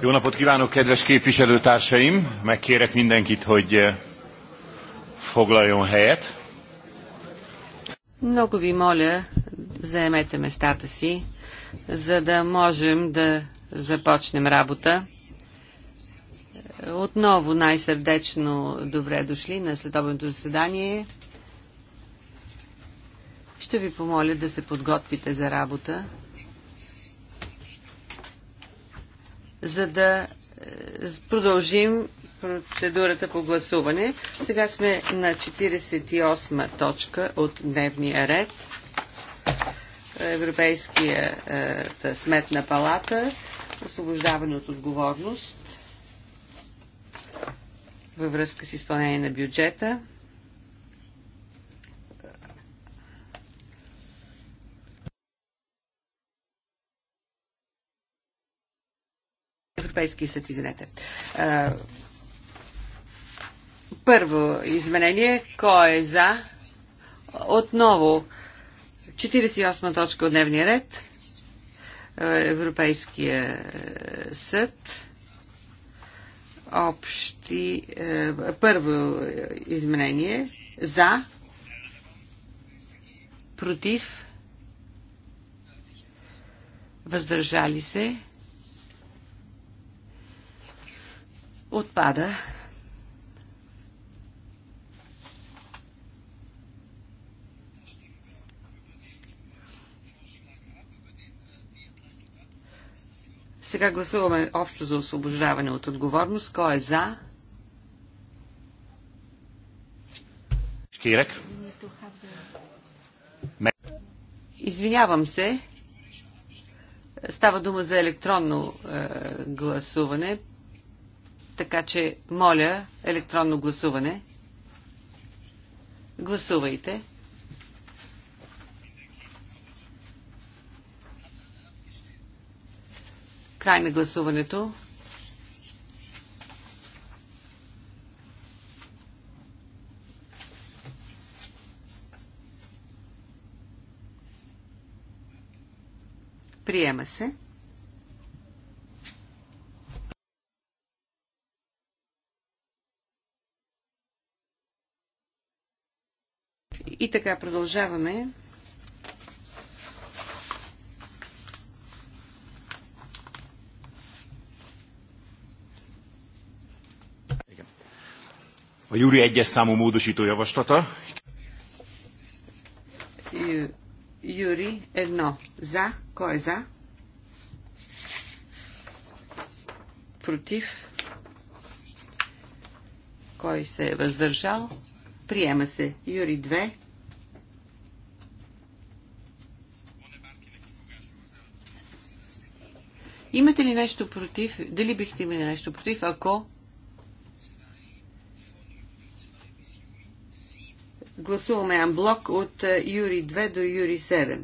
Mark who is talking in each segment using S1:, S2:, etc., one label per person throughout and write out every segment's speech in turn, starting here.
S1: Jó napot kívánok, kedves képviselőtársaim! Megkérek mindenkit, hogy foglaljon helyet. Много ви моля, заемете местата си за да можем да започнем работа. Отново най-сърдечно добре дошли на следобното заседание. Ще ви помоля да се подготвите за работа, за да е, продължим процедурата по гласуване. Сега сме на 48 точка от дневния ред. Европейската е, сметна палата, освобождаване от отговорност във връзка с изпълнение на бюджета. Европейски съд, извинете. Е, първо изменение. Кой е за? Отново 48 точка от дневния ред. Е, Европейския е, съд. Общи. Е, първо изменение. За. Против. Въздържали се. Отпада. Сега гласуваме общо за освобождаване от отговорност. Кой е за? Штирек. Извинявам се. Става дума за електронно е, гласуване. Така че, моля, електронно гласуване. Гласувайте. Край на гласуването. Приема се. И така продължаваме.
S2: a Júri egyes számú módosító javaslata.
S1: Júri, едно. За. Кой е за? Против. Кой се е въздържал? Приема се. Юри 2. Имате ли нещо против? Дали бихте имали нещо против, ако Гласуваме анблок от е, Юри 2 до Юри 7.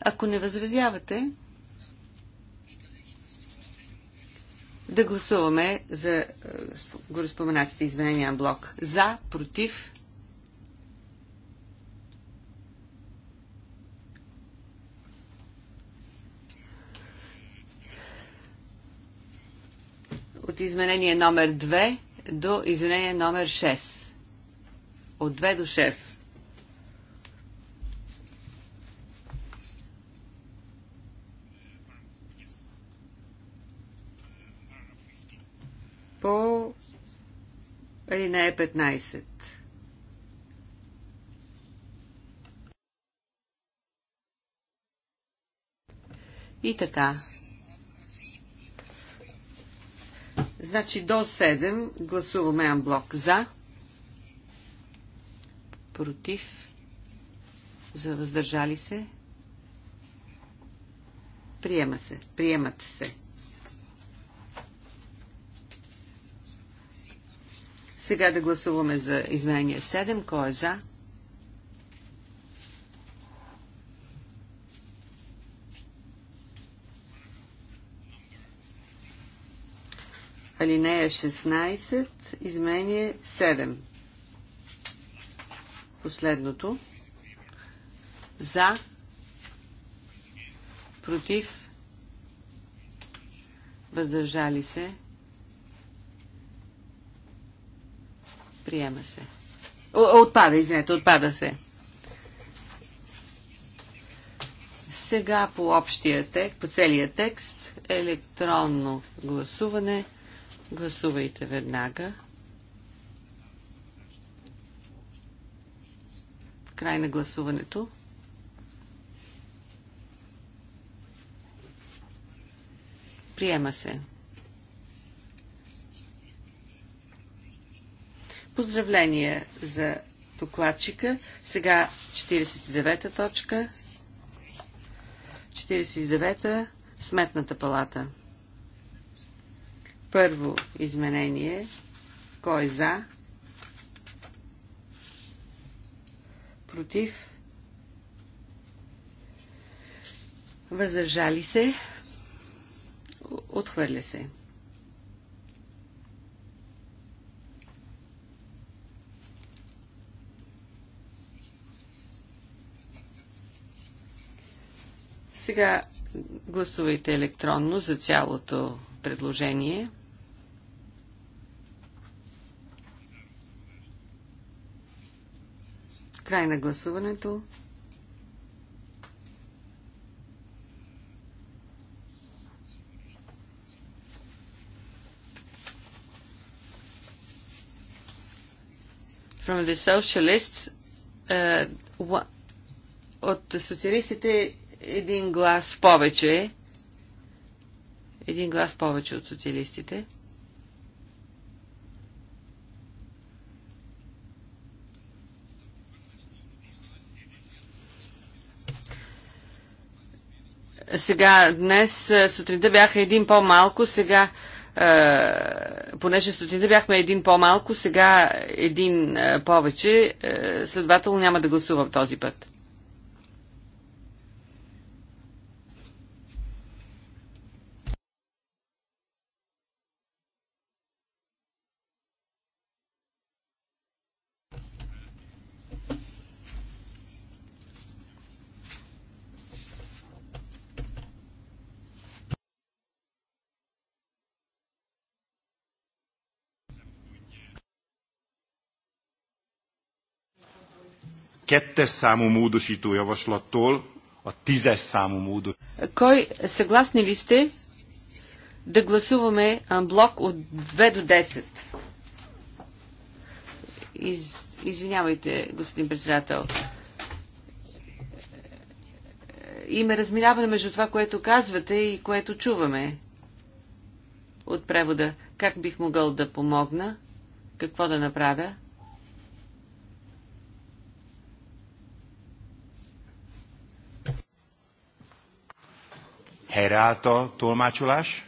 S1: Ако не възразявате, да гласуваме за е, гореспоменатите изменения на блок. За, против. От изменение номер 2 до извинение номер 6. От 2 до 6. По алинея 15. И така, Значи до 7 гласуваме анблок за, против, за въздържали се, приема се, приемат се. Сега да гласуваме за изменение 7. Кой е за? Алинея 16, изменение 7. Последното. За, против, въздържали се, приема се. О, отпада, извинете, отпада се. Сега по общия текст, по целия текст, електронно гласуване – Гласувайте веднага. Край на гласуването. Приема се. Поздравление за докладчика. Сега 49-та точка. 49-та Сметната палата. Първо изменение. Кой е за? Против? Въздържали се? Отхвърля се. Сега гласувайте електронно за цялото предложение. Край на гласуването. From the socialists, uh, от социалистите един глас повече. Един глас повече от социалистите. Сега, днес е, сутринта бяха един по-малко, сега е, понеже сутринта бяхме един по-малко, сега един е, повече, следователно няма да гласувам този път. kettes számú módosító javaslattól a tízes számú módosító. Кой съгласни ли сте да гласуваме блок от 2 до 10? Из, извинявайте, господин председател. Има разминаване между това, което казвате и което чуваме от превода. Как бих могъл да помогна? Какво да направя? Helyreállt a tolmácsolás?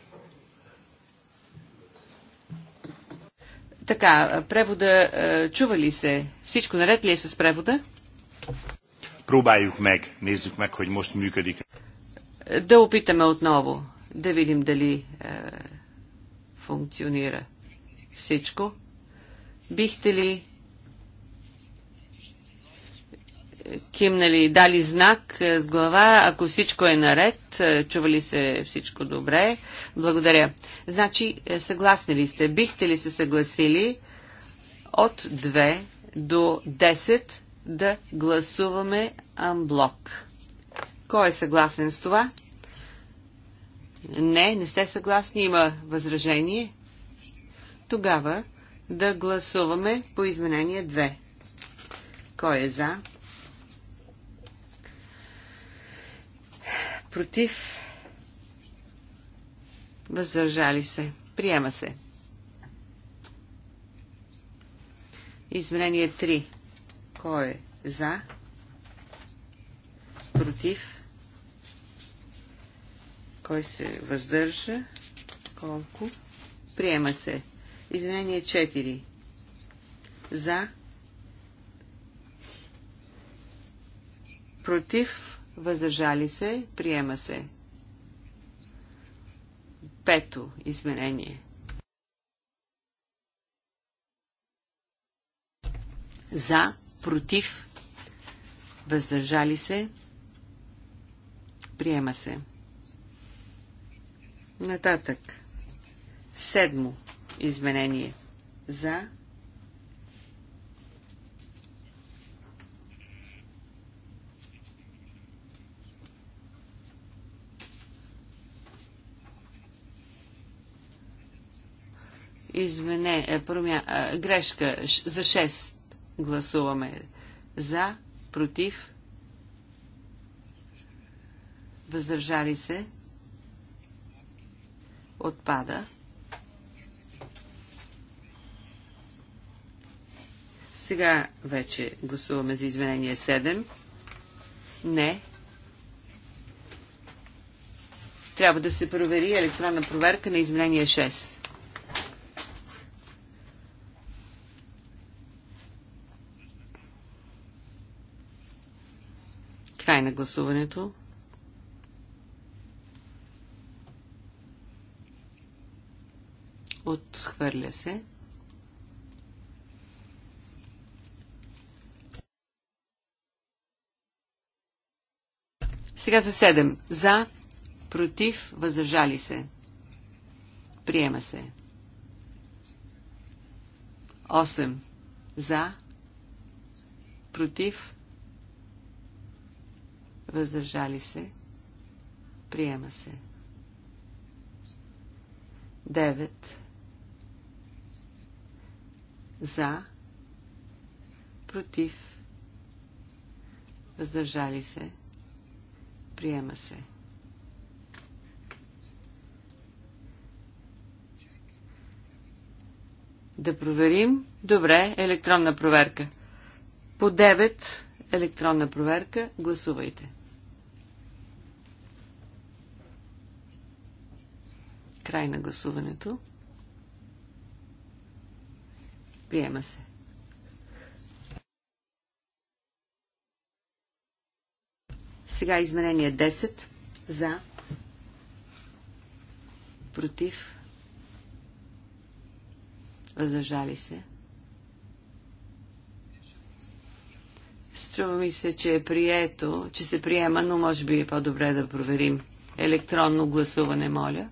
S1: Така, превода е, чува ли се? Всичко наред ли е с превода?
S2: Próbáljuk мег, nézzük мег, hogy мост мюкадик.
S1: Да опитаме отново, да видим дали е, функционира всичко. Бихте ли кимнали и дали знак е, с глава, ако всичко е наред, е, чували се всичко добре. Благодаря. Значи, е, съгласни ли сте? Бихте ли се съгласили от 2 до 10 да гласуваме амблок? Кой е съгласен с това? Не, не сте съгласни, има възражение. Тогава да гласуваме по изменение 2. Кой е за? против, въздържали се, приема се. Изменение 3. Кой е за? Против? Кой се въздържа? Колко? Приема се. Изменение 4. За? Против? въздържали се, приема се. Пето изменение. За, против, въздържали се, приема се. Нататък. Седмо изменение. За, Измене, е, промя, е, грешка за 6 гласуваме. За, против, въздържали се, отпада. Сега вече гласуваме за изменение 7. Не. Трябва да се провери електронна проверка на изменение 6. Край на гласуването. Отхвърля се. Сега са 7. За, против, въздържали се. Приема се. 8. За, против, въздържали се, приема се. 9 за, против, въздържали се, приема се. Да проверим. Добре, електронна проверка. По 9 електронна проверка гласувайте. Край на гласуването. Приема се. Сега изменение 10 за против въздържали се. Струва ми се, че е прието, че се приема, но може би е по-добре да проверим. Електронно гласуване, моля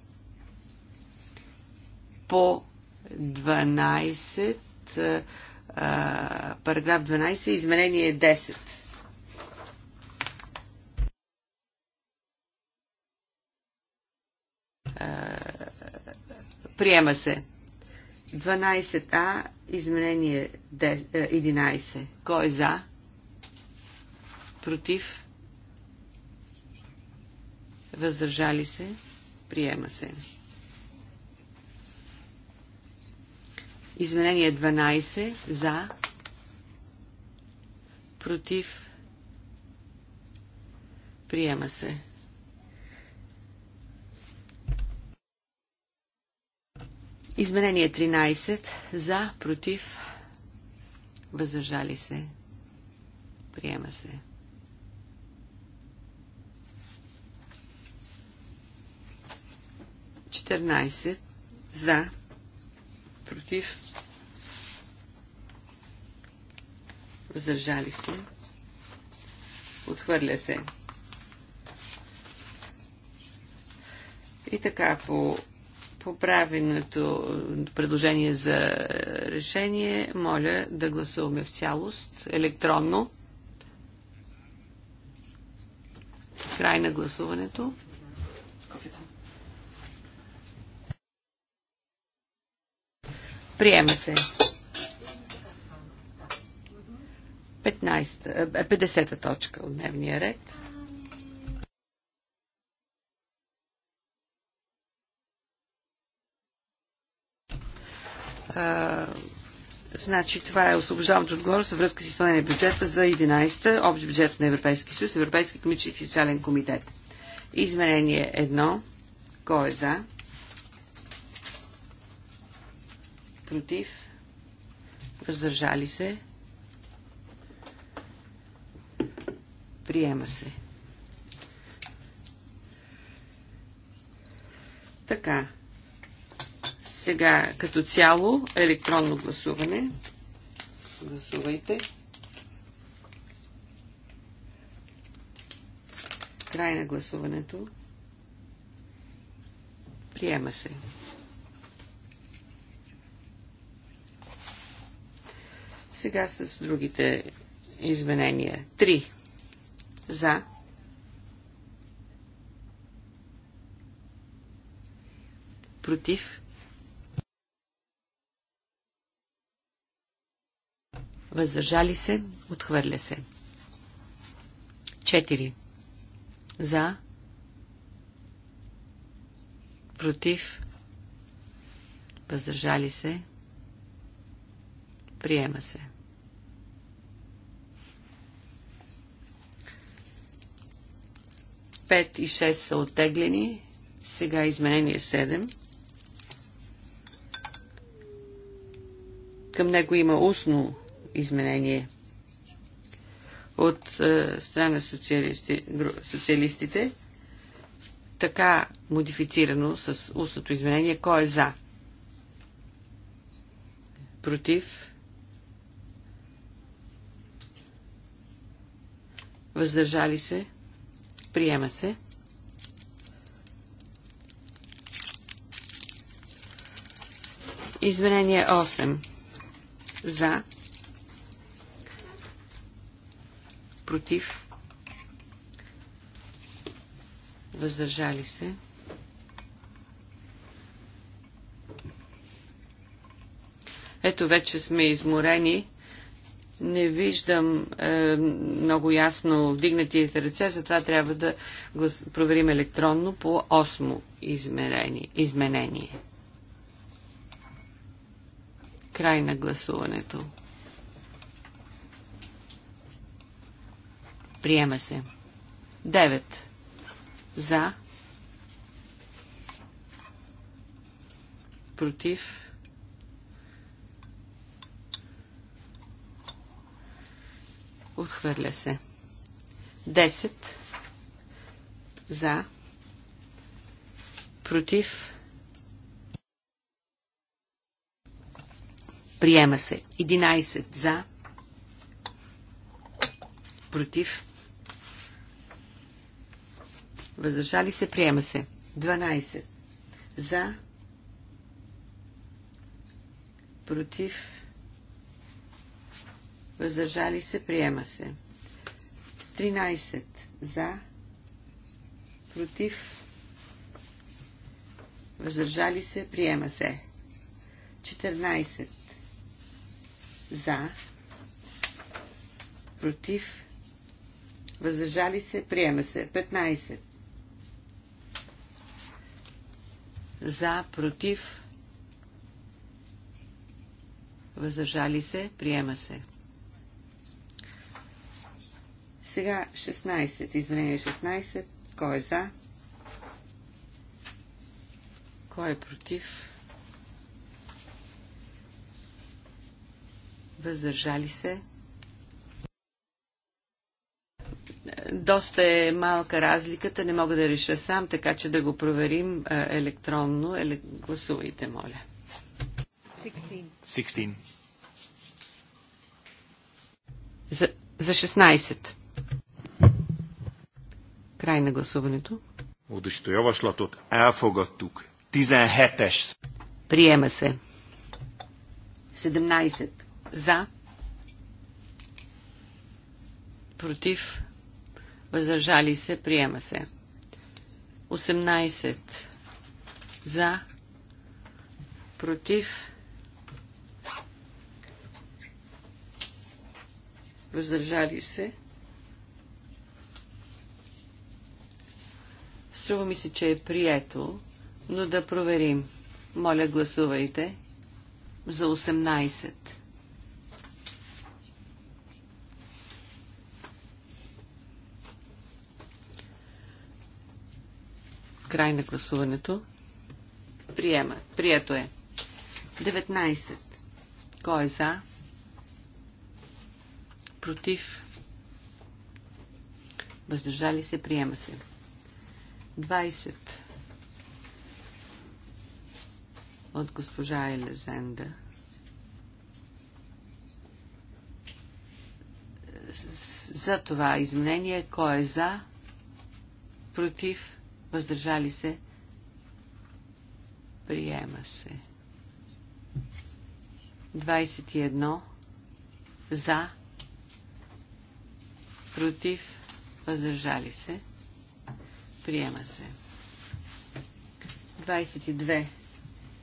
S1: по 12, параграф 12, изменение 10. Приема се. 12А, изменение 11. Кой е за? Против? Въздържали се? Приема се. Изменение 12 за, против, приема се. Изменение 13 за, против, въздържали се, приема се. Четиринайсет за, против, въздържали се, отхвърля се. И така, по поправеното предложение за решение, моля да гласуваме в цялост електронно. Край на гласуването. Приема се. 50-та точка от дневния ред. А, значи това е освобождаването отговорност във връзка с изпълнение бюджета за 11-та, общ бюджет на Европейския съюз, Европейски економически и социален комитет. Изменение 1. Кой е за? против, въздържали се, приема се. Така, сега като цяло електронно гласуване. Гласувайте. Край на гласуването. Приема се. Сега с другите изменения. Три за. Против. Въздържали се. Отхвърля се. Четири за. Против. Въздържали се. Приема се. 5 и 6 са оттеглени. Сега изменение 7. Към него има устно изменение от е, страна социалисти, социалистите. Така модифицирано с устното изменение. Кой е за? Против? Въздържали се? Приема се. Изменение 8. За. Против. Въздържали се. Ето вече сме изморени не виждам е, много ясно вдигнатите ръце, затова трябва да го проверим електронно по 8 изменение. изменение. Край на гласуването. Приема се. 9. За. Против. Отхвърля се. 10 за, против, приема се. 11 за, против, въздържали се, приема се. 12 за, против, въздържали се, приема се. 13 за, против, въздържали се, приема се. 14 за, против, въздържали се, приема се. 15 за, против, въздържали се, приема се. Сега 16. Изменение 16. Кой е за? Кой е против? Въздържали се? Доста е малка разликата, не мога да реша сам, така че да го проверим е, електронно. Еле... Гласувайте, моля. 16. За, за 16. Край на гласуването.
S2: Удишто
S1: Афога тук. Тизен хетеш. Приема се. 17. За. Против. Въздържали се. Приема се. 18. За. Против. Въздържали се. Струва ми се, че е прието, но да проверим. Моля, гласувайте за 18. Край на гласуването. Приема. Прието е. 19. Кой е за? Против? Въздържали се? Приема се. 20 от госпожа Елезенда. За това изменение, кой е за, против, въздържали се, приема се. 21 за, против, въздържали се. Приема се. 22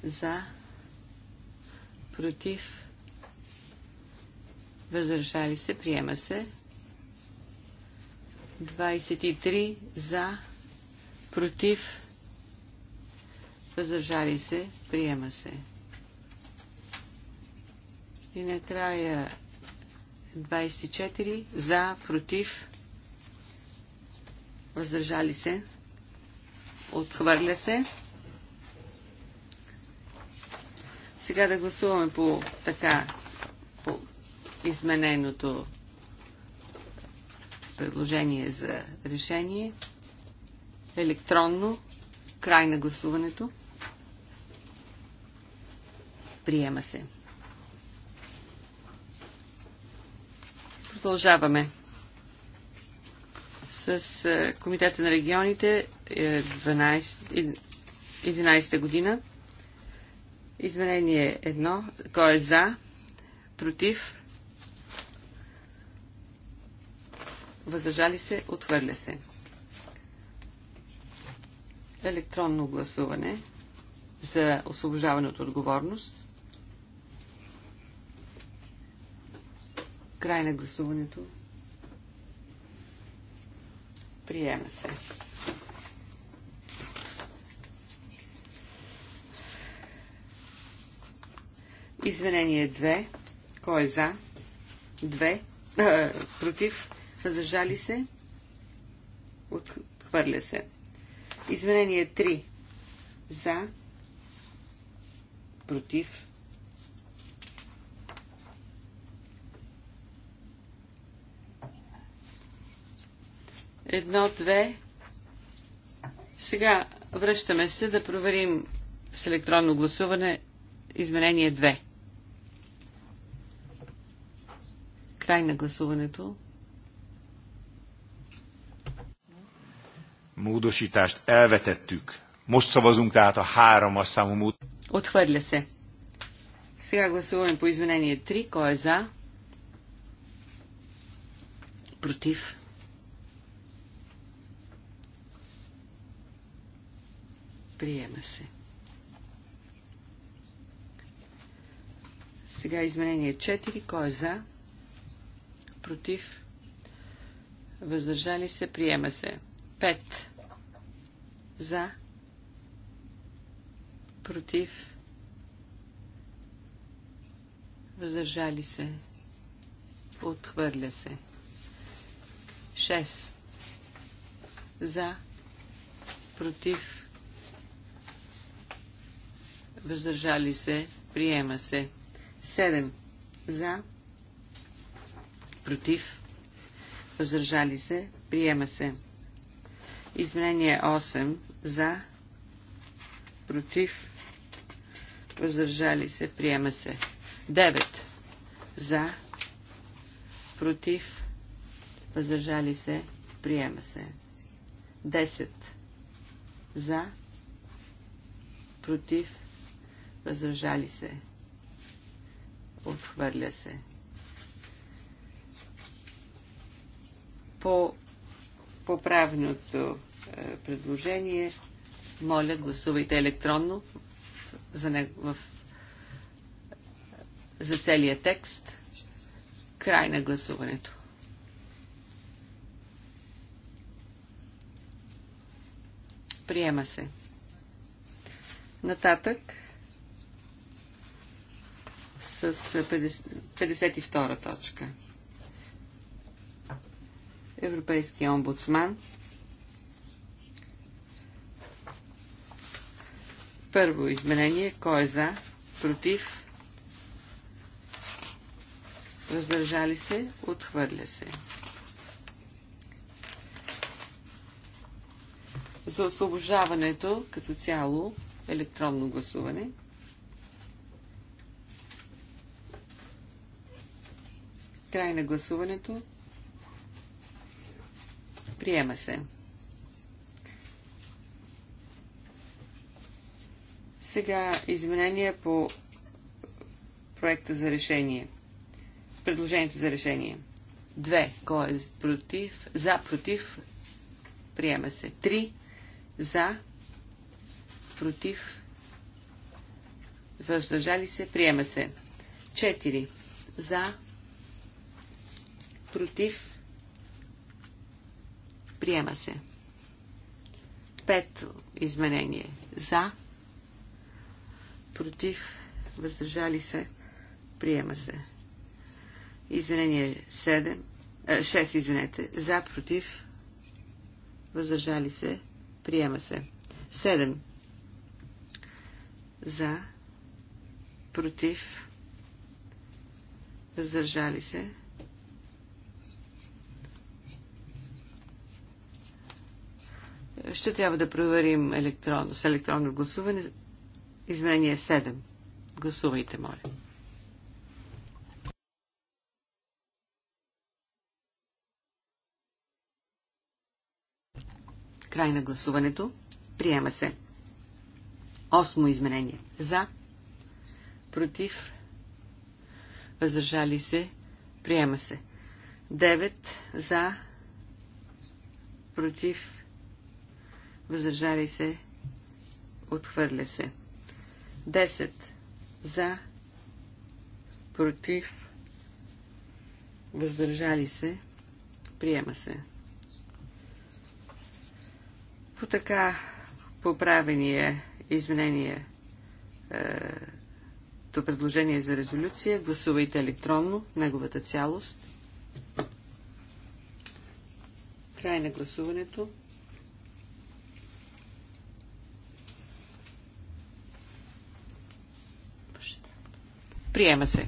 S1: за, против, въздържали се, приема се. 23 за, против, Възражали се, приема се. И трябва 24 за, против, въздържали се. Отхвърля се. Сега да гласуваме по така по измененото предложение за решение. Електронно. Край на гласуването. Приема се. Продължаваме с е, Комитета на регионите 2011 11 година. Изменение 1. Кой е за? Против? Въздържали се? Отхвърля се. Електронно гласуване за освобождаване от отговорност. Край на гласуването. Приема се. Изменение 2. Кой е за? 2. Э, против. Въздържали се. Отхвърля се. Изменение 3. За. Против. Едно, две. Сега връщаме се да проверим с електронно гласуване изменение 2. Край на гласуването.
S2: Módosítást elvetettük.
S1: Most szavazunk tehát a hármas számú mód. Отхвърля се. Сега гласуваме по изменение 3. Кой е за? Против? Приема се. Сега изменение 4. Кой е за? против, въздържали се, приема се. 5 за, против, въздържали се, отхвърля се. 6 за, против, въздържали се, приема се. 7 за, против, въздържали се, приема се. Изменение 8 за, против, въздържали се, приема се. 9 за, против, въздържали се, приема се. 10 за, против, въздържали се, отхвърля се. По поправеното е, предложение, моля, гласувайте електронно за, не, в, за целият текст. Край на гласуването. Приема се. Нататък с 52 точка. Европейския омбудсман. Първо изменение. Кой е за? Против? Въздържали се? Отхвърля се. За освобождаването като цяло електронно гласуване. Край на гласуването. Приема се. Сега изменения по проекта за решение. Предложението за решение. Две. Кой е против? За, против. Приема се. Три За, против. Въздържали се. Приема се. Четири. За, против. Приема се. Пето изменение. За. Против. Въздържали се. Приема се. Изменение 7. 6, извинете. За, против. Въздържали се. Приема се. 7. За. Против. Въздържали се. Ще трябва да проверим електронно, с електронно гласуване. Изменение 7. Гласувайте, моля. Край на гласуването. Приема се. Осмо изменение. За. Против. Въздържали се. Приема се. 9. За. Против въздържали се, отхвърля се. 10 за, против, въздържали се, приема се. По така поправение, изменение е, то предложение за резолюция, гласувайте електронно неговата цялост. Край на гласуването. Приема се.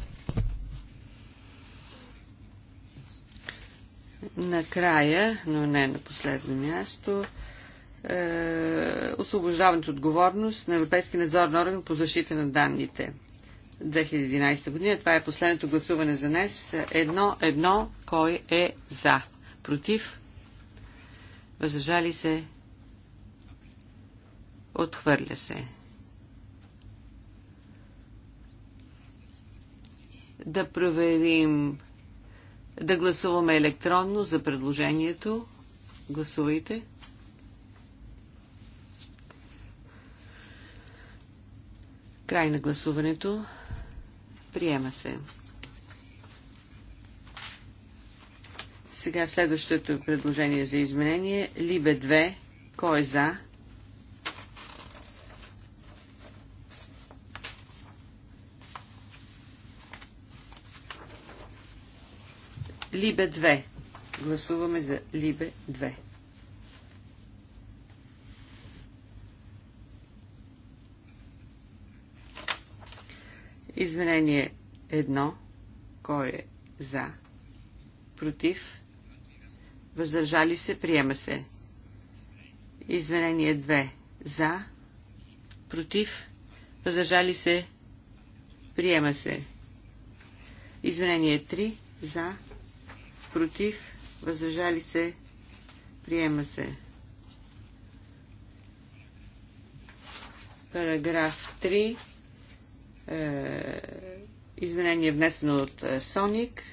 S1: Накрая, но не на последно място, е, освобождаването отговорност на Европейски надзорен орган по защита на данните. 2011 година. Това е последното гласуване за днес. Едно, едно, кой е за? Против? Въздържали се? Отхвърля се. да проверим, да гласуваме електронно за предложението. Гласувайте. Край на гласуването. Приема се. Сега следващото предложение за изменение. Либе 2. Кой е за? Либе 2. Гласуваме за Либе 2. Изменение 1. Кой е за? Против? Въздържали се? Приема се. Изменение 2. За? Против? Въздържали се? Приема се. Изменение 3. За? против, въздържали се, приема се. Параграф 3. Е, изменение внесено от е, Соник.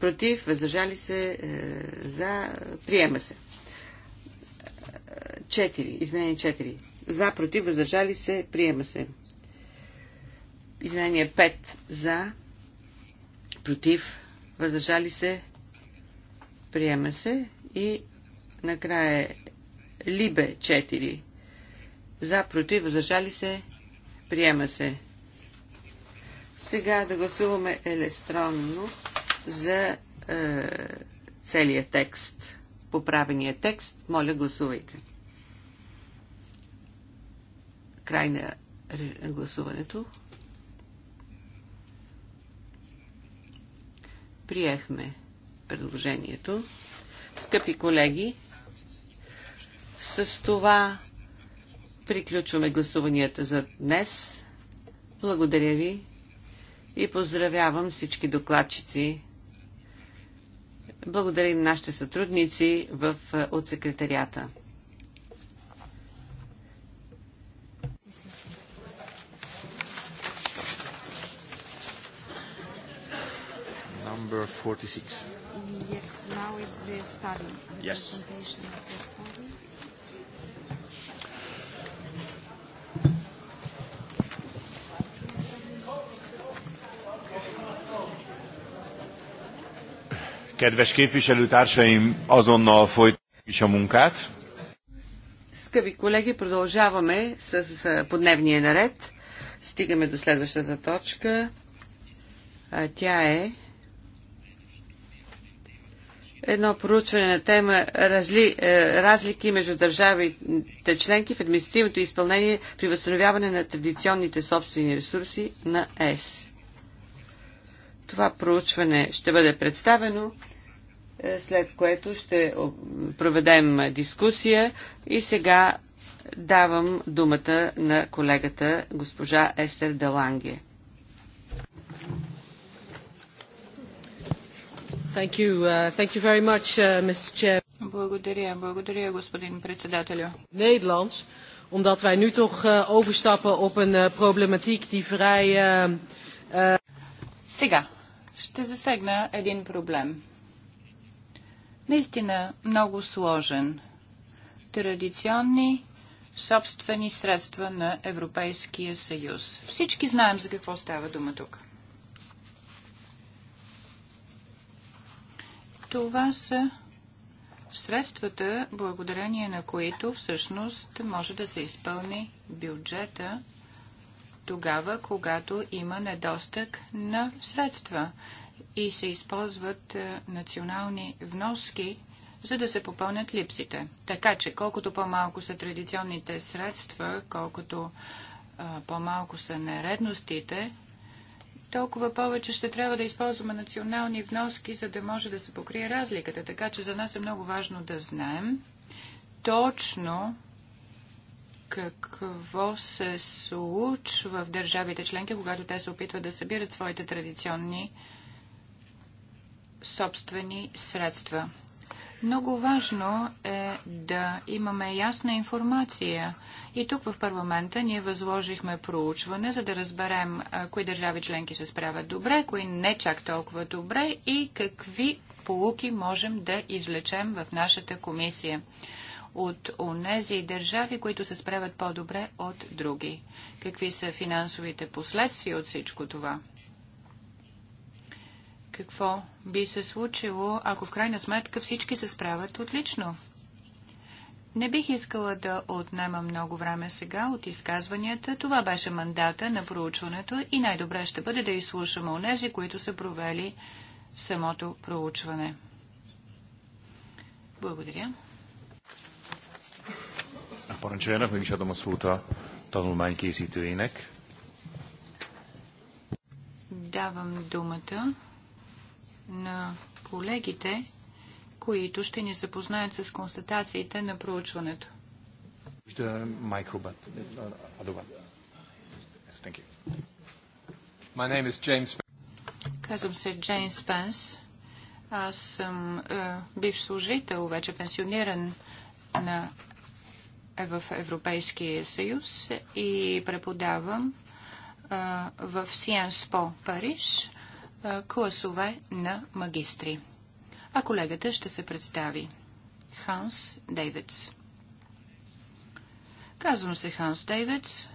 S1: Против, въздържали се, е, за, приема се. 4. Изменение 4. За, против, въздържали се, приема се. Изменение 5. За, против, въздържали се, приема се и накрая Либе 4. За, против, въздържали се, приема се. Сега да гласуваме електронно за е, целият текст, поправения текст. Моля, гласувайте. Край на гласуването. приехме предложението. Скъпи колеги, с това приключваме гласуванията за днес. Благодаря ви и поздравявам всички докладчици. Благодарим нашите сътрудници в, е, от секретарията. number 46.
S3: Yes, now is the study. The yes. Presentation of the study.
S2: Kedves
S1: képviselőtársaim, azonnal folytatjuk is a munkát. Скъпи колеги, продължаваме с подневния наред. Стигаме до следващата точка. А тя е едно проучване на тема разли, е, разлики между държавите членки в административното изпълнение при възстановяване на традиционните собствени ресурси на ЕС. Това проучване ще бъде представено, е, след което ще е, проведем дискусия и сега давам думата на колегата госпожа Естер Деланге. Thank you, uh,
S3: thank you very much, uh, Mr. Chair.
S2: Благодаря, благодаря,
S3: господин председателю. Nederlands, omdat wij nu toch uh, overstappen op een uh, problematiek die vrij... Uh,
S2: uh... Сега ще засегна един проблем. Наистина много сложен. Традиционни собствени средства на Европейския съюз. Всички знаем за какво става дума тук. Това са средствата, благодарение на които всъщност може да се изпълни бюджета тогава, когато има недостъг на средства и се използват е, национални вноски, за да се попълнят липсите. Така че колкото по-малко са традиционните средства, колкото по-малко са нередностите, толкова повече ще трябва да използваме национални вноски, за да може да се покрие разликата. Така че за нас е много важно да знаем точно какво се случва в държавите членки, когато те се опитват да събират своите традиционни собствени средства. Много важно е да имаме ясна информация – и тук в парламента ние възложихме проучване, за да разберем кои държави членки се справят добре, кои не чак толкова добре и какви полуки можем да извлечем в нашата комисия от онези държави, които се справят по-добре от други. Какви са финансовите последствия от всичко това? Какво би се случило, ако в крайна сметка всички се справят отлично? Не бих искала да отнема много време сега от изказванията. Това беше мандата на проучването и най-добре ще бъде да изслушаме онези, които са провели самото проучване. Благодаря. A parancsoljanak, meg is adom a szót a tanulmány Давам думата на колегите, които ще ни запознаят с констатациите на проучването. Казвам се Джейн Спенс. Аз съм е, бив служител, вече пенсиониран на, е, в Европейския съюз и преподавам е, в Сиенс по Париж класове на магистри а колегата ще се представи. Ханс Дейвидс. Казвам се Ханс Дейвидс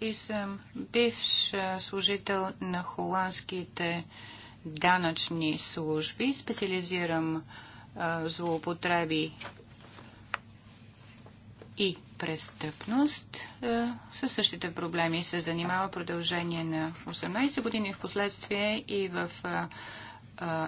S2: и съм бивш служител на холандските данъчни служби. Специализирам злоупотреби и престъпност. Със същите проблеми се занимава продължение на 18 години в последствие и в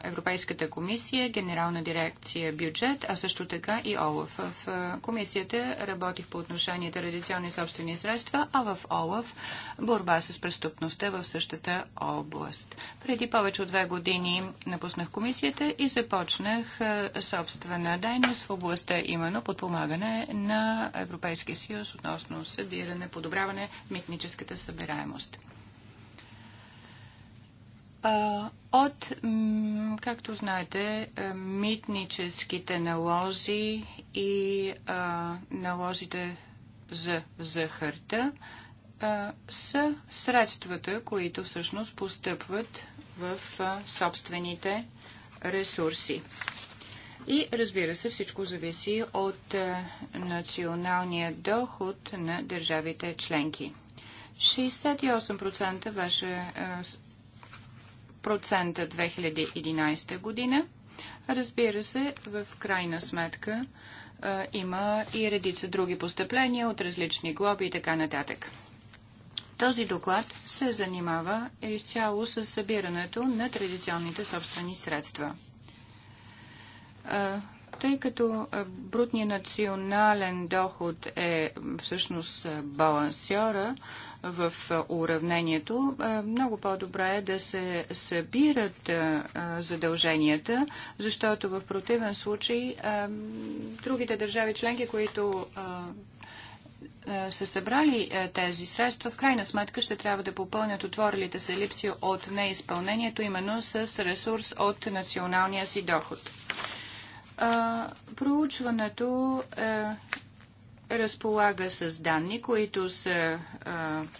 S2: Европейската комисия, Генерална дирекция бюджет, а също така и ОЛАФ. В комисията работих по отношение традиционни собствени средства, а в ОЛАФ борба с преступността в същата област. Преди повече от две години напуснах комисията и започнах собствена дейност в областта именно подпомагане на Европейския съюз относно събиране, подобряване митническата събираемост. От, както знаете, е, митническите налози и налозите за захарта са средствата, които всъщност постъпват в собствените ресурси. И разбира се, всичко зависи от националния доход на държавите членки. 68% беше 2011 година. Разбира се, в крайна сметка а, има и редица други постъпления от различни глоби и така нататък. Този доклад се занимава изцяло с събирането на традиционните собствени средства. Тъй като брутният национален доход е всъщност балансьора в уравнението, много по-добре е да се събират задълженията, защото в противен случай другите държави членки, които са събрали тези средства, в крайна сметка ще трябва да попълнят отворилите се липси от неизпълнението именно с ресурс от националния си доход. А, проучването е, разполага с данни, които са а,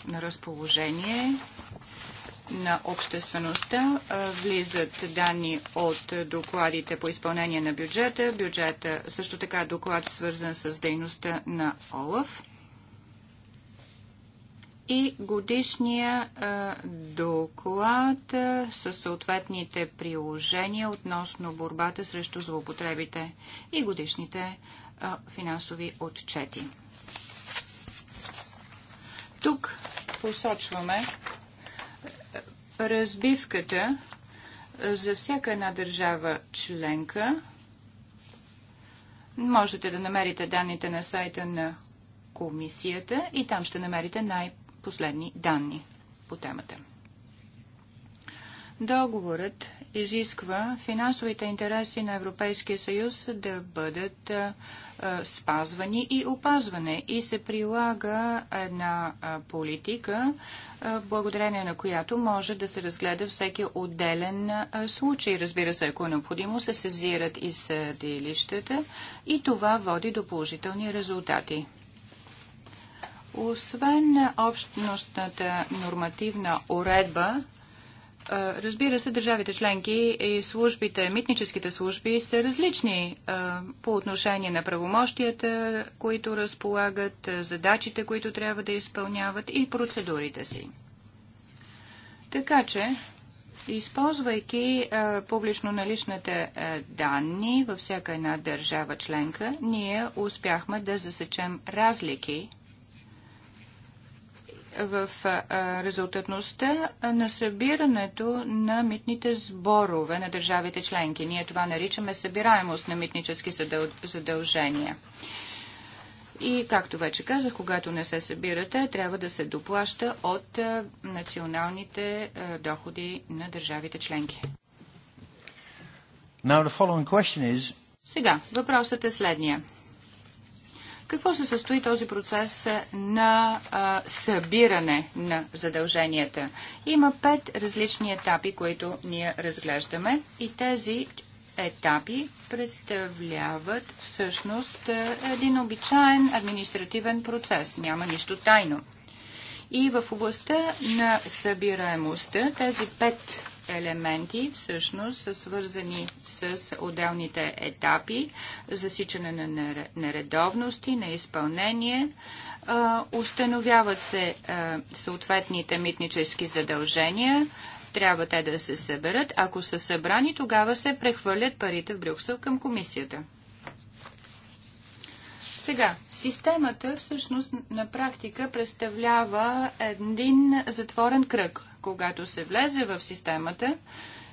S2: на разположение на обществеността. Влизат данни от докладите по изпълнение на бюджета, бюджета също така доклад свързан с дейността на ОЛАФ и годишния доклад със съответните приложения относно борбата срещу злоупотребите и годишните финансови отчети. Тук посочваме разбивката за всяка една държава членка. Можете да намерите данните на сайта на комисията и там ще намерите най- последни данни по темата. Договорът изисква финансовите интереси на Европейския съюз да бъдат спазвани и опазване и се прилага една политика, благодарение на която може да се разгледа всеки отделен случай. Разбира се, ако е необходимо, се сезират и съдилищата и това води до положителни резултати. Освен общностната нормативна уредба, Разбира се, държавите членки и службите, митническите служби са различни по отношение на правомощията, които разполагат, задачите, които трябва да изпълняват и процедурите си. Така че, използвайки публично наличните данни във всяка една държава членка, ние успяхме да засечем разлики – в резултатността на събирането на митните сборове на държавите членки. Ние това наричаме събираемост на митнически задължения. И, както вече казах, когато не се събирате, трябва да се доплаща от националните доходи на държавите членки. Now, is... Сега, въпросът е следния какво се състои този процес на а, събиране на задълженията? Има пет различни етапи, които ние разглеждаме и тези етапи представляват всъщност един обичайен административен процес. Няма нищо тайно. И в областта на събираемостта тези пет елементи всъщност са свързани с отделните етапи, засичане на нередовности, на изпълнение. Установяват се съответните митнически задължения. Трябва те да се съберат. Ако са събрани, тогава се прехвърлят парите в Брюксел към комисията. Сега, системата всъщност на практика представлява един затворен кръг. Когато се влезе в системата,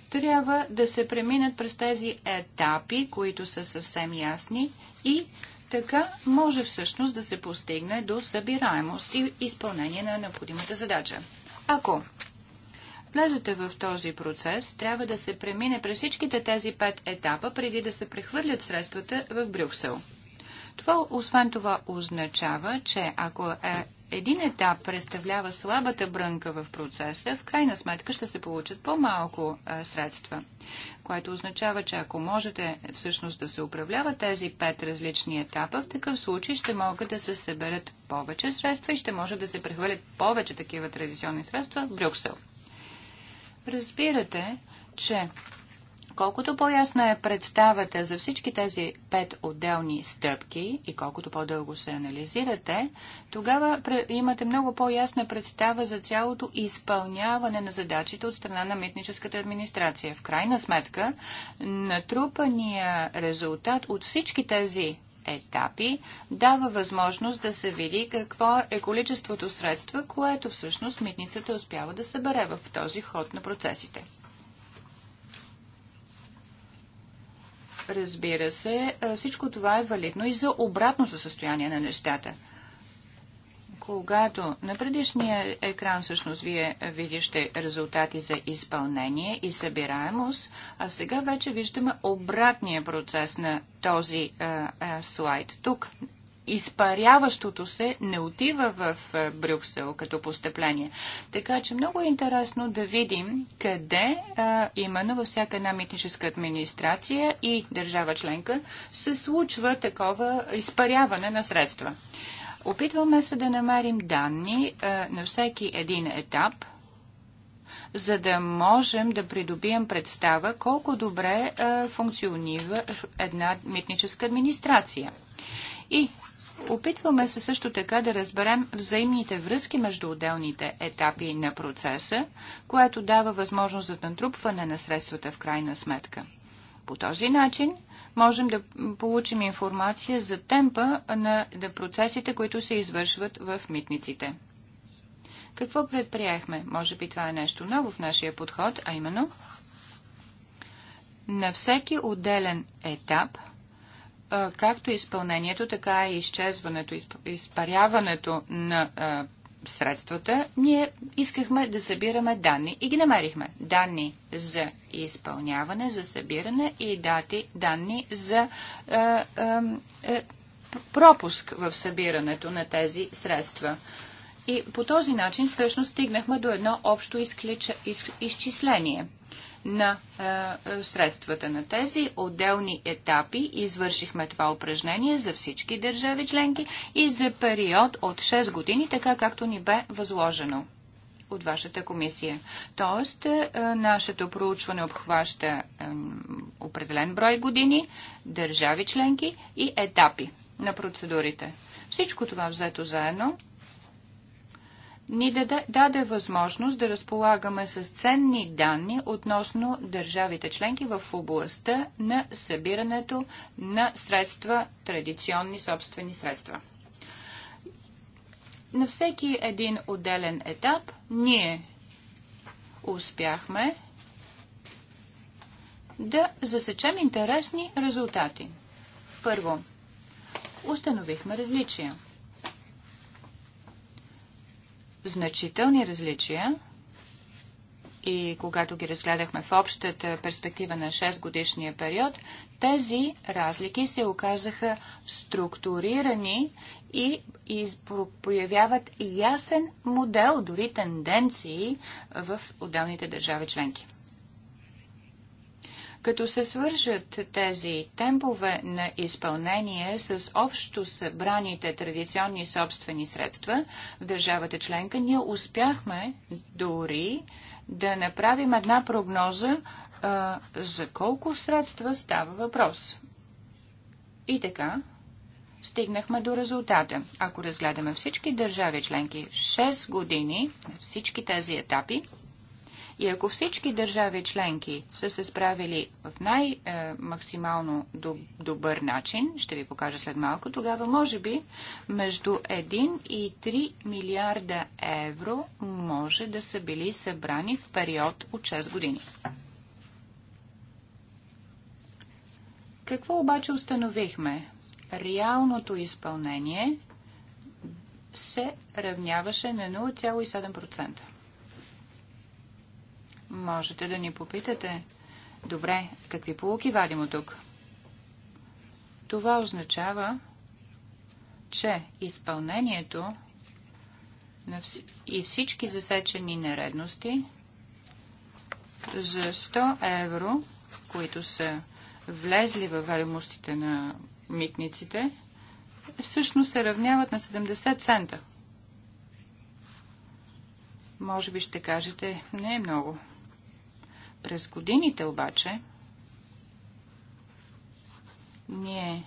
S2: трябва да се преминат през тези етапи, които са съвсем ясни и така може всъщност да се постигне до събираемост и изпълнение на необходимата задача. Ако влезете в този процес, трябва да се премине през всичките тези пет етапа, преди да се прехвърлят средствата в Брюксел. Това, освен това, означава, че ако е един етап представлява слабата брънка в процеса, в крайна сметка ще се получат по-малко е, средства, което означава, че ако можете всъщност да се управляват тези пет различни етапа, в такъв случай ще могат да се съберат повече средства и ще може да се прехвърлят повече такива традиционни средства в Брюксел. Разбирате, че Колкото по-ясна е представата за всички тези пет отделни стъпки и колкото по-дълго се анализирате, тогава имате много по-ясна представа за цялото изпълняване на задачите от страна на митническата администрация. В крайна сметка, натрупания резултат от всички тези етапи дава възможност да се види какво е количеството средства, което всъщност митницата успява да събере в този ход на процесите. разбира се, всичко това е валидно и за обратното състояние на нещата. Когато на предишния екран всъщност вие видихте резултати за изпълнение и събираемост, а сега вече виждаме обратния процес на този слайд. Тук изпаряващото се не отива в е, Брюксел като постъпление. Така че много е интересно да видим къде а, е, именно във всяка една митническа администрация и държава членка се случва такова изпаряване на средства. Опитваме се да намерим данни а, е, на всеки един етап за да можем да придобием представа колко добре е, функционира една митническа администрация. И Опитваме се също така да разберем взаимните връзки между отделните етапи на процеса, което дава възможност за натрупване на средствата в крайна сметка. По този начин можем да получим информация за темпа на процесите, които се извършват в митниците. Какво предприехме? Може би това е нещо ново в нашия подход, а именно на всеки отделен етап – както изпълнението, така и изчезването, изпаряването на средствата, ние искахме да събираме данни и ги намерихме. Данни за изпълняване, за събиране и дати, данни за е, е, пропуск в събирането на тези средства. И по този начин всъщност стигнахме до едно общо из, изчисление – на е, средствата на тези отделни етапи. Извършихме това упражнение за всички държави членки и за период от 6 години, така както ни бе възложено от вашата комисия. Тоест, нашето проучване обхваща определен брой години, държави членки и етапи на процедурите. Всичко това взето заедно ни даде, даде възможност да разполагаме с ценни данни относно държавите членки в областта на събирането на средства, традиционни собствени средства. На всеки един отделен етап ние успяхме да засечем интересни резултати. Първо, установихме различия – значителни различия и когато ги разгледахме в общата перспектива на 6 годишния период, тези разлики се оказаха структурирани и, появяват ясен модел, дори тенденции в отделните държави членки. Като се свържат тези темпове на изпълнение с общо събраните традиционни собствени средства в държавата членка, ние успяхме дори да направим една прогноза а, за колко средства става въпрос. И така, стигнахме до резултата. Ако разгледаме всички държави членки 6 години, всички тези етапи, и ако всички държави членки са се справили в най-максимално добър начин, ще ви покажа след малко, тогава може би между 1 и 3 милиарда евро може да са били събрани в период от 6 години. Какво обаче установихме? Реалното изпълнение се равняваше на 0,7% можете да ни попитате, добре, какви полуки вадим от тук? Това означава, че изпълнението на вс... и всички засечени нередности за 100 евро, които са влезли във ведомостите на митниците, всъщност се равняват на 70 цента. Може би ще кажете, не е много. През годините обаче ние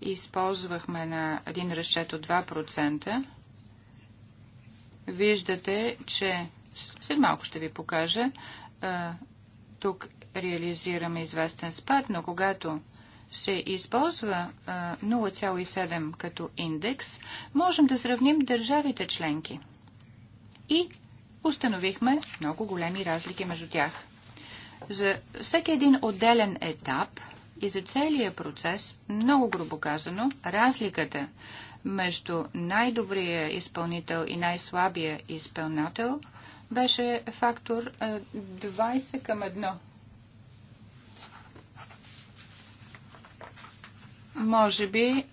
S2: използвахме на един разчет от 2%. Виждате, че след малко ще ви покажа. Тук реализираме известен спад, но когато се използва 0,7 като индекс, можем да сравним държавите членки и установихме много големи разлики между тях. За всеки един отделен етап и за целия процес, много грубо казано, разликата между най-добрия изпълнител и най-слабия изпълнател беше фактор 20 е, към 1. Може би е,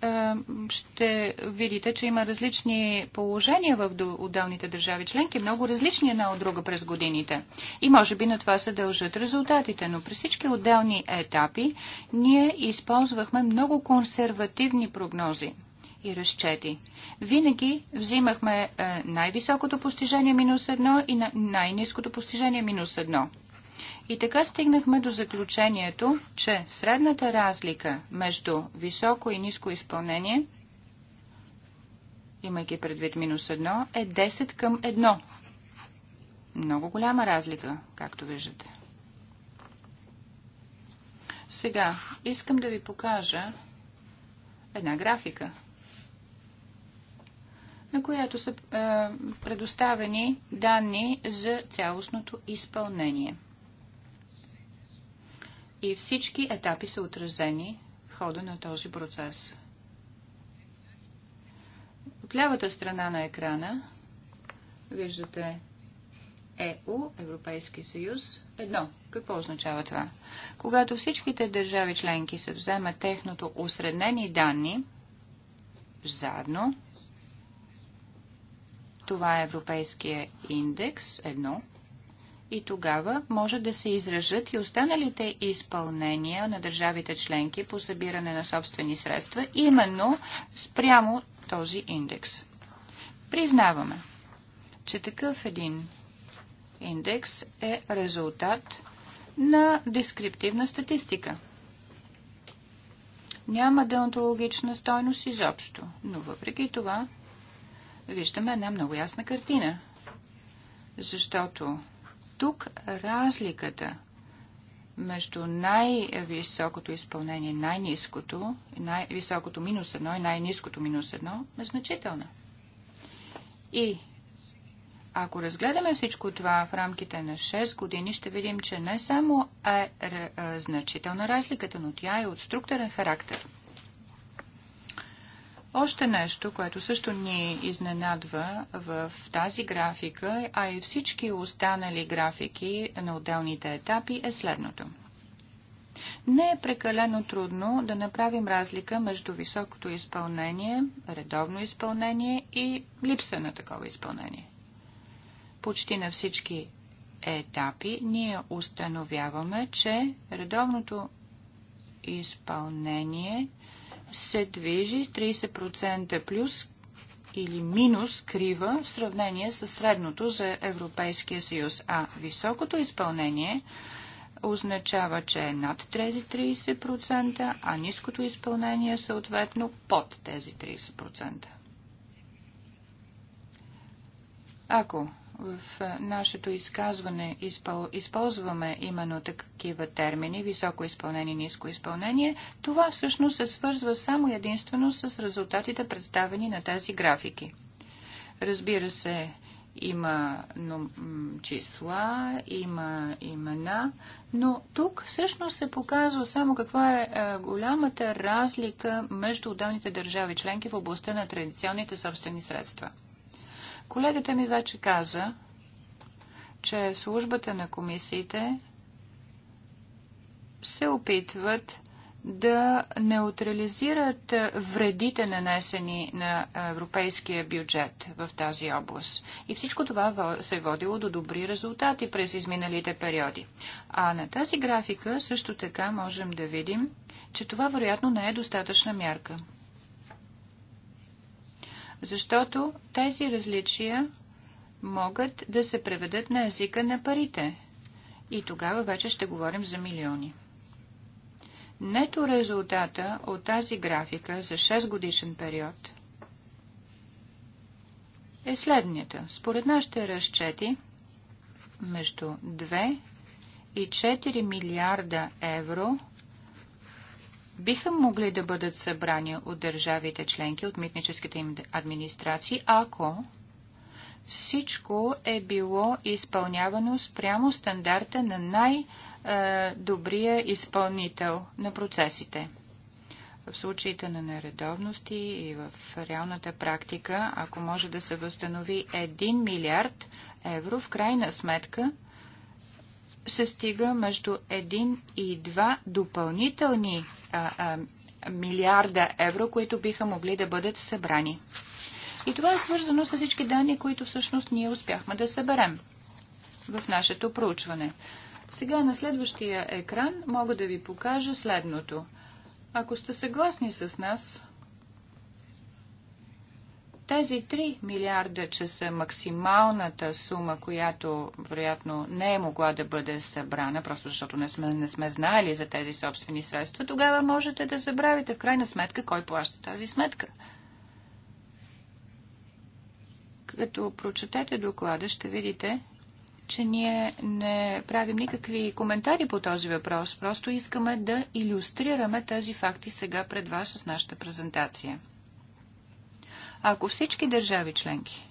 S2: ще видите, че има различни положения в отделните държави членки, много различни една от друга през годините. И може би на това се дължат резултатите, но при всички отделни етапи ние използвахме много консервативни прогнози и разчети. Винаги взимахме е, най-високото постижение минус едно и най-низкото постижение минус едно. И така стигнахме до заключението, че средната разлика между високо и ниско изпълнение, имайки предвид минус 1, е 10 към 1. Много голяма разлика, както виждате. Сега искам да ви покажа една графика, на която са е, предоставени данни за цялостното изпълнение – и всички етапи са отразени в хода на този процес. От лявата страна на екрана виждате ЕУ, Европейски съюз. Едно. Какво означава това? Когато всичките държави членки се вземат техното осреднени данни заедно, това е Европейския индекс, едно – и тогава може да се изражат и останалите изпълнения на държавите членки по събиране на собствени средства, именно спрямо този индекс. Признаваме, че такъв един индекс е резултат на дескриптивна статистика. Няма деонтологична стойност изобщо, но въпреки това виждаме една много ясна картина. Защото тук разликата между най-високото изпълнение, най-низкото, най-високото минус едно и най-низкото минус едно е значителна. И ако разгледаме всичко това в рамките на 6 години, ще видим, че не само е значителна разликата, но тя е от структурен характер – още нещо, което също ни изненадва в тази графика, а и всички останали графики на отделните етапи е следното. Не е прекалено трудно да направим разлика между високото изпълнение, редовно изпълнение и липса на такова изпълнение. Почти на всички етапи ние установяваме, че редовното изпълнение – се движи с 30% е плюс или минус крива в сравнение с средното за Европейския съюз. А високото изпълнение означава, че е над тези 30%, а ниското изпълнение е съответно под тези 30%. Ако в нашето изказване използваме именно такива термини високо изпълнение, ниско изпълнение, това всъщност се свързва само единствено с резултатите представени на тази графики. Разбира се, има числа, има имена, но тук всъщност се показва само каква е, е голямата разлика между отделните държави членки в областта на традиционните собствени средства – Колегата ми вече каза, че службата на комисиите се опитват да неутрализират вредите нанесени на европейския бюджет в тази област. И всичко това се е водило до добри резултати през изминалите периоди. А на тази графика също така можем да видим, че това вероятно не е достатъчна мярка защото тези различия могат да се преведат на езика на парите. И тогава вече ще говорим за милиони. Нето резултата от тази графика за 6 годишен период е следната. Според нашите разчети, между 2 и 4 милиарда евро – биха могли да бъдат събрани от държавите членки, от митническите им администрации, ако всичко е било изпълнявано спрямо стандарта на най-добрия изпълнител на процесите. В случаите на нередовности и в реалната практика, ако може да се възстанови 1 милиард евро, в крайна сметка се стига между 1 и 2 допълнителни а, а, милиарда евро, които биха могли да бъдат събрани. И това е свързано с всички данни, които всъщност ние успяхме да съберем в нашето проучване. Сега на следващия екран мога да ви покажа следното. Ако сте съгласни с нас, тези 3 милиарда, че са максималната сума, която вероятно не е могла да бъде събрана, просто защото не сме, не сме знаели за тези собствени средства, тогава можете да забравите в крайна сметка кой плаща тази сметка. Като прочетете доклада, ще видите, че ние не правим никакви коментари по този въпрос. Просто искаме да иллюстрираме тези факти сега пред вас с нашата презентация. Ако всички държави членки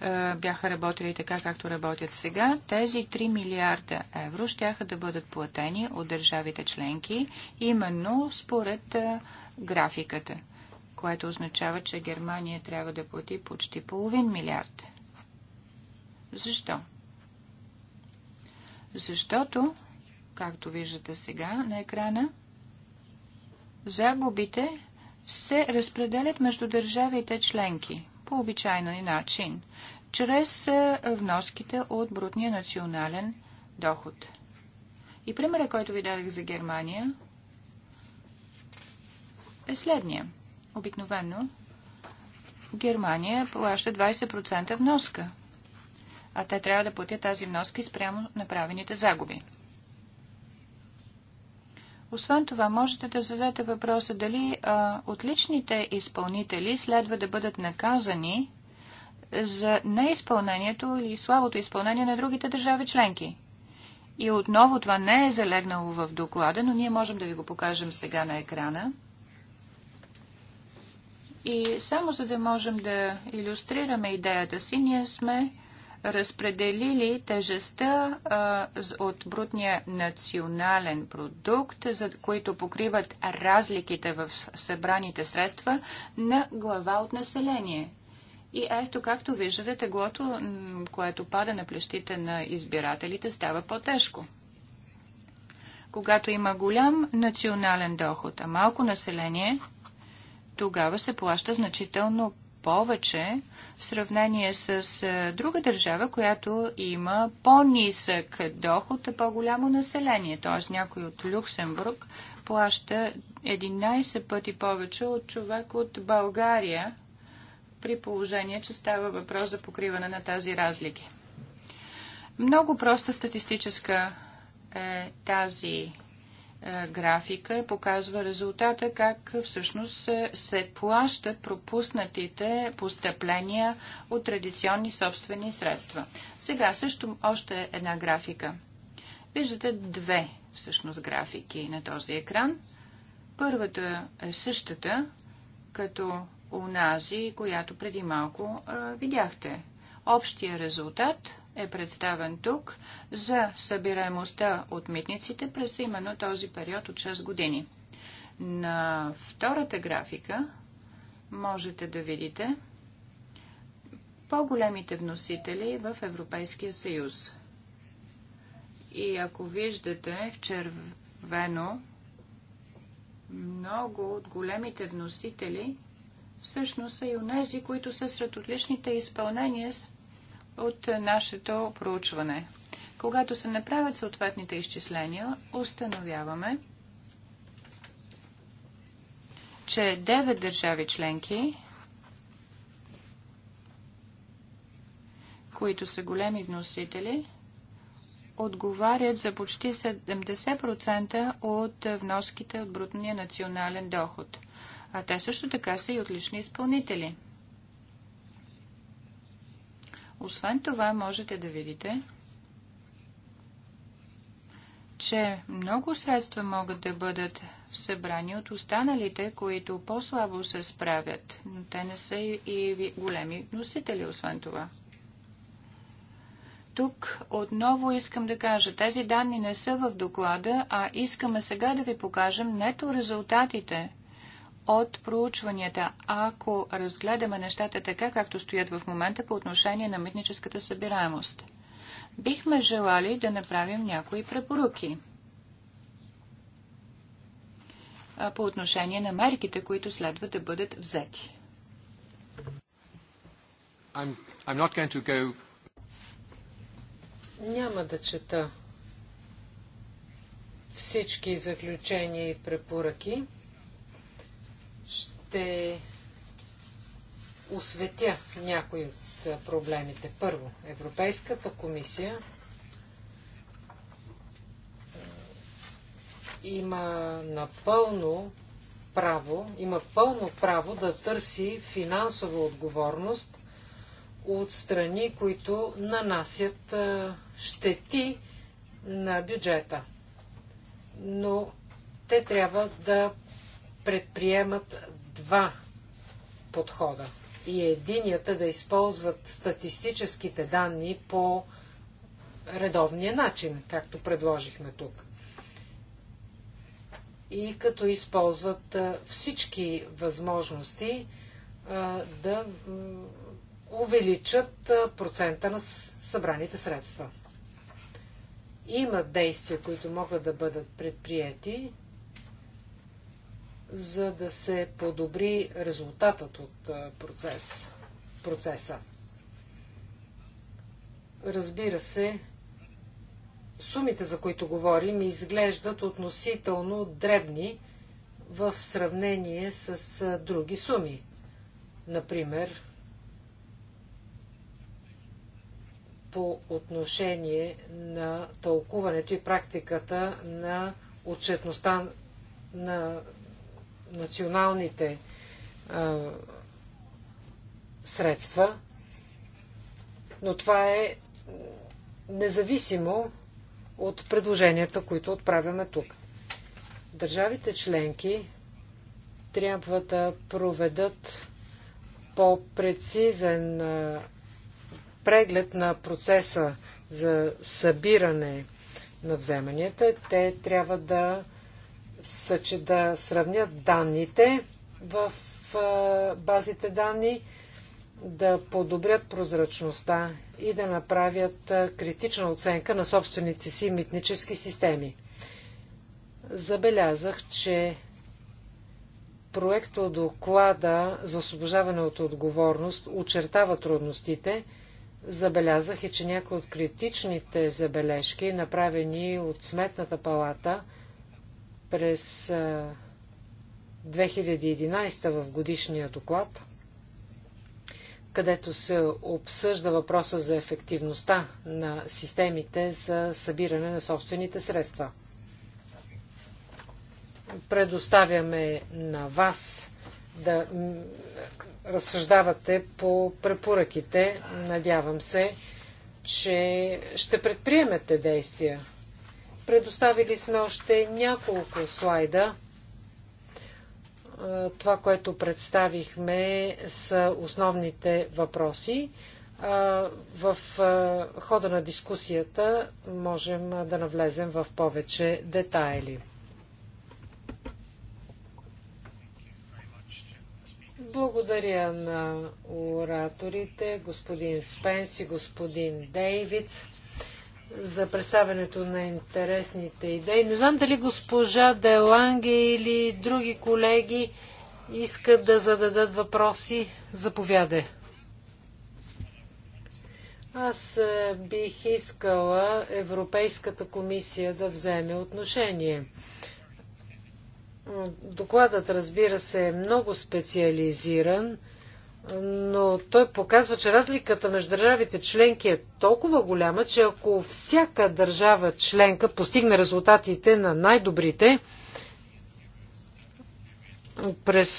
S2: е, бяха работили така, както работят сега, тези 3 милиарда евро ще да бъдат платени от държавите членки, именно според е, графиката, което означава, че Германия трябва да плати почти половин милиард. Защо? Защото, както виждате сега на екрана, загубите се разпределят между държавите членки по обичайен начин, чрез е, вноските от брутния национален доход. И примерът, който ви дадах за Германия, е следния. Обикновено Германия плаща 20% вноска, а те трябва да платят тази вноска спрямо направените загуби. Освен това, можете да зададете въпроса дали а, отличните изпълнители следва да бъдат наказани за неизпълнението или слабото изпълнение на другите държави членки. И отново това не е залегнало в доклада, но ние можем да ви го покажем сега на екрана. И само за да можем да иллюстрираме идеята си, ние сме разпределили тежестта от брутния национален продукт, за които покриват разликите в събраните средства на глава от население. И ето, както виждате, теглото, което пада на плещите на избирателите, става по-тежко. Когато има голям национален доход, а малко население, тогава се плаща значително повече в сравнение с е, друга държава, която има по-нисък доход, а по-голямо население. Т.е. някой от Люксембург плаща 11 пъти повече от човек от България, при положение, че става въпрос за покриване на тази разлики. Много проста статистическа е тази е, графика и показва резултата как всъщност се плащат пропуснатите постъпления от традиционни собствени средства. Сега също още една графика. Виждате две всъщност графики на този екран. Първата е същата, като унази, която преди малко а, е, видяхте. Общия резултат – е представен тук за събираемостта от митниците през именно този период от 6 години. На втората графика можете да видите по-големите вносители в Европейския съюз. И ако виждате в червено, много от големите вносители всъщност са и онези, които са сред отличните изпълнения от нашето проучване. Когато се направят съответните изчисления, установяваме, че 9 държави членки, които са големи вносители, отговарят за почти 70% от вноските от брутния национален доход. А те също така са и отлични изпълнители – освен това, можете да видите, че много средства могат да бъдат събрани от останалите, които по-слабо се справят, но те не са и големи носители, освен това. Тук отново искам да кажа, тези данни не са в доклада, а искаме сега да ви покажем нето резултатите от проучванията. Ако разгледаме нещата така, както стоят в момента по отношение на митническата събираемост, бихме желали да направим някои препоръки по отношение на мерките, които следва да бъдат взети.
S3: I'm, I'm not going to go... Няма да чета всички заключения и препоръки ще осветя някои от проблемите. Първо, Европейската комисия е, има напълно право, има пълно право да търси финансова отговорност от страни, които нанасят е, щети на бюджета. Но те трябва да предприемат два подхода. И единията да използват статистическите данни по редовния начин, както предложихме тук. И като използват всички възможности да увеличат процента на събраните средства. Има действия, които могат да бъдат предприяти за да се подобри резултатът от процес, процеса. Разбира се, сумите, за които говорим, изглеждат относително дребни в сравнение с други суми. Например, по отношение на тълкуването и практиката на отчетността на националните а, средства, но това е независимо от предложенията, които отправяме тук. Държавите членки трябва да проведат по-прецизен преглед на процеса за събиране на вземанията. Те трябва да съче, да сравнят данните в базите данни, да подобрят прозрачността и да направят критична оценка на собствените си митнически системи. Забелязах, че проекто доклада за освобождаване от отговорност очертава трудностите. Забелязах и, че някои от критичните забележки, направени от Сметната палата – през 2011 в годишния доклад, където се обсъжда въпроса за ефективността на системите за събиране на собствените средства. Предоставяме на вас да разсъждавате по препоръките. Надявам се, че ще предприемете действия. Предоставили сме още няколко слайда. Е, това, което представихме, са основните въпроси. Е, в е, хода на дискусията можем да навлезем в повече детайли. Благодаря на ораторите, господин Спенс и господин Дейвиц за представянето на интересните идеи. Не знам дали госпожа Деланге или други колеги искат да зададат въпроси. Заповядай. Аз е, бих искала Европейската комисия да вземе отношение. Докладът, разбира се, е много специализиран но той показва, че разликата между държавите членки е толкова голяма, че ако всяка държава членка постигне резултатите на най-добрите през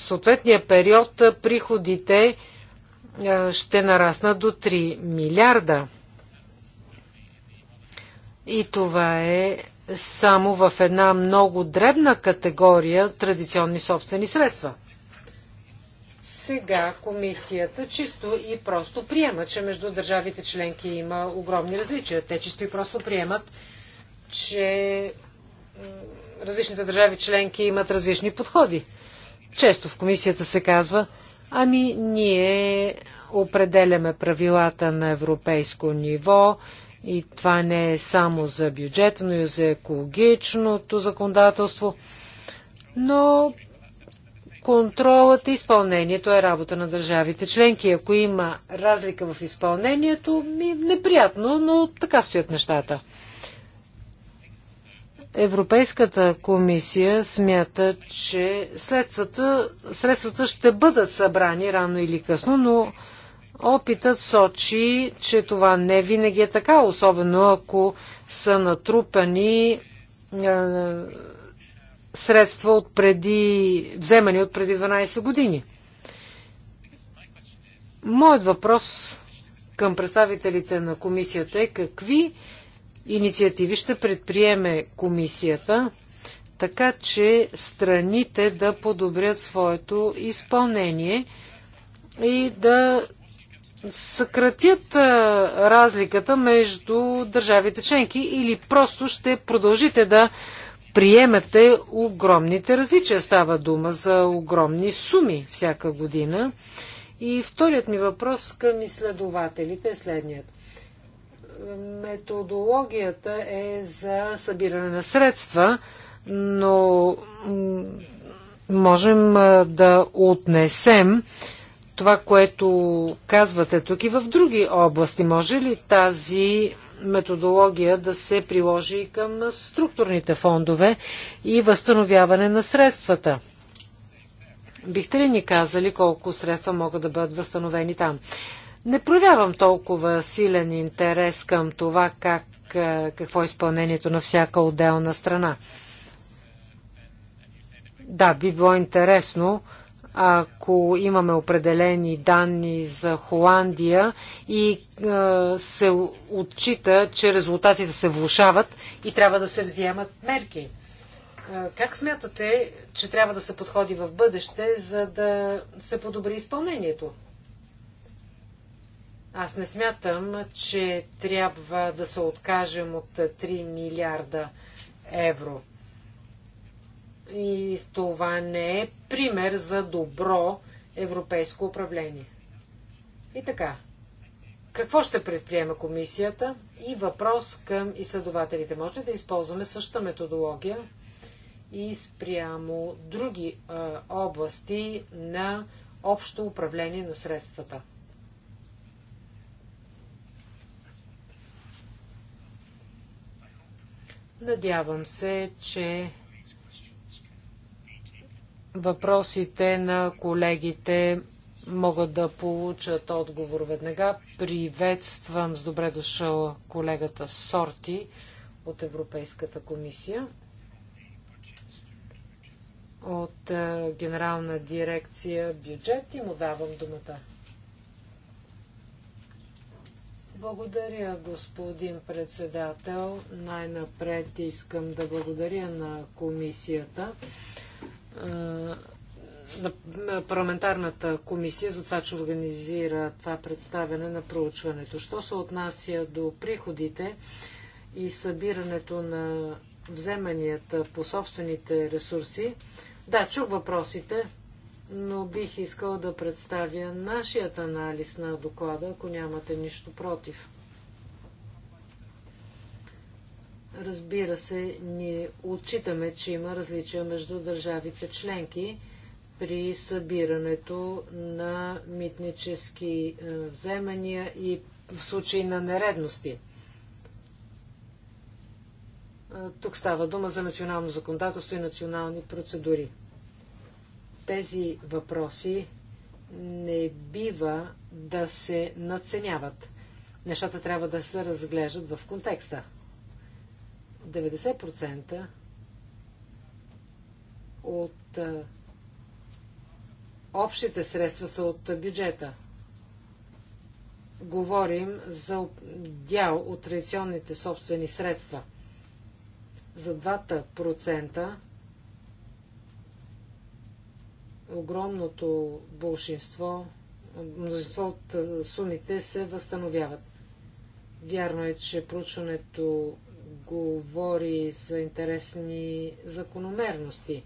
S3: съответния период, приходите ще нараснат до 3 милиарда. И това е само в една много дребна категория традиционни собствени средства – сега комисията чисто и просто приема, че между държавите членки има огромни различия. Те чисто и просто приемат, че различните държави членки имат различни подходи. Често в комисията се казва, ами ние определяме правилата на европейско ниво и това не е само за бюджет, но и за екологичното законодателство. Но Контролът и изпълнението е работа на държавите членки. Ако има разлика в изпълнението, ми е неприятно, но така стоят нещата. Европейската комисия смята, че следствата, средствата ще бъдат събрани рано или късно, но опитът сочи, че това не винаги е така, особено ако са натрупани е, средства от преди, вземани от преди 12 години. Моят въпрос към представителите на комисията е какви инициативи ще предприеме комисията, така че страните да подобрят своето изпълнение и да съкратят разликата между държавите членки или просто ще продължите да приемате огромните различия. Става дума за огромни суми всяка година. И вторият ми въпрос към изследователите е следният. Методологията е за събиране на средства, но можем да отнесем това, което казвате тук и в други области. Може ли тази методология да се приложи и към структурните фондове и възстановяване на средствата. Бихте ли ни казали колко средства могат да бъдат възстановени там? Не проявявам толкова силен интерес към това как, е, какво е изпълнението на всяка отделна страна. Да, би било интересно ако имаме определени данни за Холандия и е, се отчита, че резултатите се влушават и трябва да се вземат мерки. Е, как смятате, че трябва да се подходи в бъдеще, за да се подобри изпълнението? Аз не смятам, че трябва да се откажем от 3 милиарда евро. И това не е пример за добро европейско управление. И така, какво ще предприема комисията? И въпрос към изследователите. Може ли да използваме същата методология и спрямо други а, области на общо управление на средствата? Надявам се, че Въпросите на колегите могат да получат отговор веднага. Приветствам с добре дошъл колегата Сорти от Европейската комисия от е, Генерална дирекция бюджет и му давам думата. Благодаря, господин председател. Най-напред искам да благодаря на комисията е, на парламентарната комисия за това, че организира това представяне на проучването. Що се отнася до приходите и събирането на вземанията по собствените ресурси, да, чух въпросите, но бих искал да представя нашият анализ на доклада, ако нямате нищо против. Разбира се, ние отчитаме, че има различия между държавите членки при събирането на митнически е, вземания и в случай на нередности. Е, тук става дума за национално законодателство и национални процедури. Тези въпроси не бива да се надценяват. Нещата трябва да се разглеждат в контекста. 90% от общите средства са от бюджета. Говорим за дял от традиционните собствени средства. За 2% огромното большинство, множество от сумите се възстановяват. Вярно е, че проучването говори за интересни закономерности,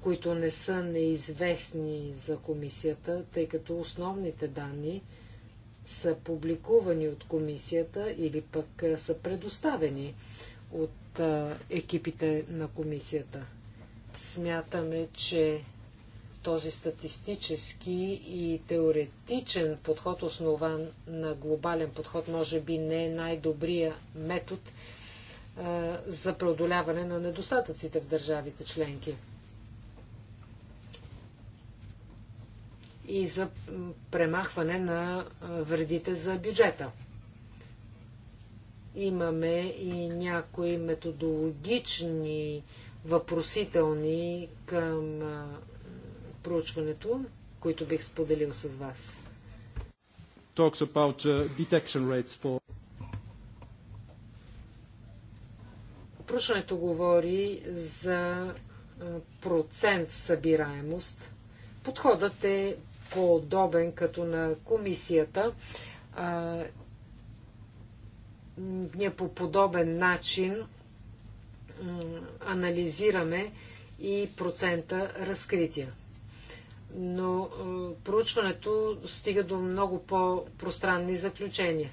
S3: които не са неизвестни за комисията, тъй като основните данни са публикувани от комисията или пък са предоставени от екипите на комисията. Смятаме, че този статистически и теоретичен подход, основан на глобален подход, може би не е най-добрия метод за преодоляване на недостатъците в държавите членки. И за премахване на вредите за бюджета. Имаме и някои методологични въпросителни към проучването, които бих споделил с вас. Talks about, uh, detection rates for Проучването говори за процент събираемост. Подходът е подобен като на комисията. А, ние по подобен начин анализираме и процента разкрития. Но проучването стига до много по-пространни заключения.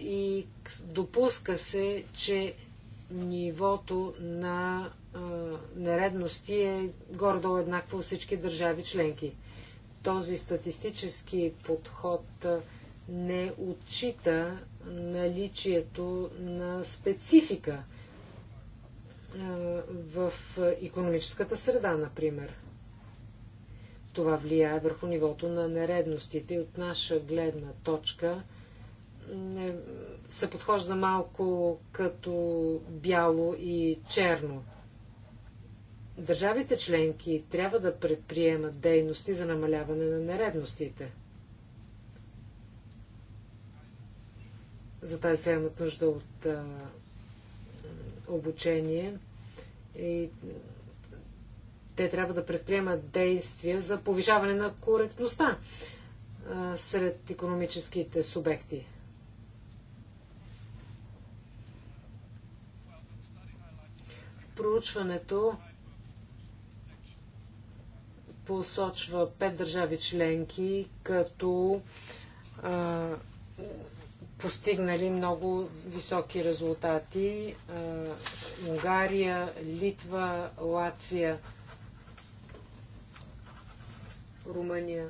S3: И допуска се, че нивото на а, нередности е гордо еднакво всички държави членки. Този статистически подход не отчита наличието на специфика в економическата среда, например. Това влияе върху нивото на нередностите и от наша гледна точка – не, се подхожда малко като бяло и черно. Държавите членки трябва да предприемат дейности за намаляване на нередностите. За тази се имат нужда от а, обучение и те трябва да предприемат действия за повишаване на коректността а, сред економическите субекти. Проучването посочва пет държави членки като а, постигнали много високи резултати. А, Унгария, Литва, Латвия, Румъния.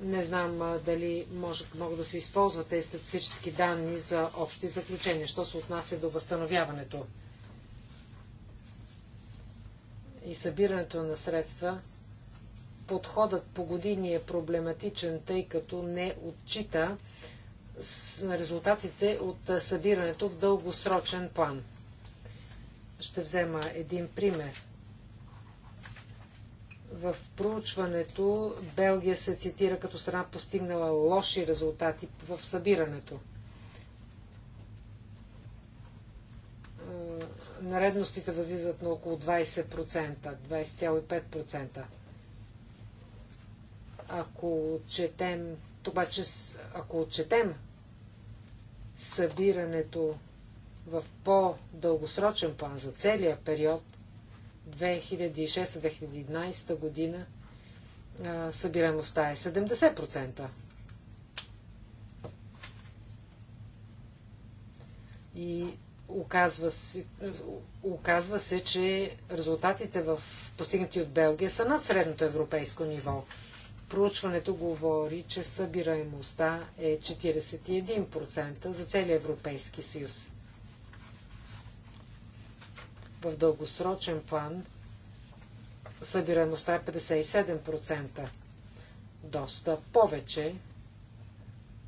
S3: Не знам дали могат да се използват тези статистически данни за общи заключения, що се отнася до възстановяването и събирането на средства. Подходът по години е проблематичен, тъй като не отчита резултатите от събирането в дългосрочен план. Ще взема един пример. В проучването Белгия се цитира като страна постигнала лоши резултати в събирането. Е, наредностите възлизат на около 20%, 20,5%. Ако четем, обаче, ако четем събирането в по-дългосрочен план за целия период, 2006-2011 година събираемостта е 70%. И оказва се, оказва се, че резултатите в постигнати от Белгия са над средното европейско ниво. Проучването говори, че събираемостта е 41% за целия Европейски съюз. В дългосрочен план събираемостта е 57%. Доста повече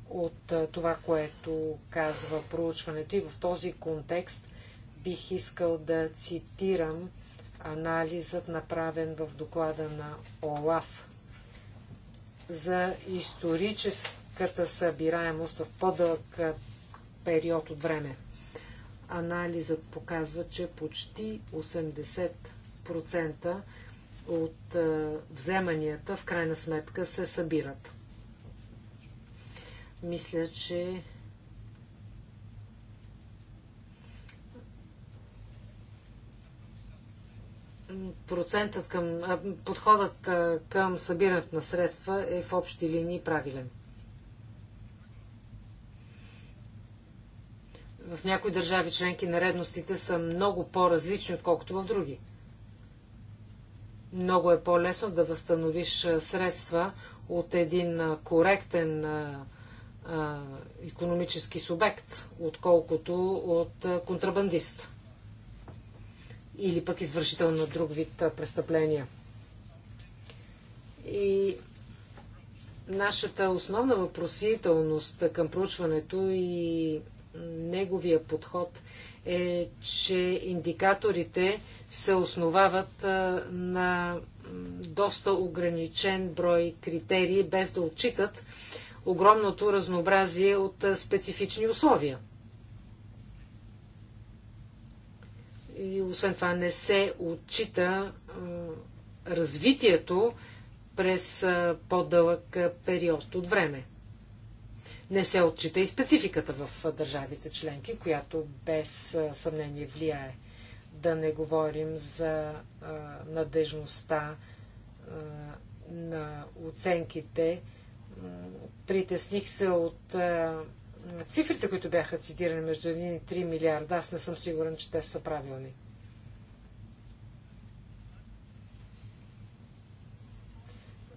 S3: от това, което казва проучването. И в този контекст бих искал да цитирам анализът, направен в доклада на ОЛАФ за историческата събираемост в по-дълъг период от време. Анализът показва, че почти 80% от е, вземанията в крайна сметка се събират. Мисля, че процентът към, е, подходът е, към събирането на средства е в общи линии правилен. в някои държави членки наредностите са много по-различни, отколкото в други. Много е по-лесно да възстановиш средства от един коректен а, економически субект, отколкото от контрабандист или пък извършител на друг вид престъпления. И нашата основна въпросителност към проучването и неговия подход е, че индикаторите се основават на доста ограничен брой критерии, без да отчитат огромното разнообразие от специфични условия. И освен това не се отчита развитието през по-дълъг период от време не се отчита и спецификата в държавите членки, която без съмнение влияе. Да не говорим за а, надежността а, на оценките. Притесних се от а, цифрите, които бяха цитирани между 1 и 3 милиарда. Аз не съм сигурен, че те са правилни.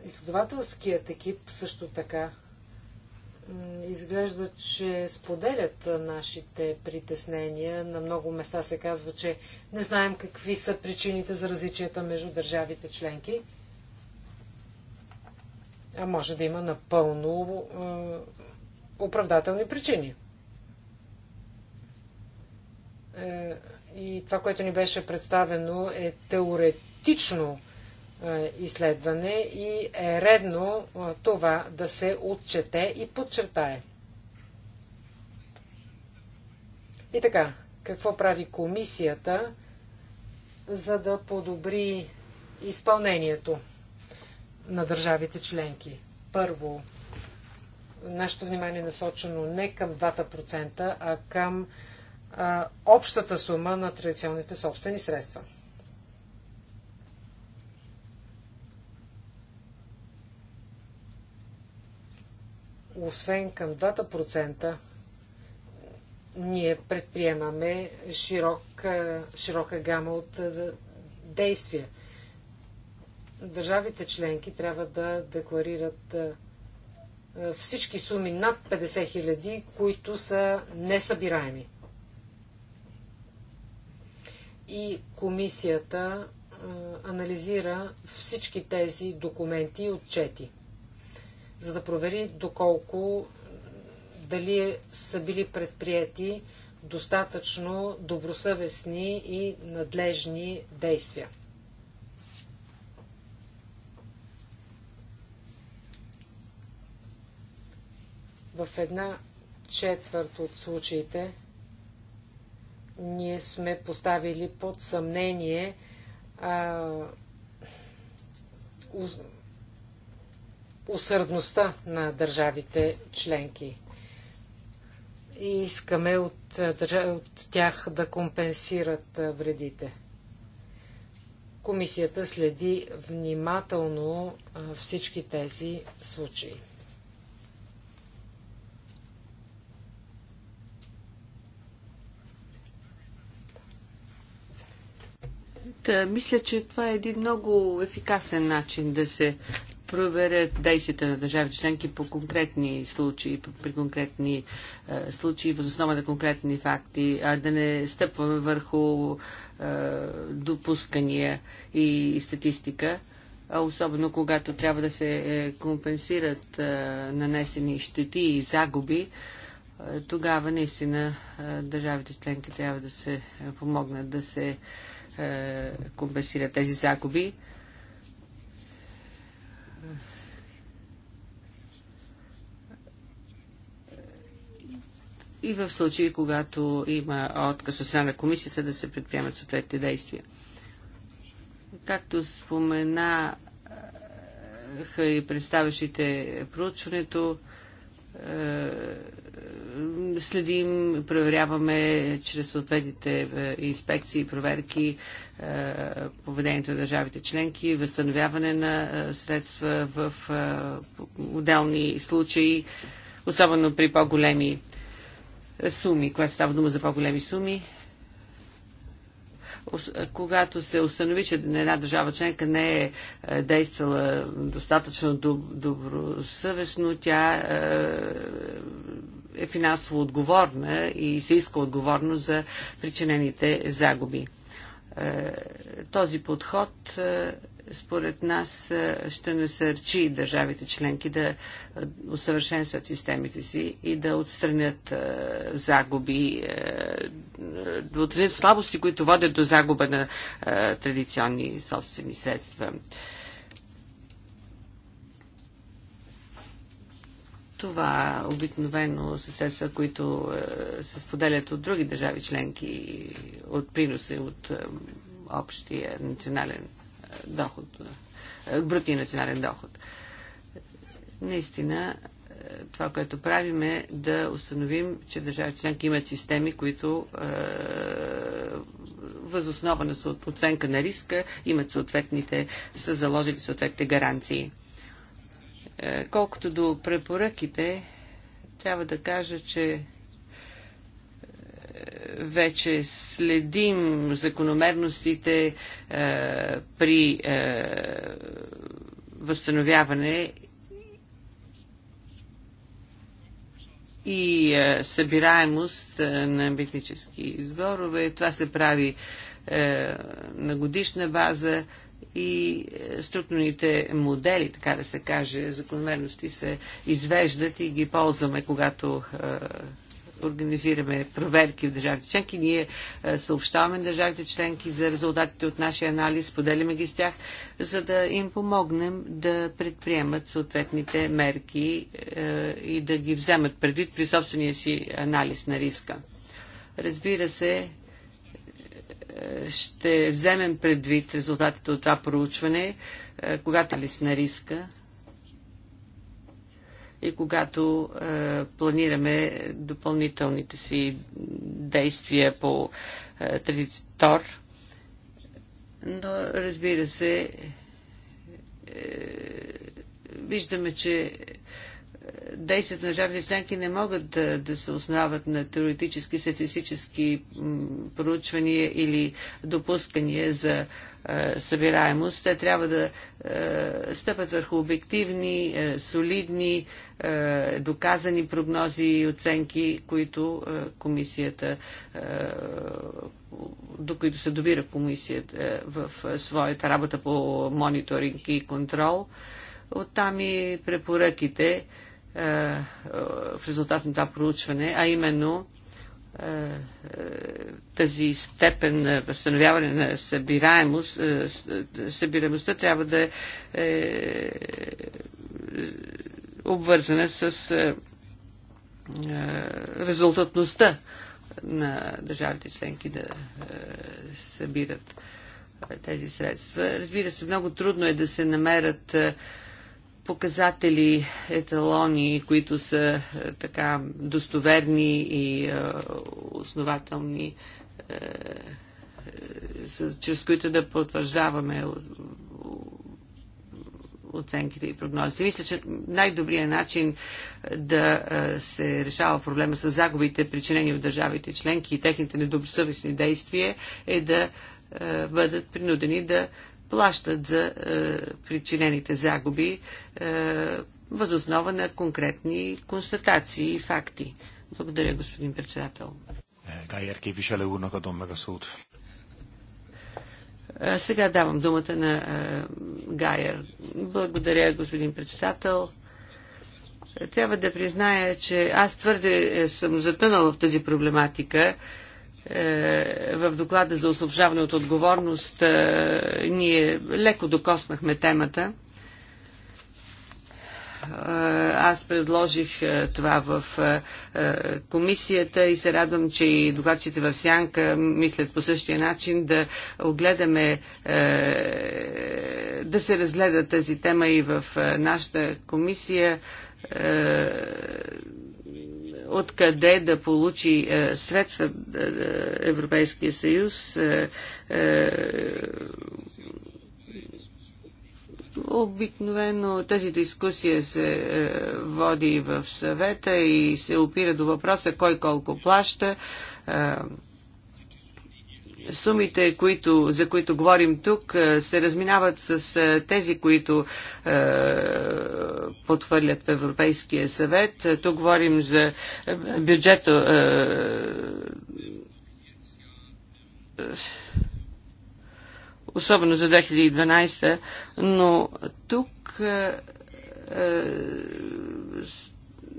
S3: Изследователският екип също така изглежда, че споделят нашите притеснения. На много места се казва, че не знаем какви са причините за различията между държавите членки. А може да има напълно е, оправдателни причини. Е, и това, което ни беше представено, е теоретично е, изследване и е редно е, това да се отчете и подчертае. И така, какво прави комисията, за да подобри изпълнението на държавите членки? Първо, нашето внимание е насочено не към 2%, а към а, общата сума на традиционните собствени средства. освен към 2%, ние предприемаме широк, широка гама от действия. Държавите членки трябва да декларират всички суми над 50 хиляди, които са несъбираеми. И комисията анализира всички тези документи и отчети за да провери доколко дали е- са били предприяти достатъчно добросъвестни и надлежни действия. В една четвърт от случаите ние сме поставили под съмнение а, усърдността на държавите членки. И искаме от, от тях да компенсират вредите. Комисията следи внимателно всички тези случаи.
S1: Да, мисля, че това е един много ефикасен начин да се проверят действията на държавите членки по конкретни случаи, при конкретни е, случаи, възоснова на конкретни факти, а да не стъпваме върху е, допускания и статистика, а особено когато трябва да се е, компенсират е, нанесени щети и загуби, е, тогава наистина е, държавите членки трябва да се е, помогнат да се е, компенсират тези загуби и в случаи, когато има отказ от страна на комисията да се предприемат съответните действия. Както спомена е, и представящите проучването, е, следим, проверяваме чрез съответните е, инспекции и проверки е, поведението на държавите членки, възстановяване на е, средства в отделни случаи, особено при по-големи суми, когато става дума за по-големи суми. Когато се установи, че една държава членка не е действала достатъчно добросъвестно, тя е финансово отговорна и се иска отговорност за причинените загуби. Е, този подход е, според нас е, ще насърчи държавите членки да усъвършенстват системите си и да отстранят загуби, да отстранят слабости, които водят до загуба на традиционни собствени средства. Това обикновено са средства, които е, се споделят от други държави членки, от приноси от е, общия национален е, доход, брутния национален доход. Наистина, това, което правим е да установим, че държави членки имат системи, които е, възоснова на оценка на риска имат съответните, са заложили съответните гаранции. Е, колкото до препоръките, трябва да кажа, че е, вече следим закономерностите е, при възстановяване и събираемост на битнически изборове, Това се прави на годишна база и е, структурните модели, така да се каже, закономерности се извеждат и ги ползваме, когато е, организираме проверки в държавите членки. Ние е, съобщаваме на държавите членки за резултатите от нашия анализ, поделяме ги с тях, за да им помогнем да предприемат съответните мерки и да ги вземат предвид при собствения си анализ на риска. Разбира се, ще вземем предвид резултатите от това проучване, е, когато ли сме на риска и когато е, планираме допълнителните си действия по е, традитор. Но разбира се, виждаме, че действията на жарни членки не могат да, да се основат на теоретически, статистически проучвания или допускания за е, събираемост. Те трябва да е, стъпат върху обективни, е, солидни, е, доказани прогнози и оценки, които е, комисията, е, до които се добира комисията е, в своята работа по мониторинг и контрол. Оттам и препоръките. Е, в резултат на това проучване, а именно е, е, тази степен на възстановяване на събираемост, събираемостта трябва да е обвързана с резултатността на държавите членки да събират тези средства. Разбира се, много трудно е да се намерят показатели, еталони, които са е, така достоверни и е, основателни, е, чрез които да потвърждаваме оценките и прогнозите. Мисля, че най-добрият начин да се решава проблема с загубите, причинени от държавите членки и техните недобросъвестни действия, е да бъдат принудени да плащат за е, причинените загуби е, възоснова на конкретни констатации и факти. Благодаря, господин председател. Е, сега давам думата на Гайер. Благодаря, господин председател. Трябва да призная, че аз твърде съм затънала в тази проблематика е, в доклада за освобождаване от отговорност е, ние леко докоснахме темата. Е, аз предложих това в комисията и се радвам, че и докладчите в Сянка мислят по същия начин да огледаме, да се разгледа тази тема и в нашата комисия откъде да получи е, средства е, Европейския съюз. Е, е, Обикновено тази дискусия се е, води в съвета и се опира до въпроса кой колко плаща. Е, сумите, които, за които говорим тук, е, се разминават с е, тези, които е, потвърлят в Европейския съвет. Тук говорим за е, бюджета. Е, особено за 2012, но тук е, е,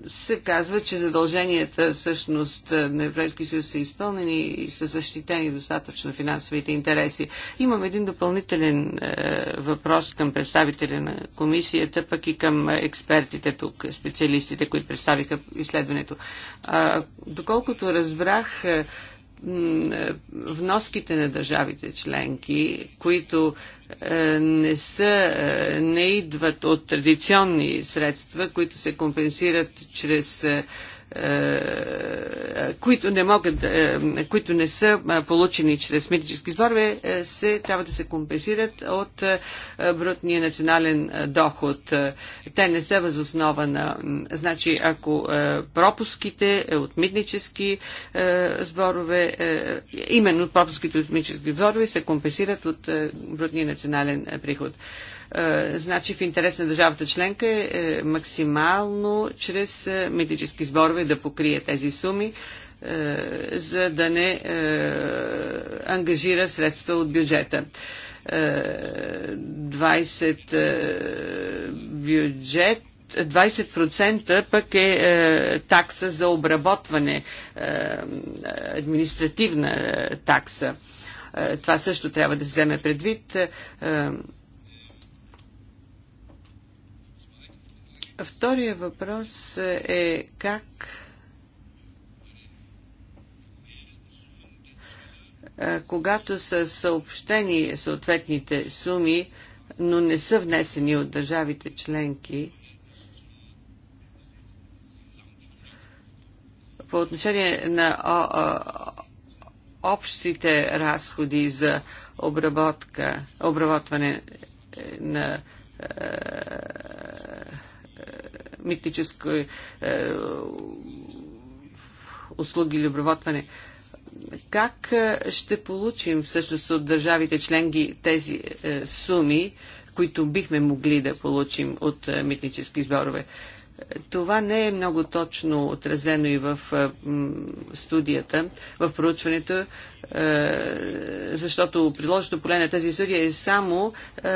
S1: се казва, че задълженията всъщност на Европейския съюз са изпълнени и са защитени достатъчно финансовите интереси. Имам един допълнителен е, въпрос към представителя на комисията, пък и към експертите тук, специалистите, които представиха изследването. А, доколкото разбрах, е, е, вноските на държавите членки, които е, не, са, е, не идват от традиционни средства, които се компенсират чрез е, които не могат, е, които не са е, получени чрез митнически сборове, се, трябва да се компенсират от брутния национален доход. Те не са възоснова на... Значи, ако пропуските от митнически сборове, именно пропуските от митнически сборове се компенсират от брутния национален приход. Е, значи в интерес на държавата членка е, е максимално чрез е, медически сборове да покрие тези суми, за да не ангажира средства от бюджета. 20 бюджет 20% пък е, е такса за обработване, е, административна е, такса. Е, това също трябва да вземе предвид. Е, Втория въпрос е как когато са съобщени съответните суми, но не са внесени от държавите членки, по отношение на общите разходи за обработка, обработване на митнически е, услуги или обработване. Как е, ще получим всъщност от държавите членки тези е, суми, които бихме могли да получим от е, митнически сборове? Това не е много точно отразено и в е, студията, в проучването, е, защото приложното поле на тази студия е само е,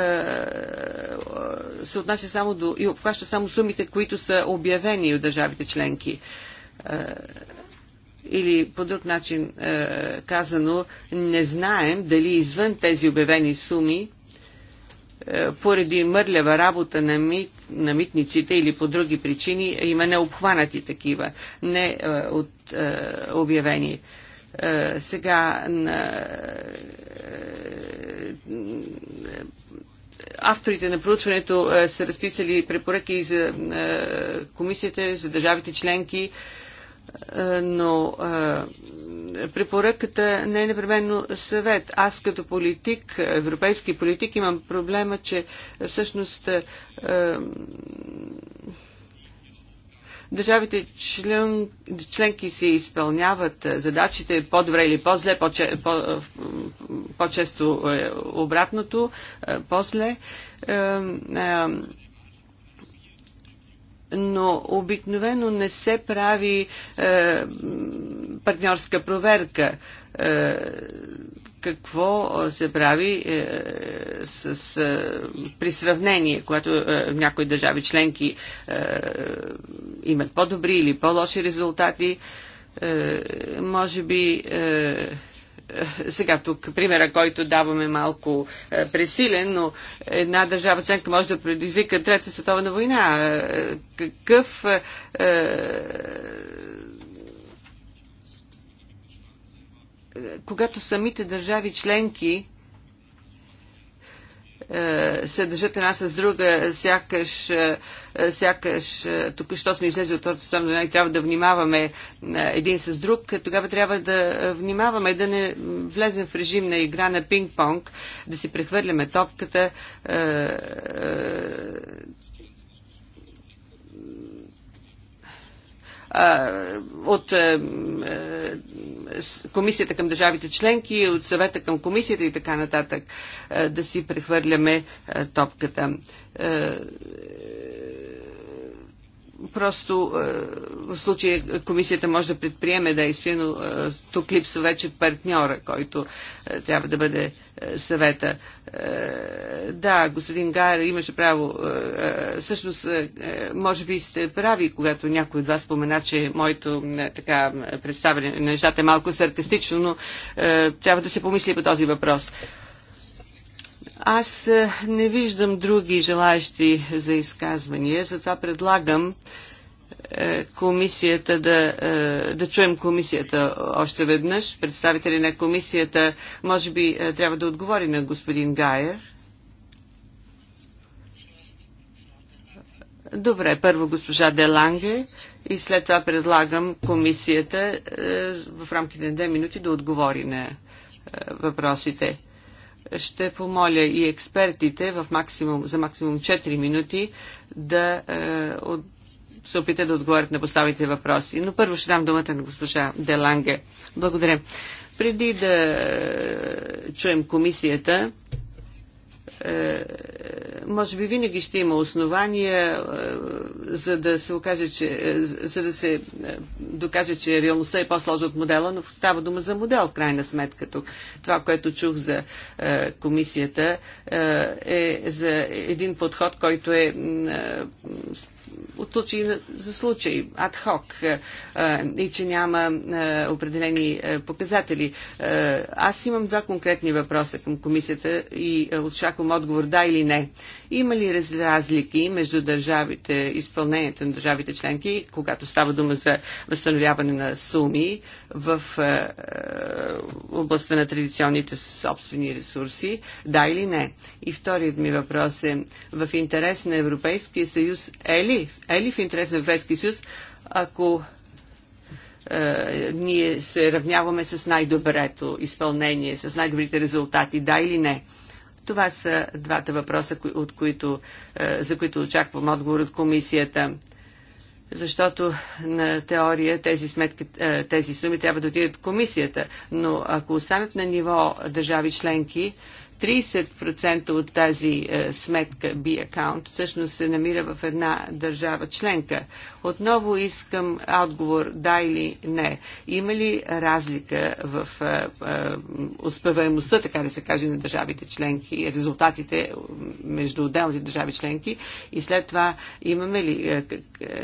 S1: се отнася само до и обхваща само сумите, които са обявени от държавите членки. Или по друг начин казано, не знаем дали извън тези обявени суми е, поради мърлева работа на, мит, на митниците или по други причини има необхванати такива, не е, от е, обявени. Сега на авторите на проучването са разписали препоръки за комисията, за държавите членки, но препоръката не е непременно съвет. Аз като политик, европейски политик, имам проблема, че всъщност е, държавите член, членки си изпълняват е, задачите по-добре или по-зле, е, по-често обратното, по-зле но обикновено не се прави е, партньорска проверка. Е, какво се прави е, с, е, при сравнение, когато е, някои държави членки е, имат по-добри или по-лоши резултати, е, може би е, е, сега тук примера, който даваме малко е, пресилен, но една държава членка може да предизвика Трета световна война. Е, какъв когато самите държави членки е, се държат една с друга, сякаш, е, сякаш е, тук, що сме излезли от Втората световна и трябва да внимаваме един с друг, тогава трябва да внимаваме да не влезем в режим на игра на пинг-понг, да си прехвърляме топката от комисията към държавите членки, от съвета към комисията и така нататък, да си прехвърляме топката просто в случая комисията може да предприеме действие, но тук липсва вече партньора, който трябва да бъде съвета. Е, да, господин Гайер имаше право. Е, е, всъщност, може би сте прави, когато някой от вас спомена, че моето така представяне на нещата е малко саркастично, но трябва да се помисли по този въпрос. Аз не виждам други желаящи за изказвания, затова предлагам е, комисията да, е, да чуем комисията още веднъж. Представители на комисията може би е, трябва да отговори на господин Гайер. Добре, първо госпожа Деланге и след това предлагам комисията в рамките на 2 минути да отговори на въпросите. Ще помоля и експертите в максимум, за максимум 4 минути да е, от, се опита да отговорят на поставите въпроси. Но първо ще дам думата на госпожа Деланге. Благодаря. Преди да е, чуем комисията, е, може би винаги ще има основания, е, за да се окаже, че, за да се докаже, че реалността е по-сложна от модела, но става дума за модел, в крайна сметка. Тук. Това, което чух за комисията, е за един подход, който е от случай за случай, адхок, е, е, и че няма е, определени показатели. Аз имам два конкретни въпроса към комисията и очаквам отговор да или не. Има ли разлики между държавите, изпълнението на държавите членки, когато става дума за възстановяване на суми в е, е, областта на традиционните собствени ресурси? Да или не? И вторият ми въпрос е, в интерес на Европейския съюз, е ли, е ли в интерес на Европейския съюз, ако е, ние се равняваме с най-доброто изпълнение, с най-добрите резултати, да или не? Това са двата въпроса, от които, е, за които очаквам отговор от комисията. Защото на теория тези, сметки, е, тези суми трябва да отидат в комисията, но ако останат на ниво държави членки, 30% от тази е, сметка би аккаунт всъщност се намира в една държава членка. Отново искам отговор да или не. Има ли разлика в е, е, успеваемостта, така да се каже, на държавите членки, резултатите между отделните държави членки и след това имаме ли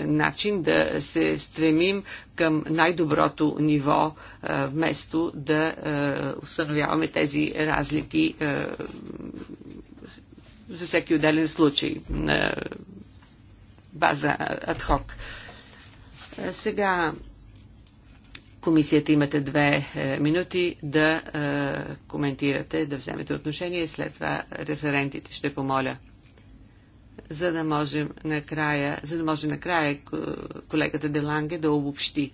S1: начин да се стремим към най-доброто ниво, вместо да установяваме тези разлики за всеки отделен случай на база адхок. Сега комисията имате две е, минути да е, коментирате, да вземете отношение и след това референтите ще помоля за да можем накрая, за да може накрая колегата Деланге да обобщи.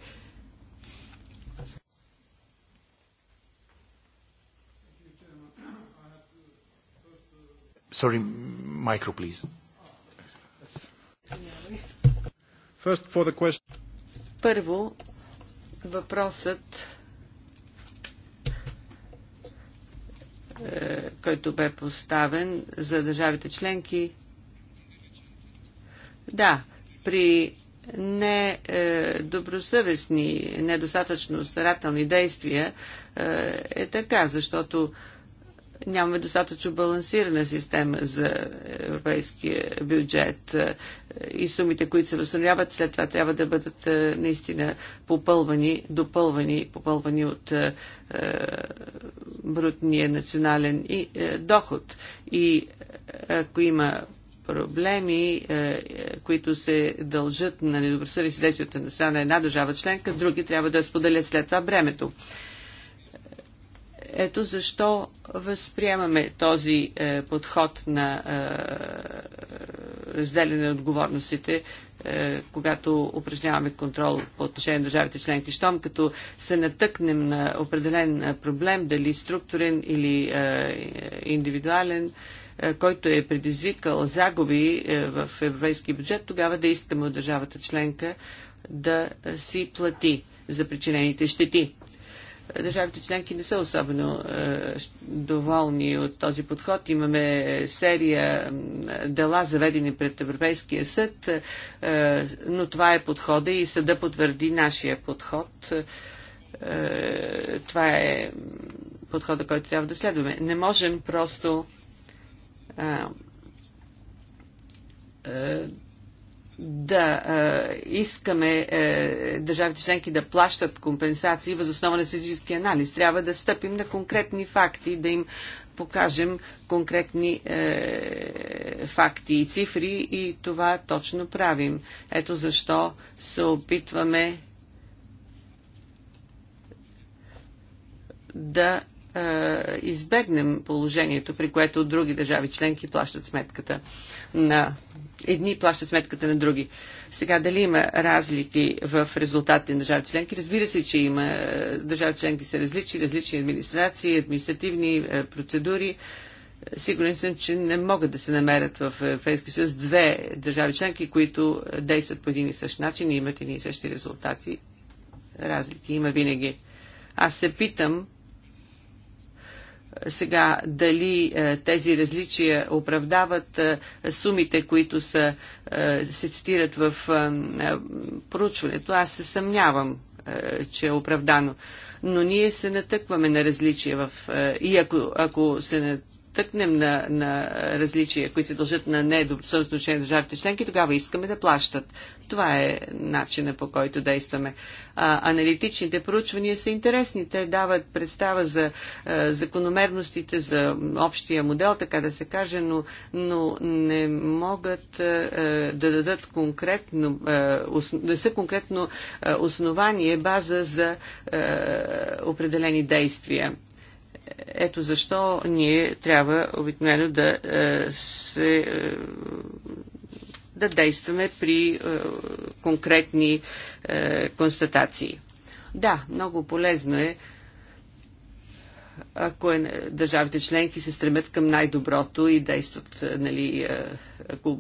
S2: Sorry, micro, please. First for the question.
S1: Първо, въпросът, е, който бе поставен за държавите членки, да, при недобросъвестни, недостатъчно старателни действия е, е така, защото нямаме достатъчно балансирана система за европейския бюджет е, и сумите, които се възстановяват, след това трябва да бъдат е, наистина попълвани, допълвани, попълвани от е, брутния национален и, е, доход. И ако има проблеми, е, е, които се дължат на недобросъвестни действия от страна на една държава членка, други трябва да споделят след това бремето. Ето защо възприемаме този е, подход на е, разделяне на отговорностите, е, когато упражняваме контрол по отношение на държавите членки. Щом като се натъкнем на определен проблем, дали структурен или е, индивидуален, е, е, който е предизвикал загуби е, в европейски бюджет, тогава да искаме от държавата членка да си плати за причинените щети. Държавите членки не са особено е, доволни от този подход. Имаме серия дела, заведени пред Европейския съд, е, но това е подхода и съда потвърди нашия подход. Е, това е подхода, който трябва да следваме. Не можем просто да искаме е, държавите членки да плащат компенсации въз основа на статистически анализ. Трябва да стъпим на конкретни факти, да им покажем конкретни е, факти и цифри и това точно правим. Ето защо се опитваме да е, избегнем положението, при което други държави членки плащат сметката на едни плащат сметката на други. Сега дали има разлики в резултатите на държави членки? Разбира се, че има. Е, държави членки са различни, различни администрации, административни е, процедури. Сигурен съм, че не могат да се намерят в Европейския съюз две държави членки, които действат по един и същ начин и имат едни и същи резултати. Разлики има винаги. Аз се питам, сега, дали е, тези различия оправдават е, сумите, които са, е, се цитират в проучването, аз се съмнявам, че е оправдано но ние се натъкваме на различия в... И ако, ако се тъкнем на, на различия, които се дължат на недобросъвестно отношение на държавите членки, тогава искаме да плащат. Това е начина по който действаме. А, аналитичните проучвания са интересни. Те дават представа за а, закономерностите, за общия модел, така да се каже, но, но не могат а, да дадат конкретно, а, да са конкретно а, основание, база за а, определени действия. Ето защо ние трябва обикновено да е, се е, да действаме при е, конкретни констатации. Да, много полезно е ако е, държавите членки се стремят към най-доброто и действат, нали, ако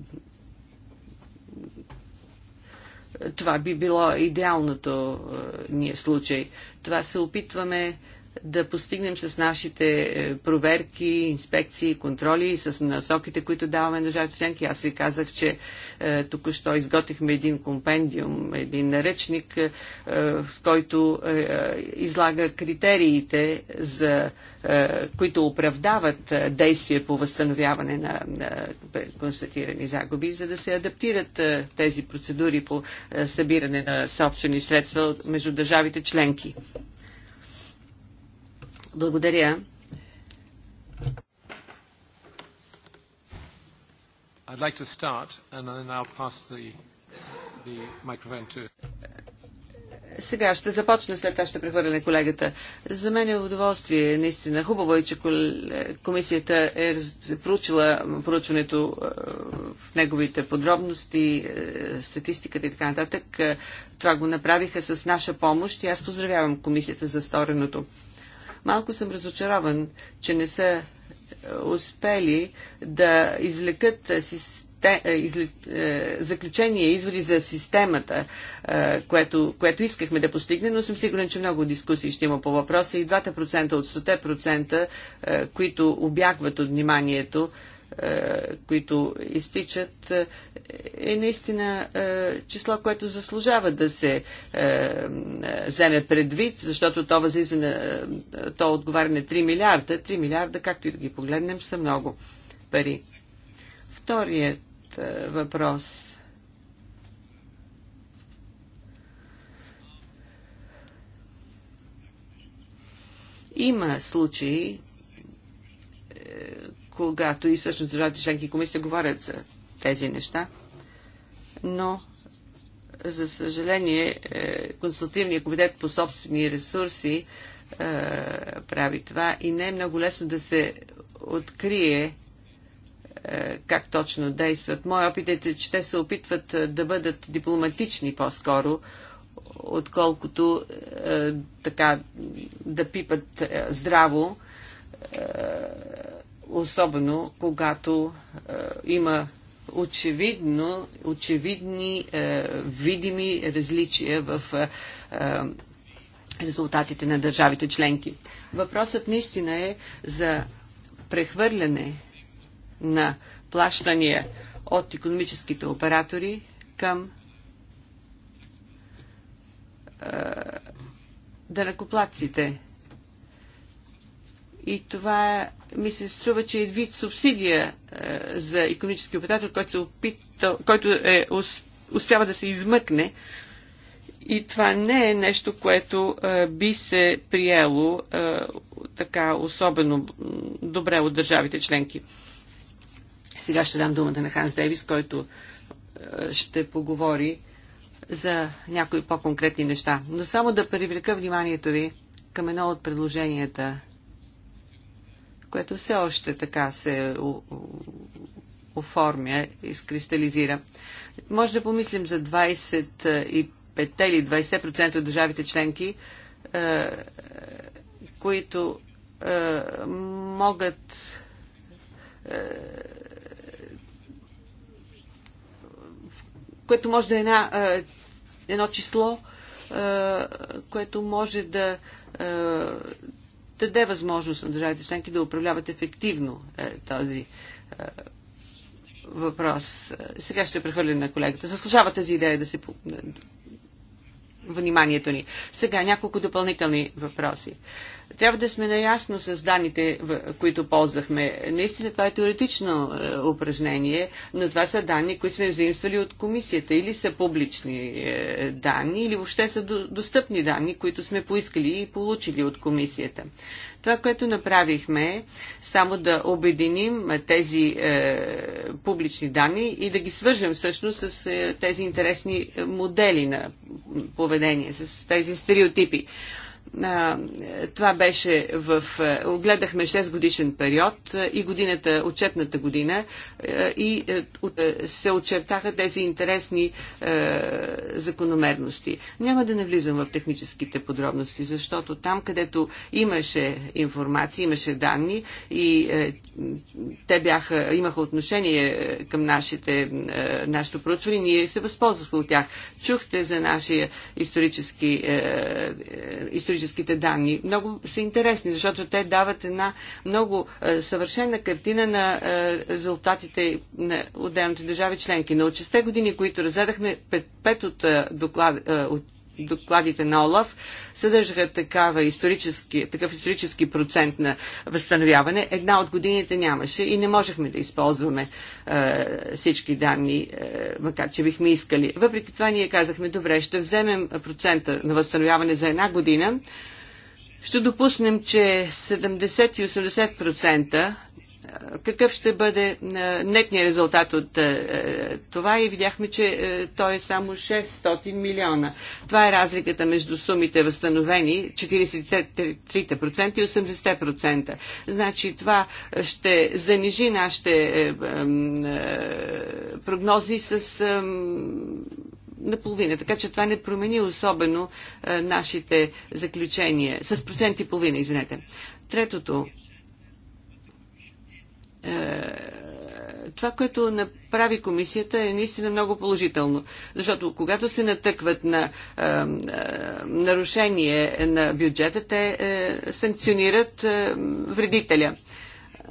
S1: това би било идеалното ние случай. Това се опитваме да постигнем с нашите е, проверки, инспекции, контроли и с насоките, които даваме на държавите членки. Аз ви казах, че е, току-що изготвихме един компендиум, един наръчник, е, с който излага критериите, за, които оправдават действие по възстановяване на констатирани загуби, за да се адаптират тези процедури по събиране на собствени средства между държавите членки. Благодаря.
S3: I'd like to start and then I'll pass the, the microphone
S1: to... Сега ще започна, след това ще прехвърля на колегата. За мен е удоволствие, наистина. Хубаво е, че комисията е проучила проучването е, в неговите подробности, е, статистиката и така нататък. Е, това го направиха с наша помощ и аз поздравявам комисията за стореното. Малко съм разочарован, че не са е, успели да извлекат е, е, заключения, изводи за системата, което, което искахме да постигне, но съм сигурен, че много дискусии ще има по въпроса и 2% от 100%, които обягват от вниманието, е, които изтичат, е, е наистина е, число, което заслужава да се вземе предвид, защото то на, то отговаря на 3 милиарда. 3 милиарда, както и да ги погледнем, са много пари. Вторият въпрос – Има случаи, когато и всъщност държавите членки и комисията говорят за тези неща, но за съжаление е, Консултивният комитет по собствени ресурси е, прави това и не е много лесно да се открие е, как точно действат. Моя опит е, че те се опитват да бъдат дипломатични по-скоро, отколкото е, така да пипат е, здраво е, особено когато е, има очевидно, очевидни, е, видими различия в е, е, резултатите на държавите членки. Въпросът наистина е за прехвърляне на плащания от економическите оператори към е, данакоплатците и това ми се струва, че е вид субсидия е, за економически оператор, който, се опитал, който е, успява да се измъкне. И това не е нещо, което е, би се приело е, така особено добре от държавите членки. Сега ще дам думата на Ханс Дейвис, който е, ще поговори за някои по-конкретни неща. Но само да привлека вниманието ви към едно от предложенията което все още така се оформя, изкристализира. Може да помислим за 25 или 20% от държавите членки, е, които е, могат е, което може да е една, едно число, което може да даде възможност на държавите членки да управляват ефективно е, този е, въпрос. Е, сега ще прехвърля на колегата. Заслужава тази идея да се вниманието ни. Сега няколко допълнителни въпроси. Трябва да сме наясно с данните, които ползвахме. Наистина това е теоретично е, упражнение, но това са данни, които сме взаимствали от комисията. Или са публични е, данни, или въобще са достъпни данни, които сме поискали и получили от комисията. Това, което направихме, само да обединим тези е, публични данни и да ги свържем всъщност с е, тези интересни е, модели на поведение, с тези стереотипи. А, това беше в... Огледахме 6 годишен период и годината, отчетната година и се очертаха тези интересни а, закономерности. Няма да навлизам в техническите подробности, защото там, където имаше информация, имаше данни и а, те бяха, имаха отношение към нашите, а, нашето проучване, ние се възползвахме от тях. Чухте за нашия исторически, исторически статистическите данни. Много са интересни, защото те дават една много е, съвършена картина на е, резултатите на отделните държави членки. На от 6 години, които разгледахме, пет, пет от, е, доклад, е, от докладите на Олаф съдържаха такава исторически, такъв исторически процент на възстановяване. Една от годините нямаше и не можехме да използваме е, всички данни, е, макар че бихме искали. Въпреки това ние казахме, добре, ще вземем процента на възстановяване за една година, ще допуснем, че 70 и 80% какъв ще бъде нетният резултат от това и видяхме, че той е само 600 милиона. Това е разликата между сумите възстановени 43% и 80%. Значи това ще занижи нашите прогнози с наполовина. Така че това не промени особено нашите заключения. С процент и половина, извинете. Третото е, това, което направи комисията е наистина много положително. Защото когато се натъкват на е, е, нарушение на бюджета, те е, санкционират е, вредителя.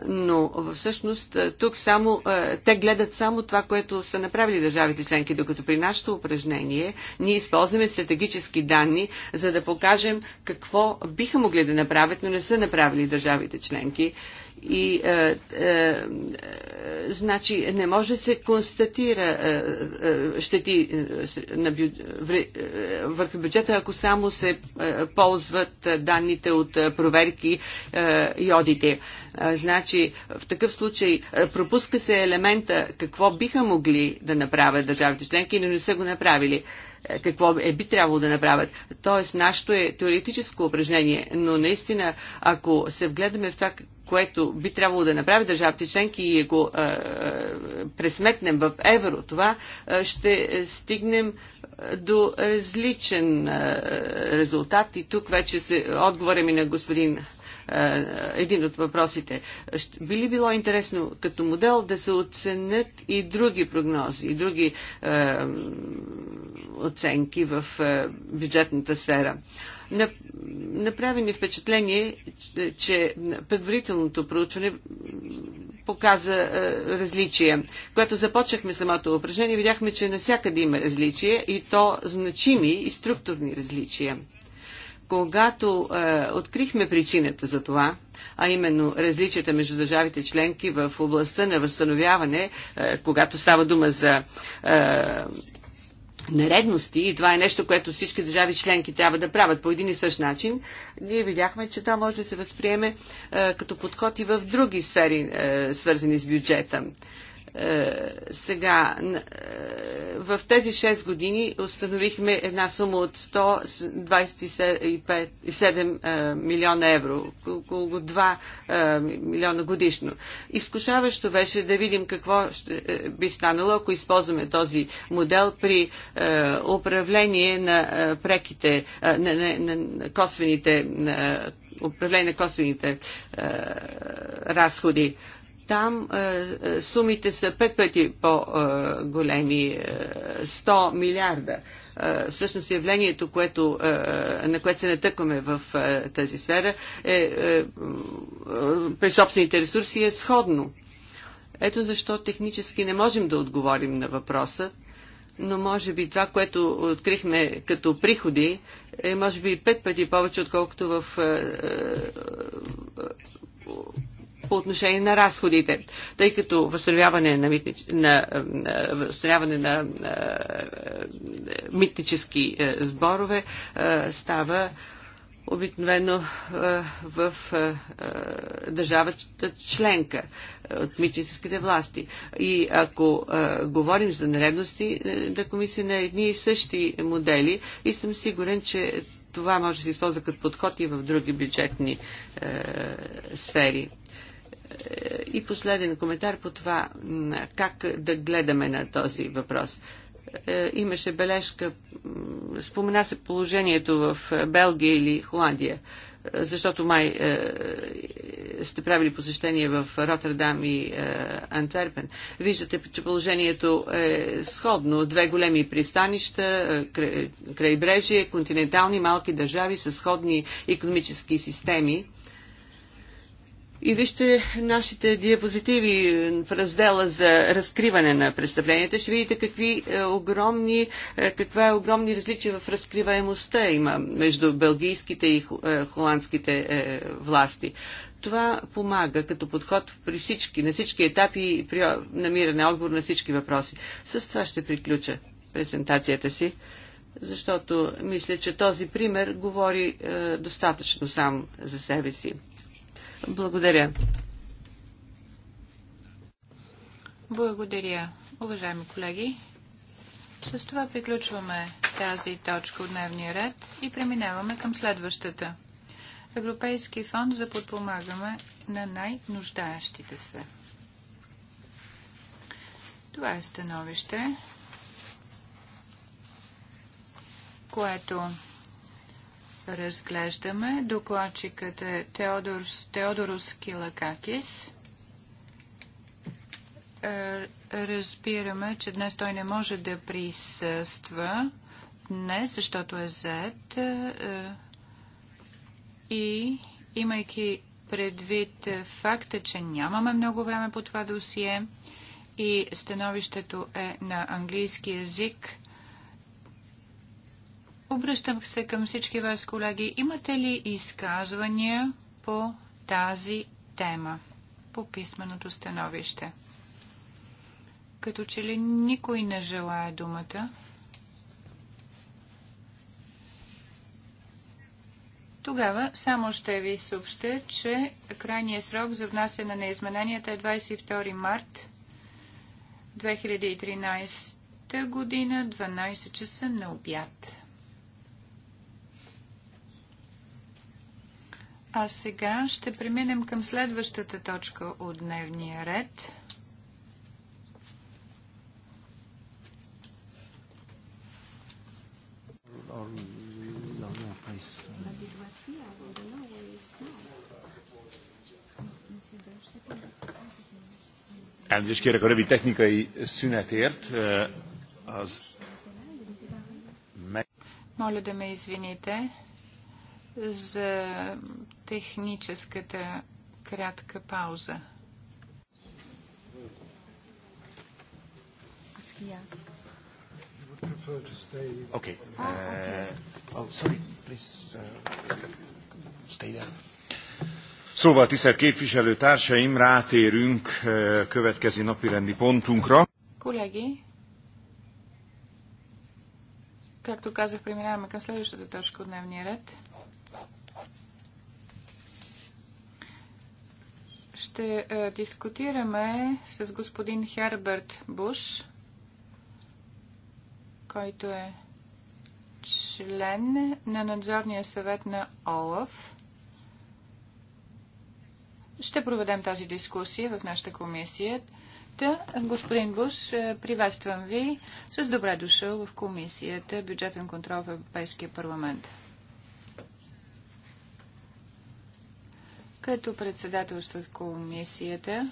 S1: Но всъщност е, тук само, е, те гледат само това, което са направили държавите членки, докато при нашето упражнение ние използваме стратегически данни, за да покажем какво биха могли да направят, но не са направили държавите членки. Е, и е, е, значи не може да се констатира е, е, щети е, на бю, вре, е, върху бюджета, ако само се е, ползват е, данните от е, проверки е, и одите. Е, значи в такъв случай е, пропуска се елемента какво биха могли да направят държавите членки, но не са го направили е, какво е би трябвало да направят. Тоест, нашето е теоретическо упражнение, но наистина, ако се вгледаме в това което би трябвало да направи държавите членки и го а, пресметнем в евро, това ще стигнем до различен а, резултат. И тук вече се отговорим ми на господин един от въпросите. би ли било интересно като модел да се оценят и други прогнози, и други е, оценки в бюджетната сфера? Е, Направи ни впечатление, че предварителното проучване показа е, различия. Когато започнахме самото упражнение, видяхме, че навсякъде има различия и то значими и структурни различия когато е, открихме причината за това, а именно различията между държавите членки в областта на възстановяване, е, когато става дума за е, нередности и това е нещо, което всички държави членки трябва да правят по един и същ начин, ние видяхме, че това може да се възприеме е, като подход и в други сфери, е, свързани с бюджета. Е, е, сега, е, в тези 6 години установихме една сума от 127 е, милиона евро, около 2 милиона годишно. Изкушаващо беше да видим какво ще би станало, ако използваме този модел при управление на преките, на, на, на косвените, управление на косвените разходи там е, е, сумите са пет пъти по-големи, е, 100 милиарда. Е, всъщност явлението, което, е, на което се натъкваме в е, тази сфера, е, е, при собствените ресурси е сходно. Ето защо технически не можем да отговорим на въпроса, но може би това, което открихме като приходи, е може би пет пъти повече, отколкото в е, е, по отношение на разходите, тъй като възстановяване на, митнич... на, е, е, възстановяване на е, митнически сборове става обикновено в държавата членка от митническите власти. И ако говорим за наредности, да комисия на едни и същи модели и съм сигурен, че това може да се използва като подход и в други бюджетни е, сфери. Е, и последен коментар по това как да гледаме на този въпрос. Е, имаше бележка, спомена се положението в Белгия или Холандия, е, защото май сте правили посещение в Роттердам и Антверпен. Виждате, че положението е сходно. Две големи пристанища, крайбрежие, континентални малки държави с сходни економически системи и вижте нашите диапозитиви в раздела за разкриване на представленията. Ще видите какви е, огромни, е, каква е огромни различия в разкриваемостта има между белгийските и е, холандските власти. Това помага като подход при всички, на всички етапи при намиране отговор на всички въпроси. С това ще приключа презентацията си, защото мисля, че този пример говори достатъчно сам за себе си. Благодаря.
S2: Благодаря, уважаеми колеги. С това приключваме тази точка от дневния ред и преминаваме към следващата. Европейски фонд за подпомагане на най-нуждаещите се. Това е становище, което разглеждаме. Докладчикът е Теодорус, Теодорус Килакакис. Е, разбираме, че днес той не може да присъства днес, защото е зет. Е, и имайки предвид факта, че нямаме много време по това досие и становището е на английски язик, Обръщам се към всички вас, колеги. Имате ли изказвания по тази тема, по писменото становище? Като че ли никой не желая думата? Тогава само ще ви съобща, че крайният срок за внасяне на измененията е 22 март 2013 година, 12 часа на обяд. А сега ще преминем към следващата точка от дневния ред.
S1: Elnézést kérek a rövid technikai szünetért. Az...
S2: Моля да ме извините за техническата кратка пауза. Okay. Uh,
S1: oh, sorry, please uh, stay there. Szóval, tisztelt képviselő társaim, rátérünk következő napi rendi
S2: pontunkra. Kulegi, както казах, преминаваме към следващата точка от дневния ред. ще е, дискутираме с господин Херберт Буш, който е член на надзорния съвет на ОЛАФ. Ще проведем тази дискусия в нашата комисия. Та, господин Буш, е, приветствам ви с добре дошъл в комисията бюджетен контрол в Европейския парламент. Като председателстват комисията,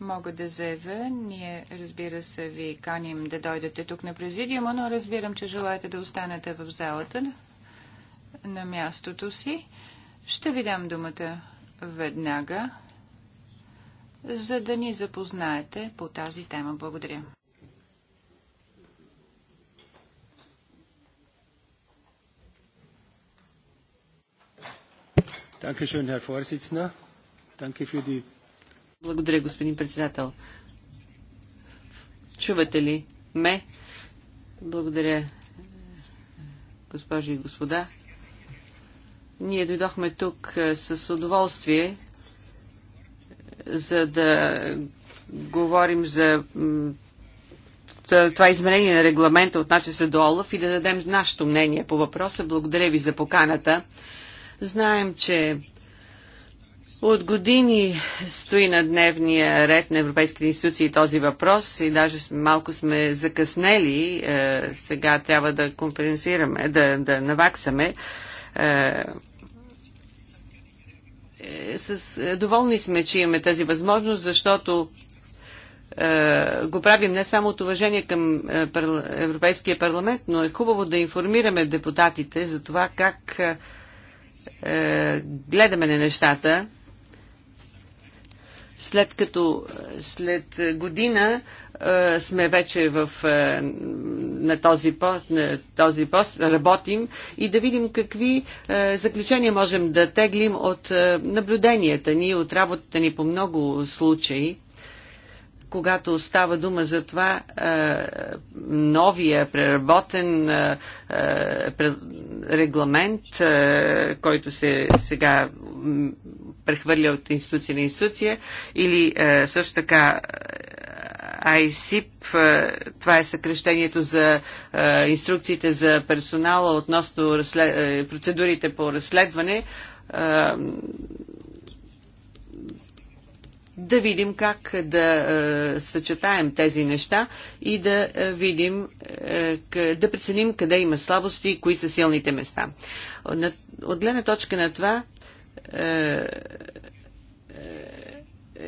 S2: мога да заявя, ние разбира се ви каним да дойдете тук на президиума, но разбирам, че желаете да останете в залата на мястото си. Ще ви дам думата веднага, за да ни запознаете по тази тема. Благодаря.
S1: Благодаря, господин председател. Чувате ли ме? Благодаря, госпожи и господа. Ние дойдохме тук е, с удоволствие, за да говорим за това изменение на регламента от се до Олаф и да дадем нашето мнение по въпроса. Благодаря ви за поканата. Знаем, че от години стои на дневния ред на европейските институции този въпрос и даже малко сме закъснели. Е, сега трябва да компенсираме, да, да наваксаме. Е, е, с, доволни сме, че имаме тази възможност, защото го правим не само от уважение към Европейския парламент, но е хубаво да информираме депутатите за това как е, гледаме на нещата, след като е, след година е, сме вече в, е, на, този пост, на този пост, работим и да видим какви е, заключения можем да теглим от е, наблюденията ни, от работата ни по много случаи когато става дума за това е, новия преработен е, е, регламент, който се сега прехвърля от институция на институция, или също така ISIP, това е съкрещението за инструкциите за персонала относно процедурите по разследване, да видим как да е, съчетаем тези неща и да е, видим, е, да преценим къде има слабости и кои са силните места. От, гледна точка на това, е, е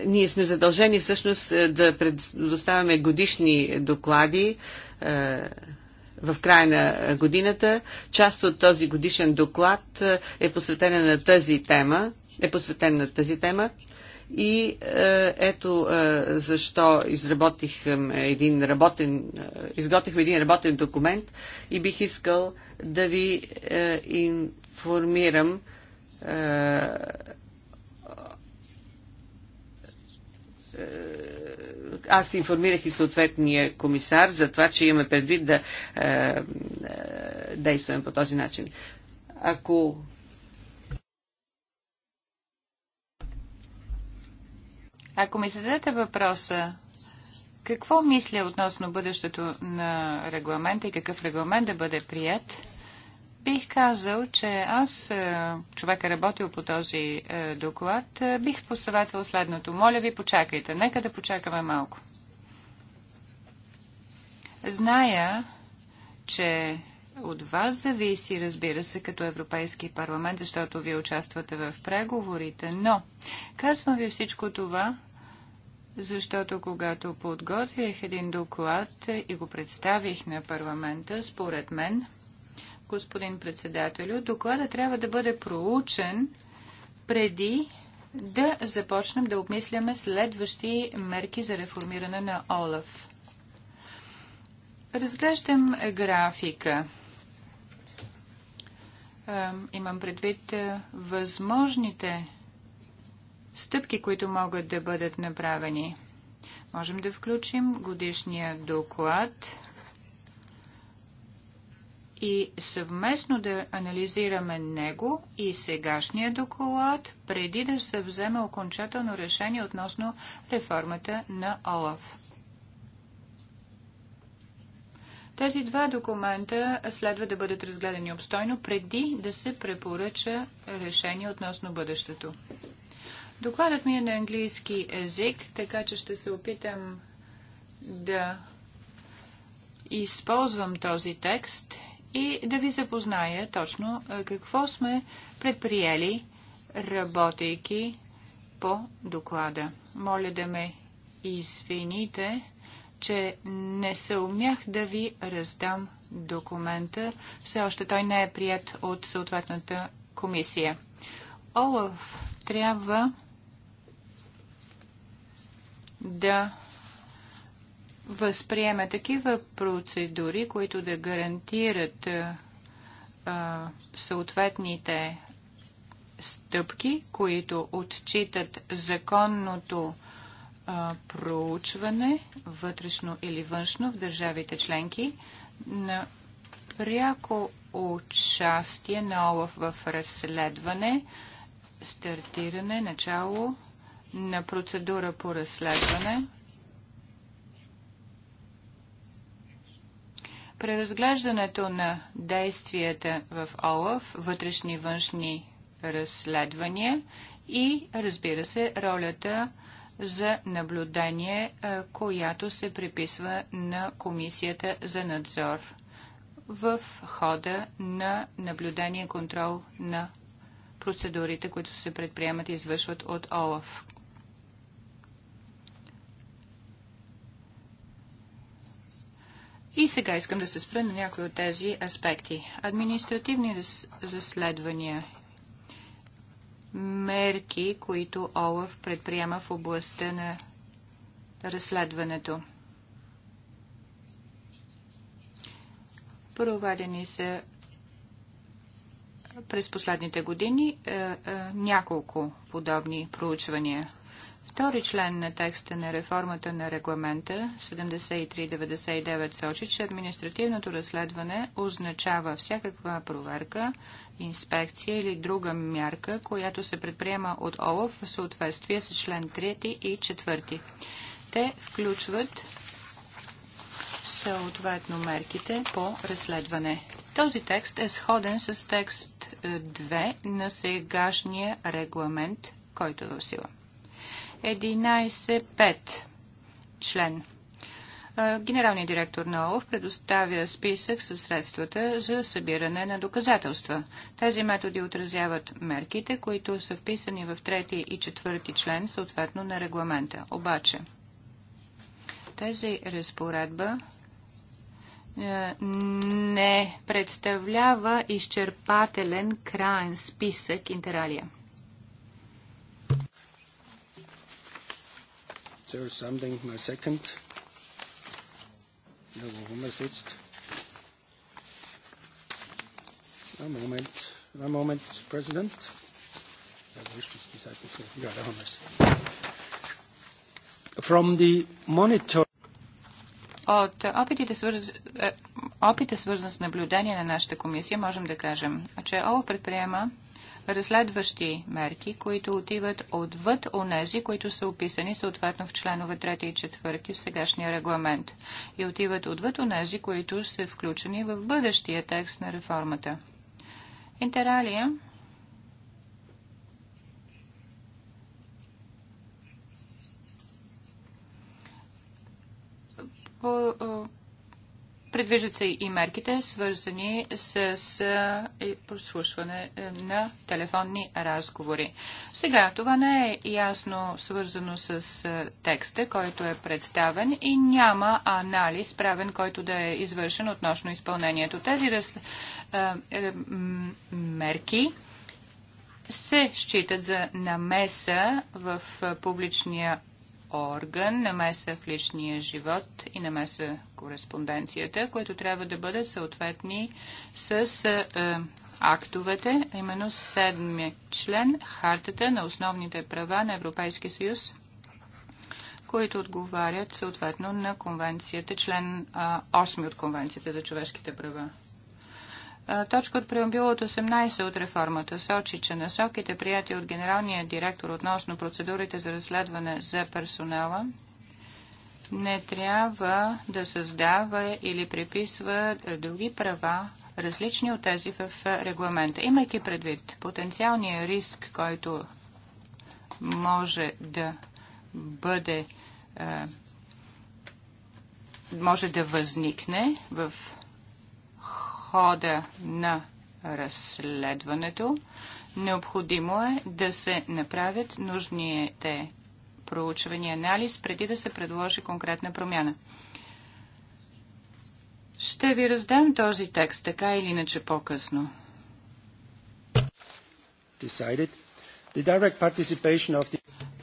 S1: ние сме задължени всъщност е, да предоставяме годишни доклади е, в края на годината. Част от този годишен доклад е посветена на тази тема, е посветен на тази тема. И е, ето е, защо изработих е, един работен, е, изготвих един работен документ и бих искал да ви е, информирам е, аз информирах и съответния комисар за това, че имаме предвид да е, действаме по този начин. Ако
S2: Ако ми зададете въпроса, какво мисля относно бъдещето на регламента и какъв регламент да бъде прият, бих казал, че аз, е, човека работил по този е, доклад, е, бих посъветвал следното. Моля ви, почакайте. Нека да почакаме малко. Зная, че от вас зависи, разбира се, като Европейски парламент, защото вие участвате в преговорите, но казвам ви всичко това, защото когато подготвях един доклад и го представих на парламента, според мен, господин председателю, доклада трябва да бъде проучен преди да започнем да обмисляме следващи мерки за реформиране на ОЛАФ. Разглеждам графика. Имам предвид възможните стъпки, които могат да бъдат направени. Можем да включим годишния доклад и съвместно да анализираме него и сегашния доклад, преди да се вземе окончателно решение относно реформата на ОЛАФ. Тези два документа следва да бъдат разгледани обстойно, преди да се препоръча решение относно бъдещето. Докладът ми е на английски език, така че ще се опитам да използвам този текст и да ви запозная точно какво сме предприели, работейки по доклада. Моля да ме извините, че не се умях да ви раздам документа. Все още той не е прият от съответната комисия. Олаф трябва да възприеме такива процедури, които да гарантират а, съответните стъпки, които отчитат законното а, проучване, вътрешно или външно, в държавите членки, на пряко участие на ОЛАФ в разследване, стартиране, начало на процедура по разследване. Преразглеждането на действията в ОЛАФ, вътрешни външни разследвания и, разбира се, ролята за наблюдение, която се приписва на Комисията за надзор в хода на наблюдение и контрол на процедурите, които се предприемат и извършват от ОЛАФ. И сега искам да се спра на някои от тези аспекти. Административни разследвания. Мерки, които ОЛАФ предприема в областта на разследването. Проведени са през последните години е, е, няколко подобни проучвания. Втори член на текста на реформата на регламента 7399 сочи, че административното разследване означава всякаква проверка, инспекция или друга мярка, която се предприема от ОЛАФ в съответствие с член 3 и 4. Те включват съответно мерките по разследване. Този текст е сходен с текст 2 е, на сегашния регламент, който е в сила. 11.5 член. Генералният директор на предоставя списък със средствата за събиране на доказателства. Тези методи отразяват мерките, които са вписани в трети и четвърти член, съответно на регламента. Обаче, тази разпоредба не представлява изчерпателен краен списък интералия. there something, my second. Ja, wo haben wir es jetzt? Ein Moment, ein Moment, President. Ja, wo ist Die Seite Ja, da haben wir es. From the monitor от опитите, свърз... опита свързан с наблюдение на нашата комисия, можем да кажем, че ОЛАФ предприема разследващи мерки, които отиват отвъд онези, които са описани съответно в членове 3 и 4 в сегашния регламент и отиват отвъд онези, които са включени в бъдещия текст на реформата. Интералия по Предвиждат се и мерките, свързани с, с е, прослушване е, на телефонни разговори. Сега, това не е ясно свързано с е, текста, който е представен и няма анализ правен, който да е извършен относно изпълнението. Тези раз, а, а, мерки се считат за намеса в публичния орган, намеса в личния живот и намеса кореспонденцията, които трябва да бъдат съответни с е, актовете, именно седми член, хартата на основните права на Европейския съюз, които отговарят съответно на конвенцията, член 8 от конвенцията за човешките права. Точка от преамбюл от 18 от реформата сочи, че насоките, прияти от генералния директор относно процедурите за разследване за персонала, не трябва да създава или приписва други права, различни от тези в регламента. Имайки предвид потенциалния риск, който може да бъде, може да възникне в хода на разследването, необходимо е да се направят нужните проучвания анализ, преди да се предложи конкретна промяна. Ще ви раздам този текст, така или иначе по-късно.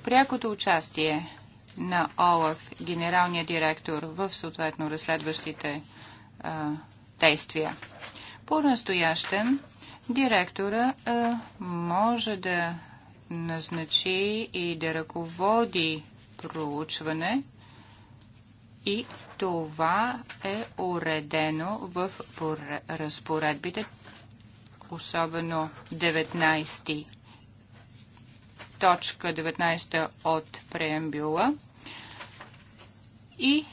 S2: Прякото участие на ОЛАФ, генералния директор в съответно разследващите а, действия. По-настоящем директора а, е, може да назначи и да ръководи проучване и това е уредено в разпоредбите, особено 19 точка 19 от преембюла и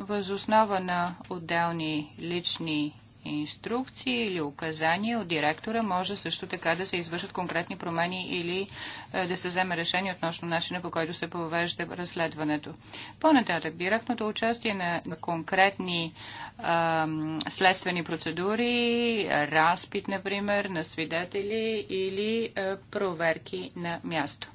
S2: възоснова на отделни лични инструкции или указания от директора може също така да се извършат конкретни промени или е, да се вземе решение относно начина по който се провежда разследването. По-нататък, директното участие на конкретни а, е, следствени процедури, разпит, например, на свидетели или а, е, проверки на място.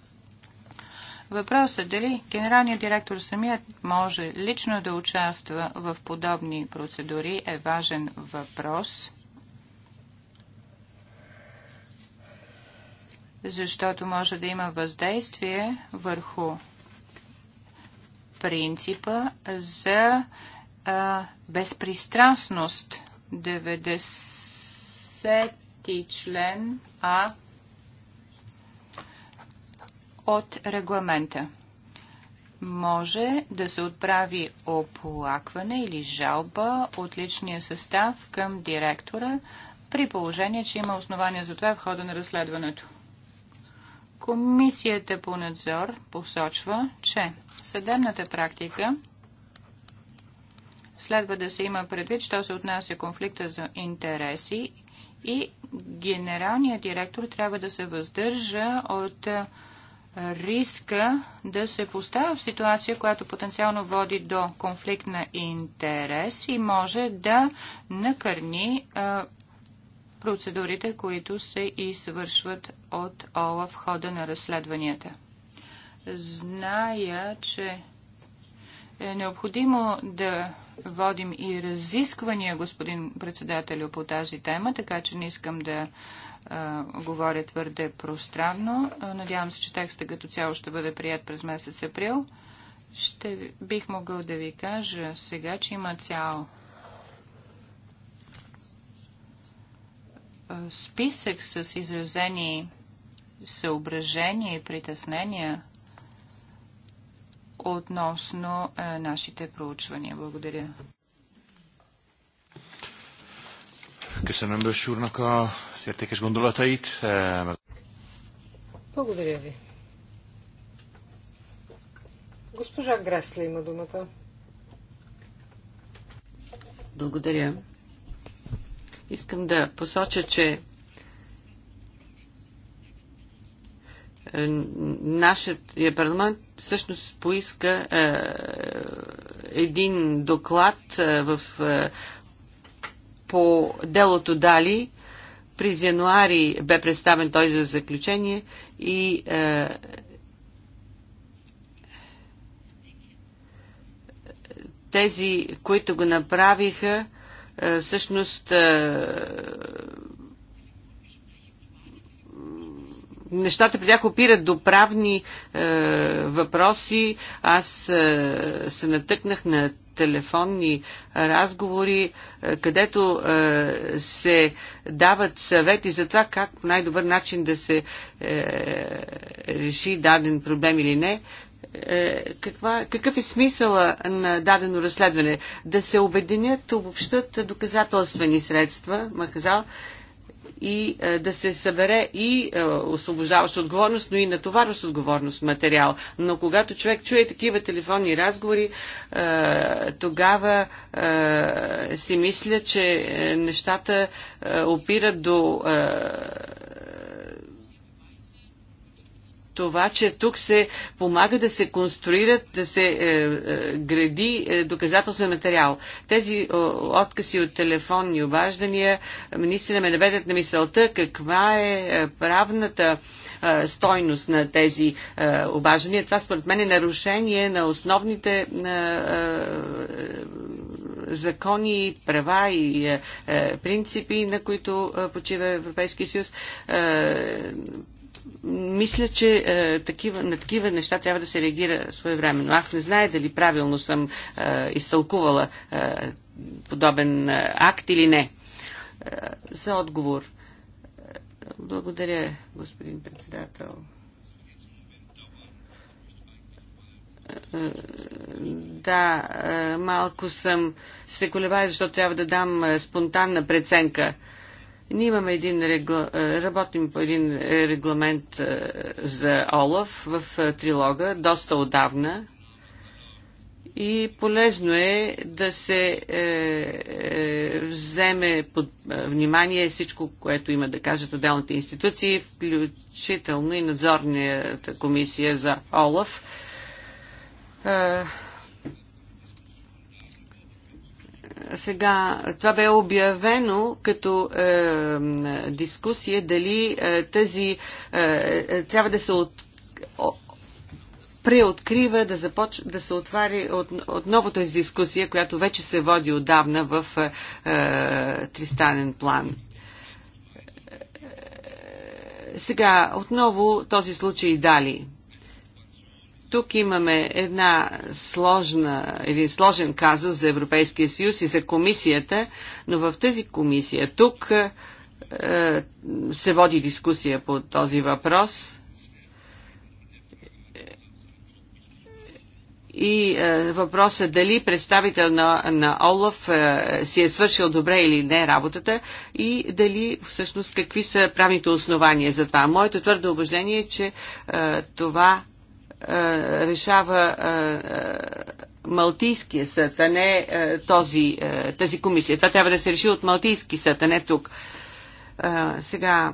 S2: Въпросът е дали генералният директор самият може лично да участва в подобни процедури е важен въпрос, защото може да има въздействие върху принципа за а, безпристрастност 90 член А от регламента. Може да се отправи оплакване или жалба от личния състав към директора, при положение, че има основания за това в хода на разследването. Комисията по надзор посочва, че съдебната практика следва да се има предвид, що се отнася конфликта за интереси и генералният директор трябва да се въздържа от риска да се поставя в ситуация, която потенциално води до конфликт на интерес и може да накърни а, процедурите, които се извършват от ОЛА в хода на разследванията. Зная, че е необходимо да водим и разисквания, господин председателю, по тази тема, така че не искам да говоря твърде пространно. Надявам се, че текста като цяло ще бъде прият през месец април. Ще бих могъл да ви кажа сега, че има цял списък с изразени съображения и притеснения относно нашите проучвания. Благодаря.
S1: Köszönöm Bös úrnak a értékes gondolatait. Eh,
S2: Благодаря ви.
S3: Госпожа Гресле има думата.
S1: Благодаря. Искам да посоча, че е, нашият е, парламент всъщност поиска е, един доклад е, в е, по делото Дали през януари бе представен той за заключение и е, тези, които го направиха, е, всъщност е, нещата при тях опират до правни въпроси. Аз се натъкнах на телефонни разговори, е, където е, се дават съвети за това как по най-добър начин да се е, реши даден проблем или не. Каква, какъв е смисъла на дадено разследване? Да се обединят, обобщат доказателствени средства, махазал, и е, да се събере и е, освобождаващ отговорност, но и натоварващ отговорност материал. Но когато човек чуе такива телефонни разговори, е, тогава си мисля, че нещата опират до това, че тук се помага да се конструират, да се е, е, гради е, доказателствен материал. Тези о, откази от телефонни обаждания наистина ме наведат на мисълта каква е, е правната е, стойност на тези е, обаждания. Това според мен е нарушение на основните е, е, закони, права и е, е принципи, на които е, почива Европейския съюз. Е, мисля, че е, такива, на такива неща трябва да се реагира своевременно. Аз не знае дали правилно съм е, изтълкувала е, подобен е, акт или не. Е, за отговор. Е, благодаря, господин председател. Е, да, е, малко съм се колебая, защото трябва да дам спонтанна преценка ние имаме един регла... Е, работим по един регламент е, за Олаф в е, трилога, доста отдавна. И полезно е да се е, е, вземе под внимание всичко, което има да кажат отделните институции, включително и надзорната комисия за Олаф. Е, Сега, това бе обявено като е, дискусия дали е, тази е, е, трябва да се от, преоткрива, да, започ... да се отвари от... отново тази дискусия, която вече се води отдавна в е, е тристанен план. Сега, отново този случай Дали. Тук имаме една сложна, един сложен казус за Европейския съюз и за комисията, но в тази комисия тук е, се води дискусия по този въпрос. И е, въпросът дали представител на, на Олаф е, си е свършил добре или не работата и дали всъщност какви са правните основания за това. Моето твърдо убеждение е, че е, това е, решава е, е, Малтийския съд, а не този, тази комисия. Това трябва да се реши от Малтийски съд, а не тук. Сега,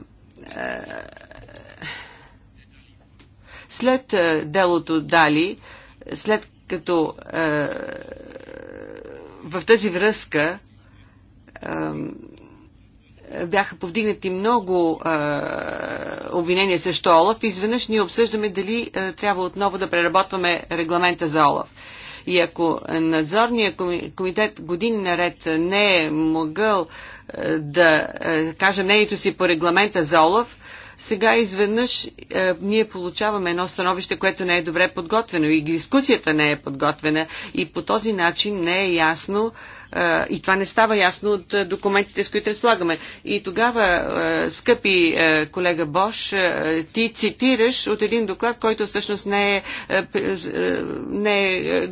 S1: след делото Дали, след като в тази връзка бяха повдигнати много а, обвинения срещу Олаф. Изведнъж ние обсъждаме дали а, трябва отново да преработваме регламента за Олаф. И ако надзорният комитет години наред не е могъл а, да а, каже мнението си по регламента за Олаф, сега изведнъж е, ние получаваме едно становище, което не е добре подготвено и дискусията не е подготвена и по този начин не е ясно е, и това не става ясно от документите, с които разполагаме. И тогава, скъпи колега Бош, ти цитираш от един доклад, който всъщност не е, не е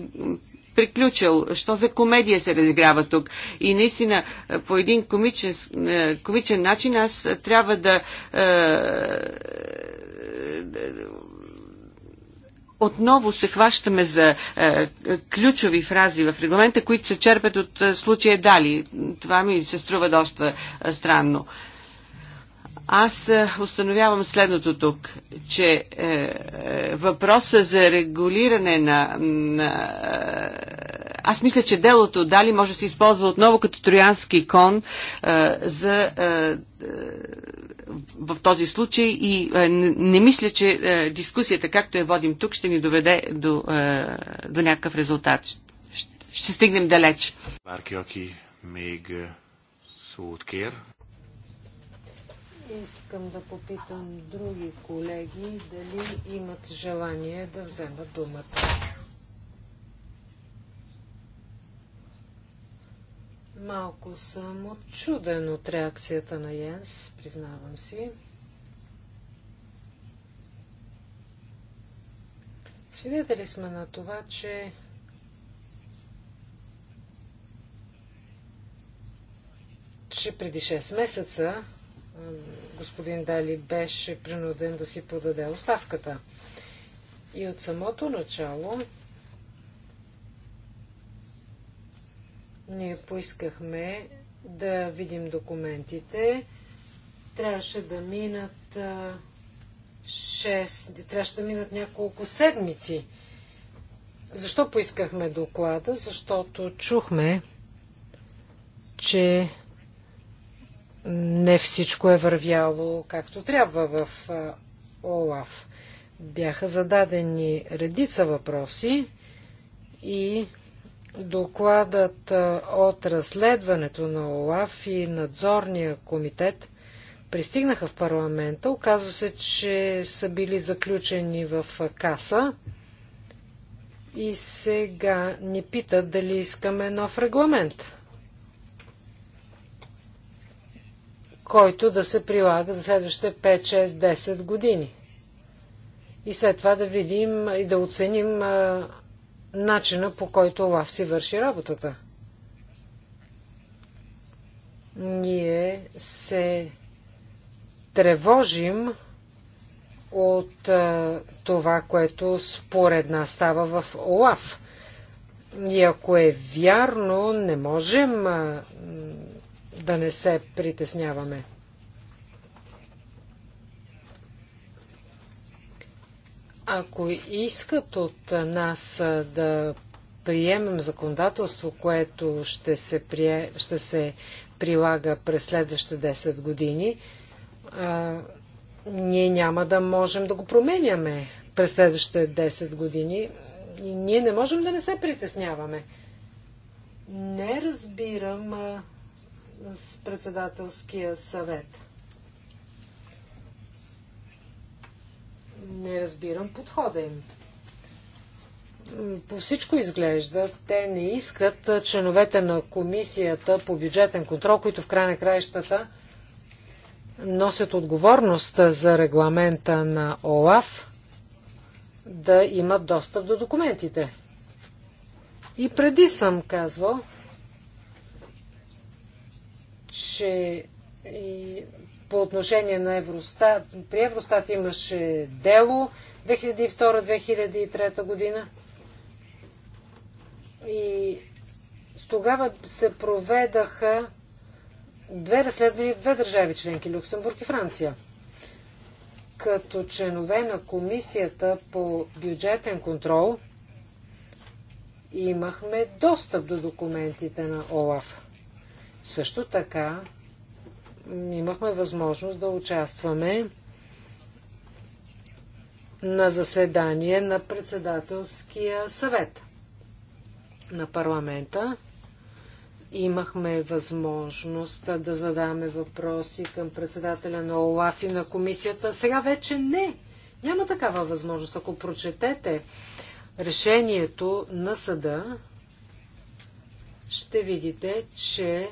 S1: приключил, що за комедия се разиграва тук. И наистина по един комичен, комичен начин аз трябва да отново се хващаме за е, е, ключови фрази в регламента, които се черпят от е, случая Дали. Това ми се струва доста е, странно. Аз е, установявам следното тук, че е, е, въпроса за регулиране на, на... Аз мисля, че делото Дали може да се използва отново като троянски кон е, за... Е, в този случай и е, не, не мисля, че е, дискусията, както я водим тук, ще ни доведе до, е, до някакъв резултат. Ще, ще стигнем далеч. Е,
S3: Искам да попитам други колеги дали имат желание да вземат думата. Малко съм отчуден от реакцията на Йенс, признавам си. Свидетели сме на това, че че преди 6 месеца господин Дали беше принуден да си подаде оставката. И от самото начало Ние поискахме да видим документите. Трябваше да минат 6, трябваше да минат няколко седмици. Защо поискахме доклада? Защото чухме, че не всичко е вървяло както трябва в ОЛАФ. Бяха зададени редица въпроси и Докладът от разследването на ОЛАФ и надзорния комитет пристигнаха в парламента. Оказва се, че са били заключени в каса и сега ни питат дали искаме нов регламент, който да се прилага за следващите 5, 6, 10 години. И след това да видим и да оценим а, начина по който Олаф си върши работата. Ние се тревожим от а, това, което според нас става в ОЛАФ. И ако е вярно, не можем а, да не се притесняваме. Ако искат от нас да приемем законодателство, което ще се, прие, ще се прилага през следващите 10 години, а, ние няма да можем да го променяме през следващите 10 години. И ние не можем да не се притесняваме. Не разбирам а, с председателския съвет. не разбирам подхода им. По всичко изглежда, те не искат членовете на комисията по бюджетен контрол, които в край на краищата носят отговорност за регламента на ОЛАФ, да имат достъп до документите. И преди съм казвал, че и по отношение на Евростат. При Евростат имаше дело 2002-2003 година. И тогава се проведаха две разследвания в две държави членки Люксембург и Франция. Като членове на комисията по бюджетен контрол имахме достъп до документите на ОЛАФ. Също така имахме възможност да участваме на заседание на председателския съвет на парламента. Имахме възможност да задаваме въпроси към председателя на ОЛАФ и на комисията. Сега вече не. Няма такава възможност. Ако прочетете решението на съда, ще видите, че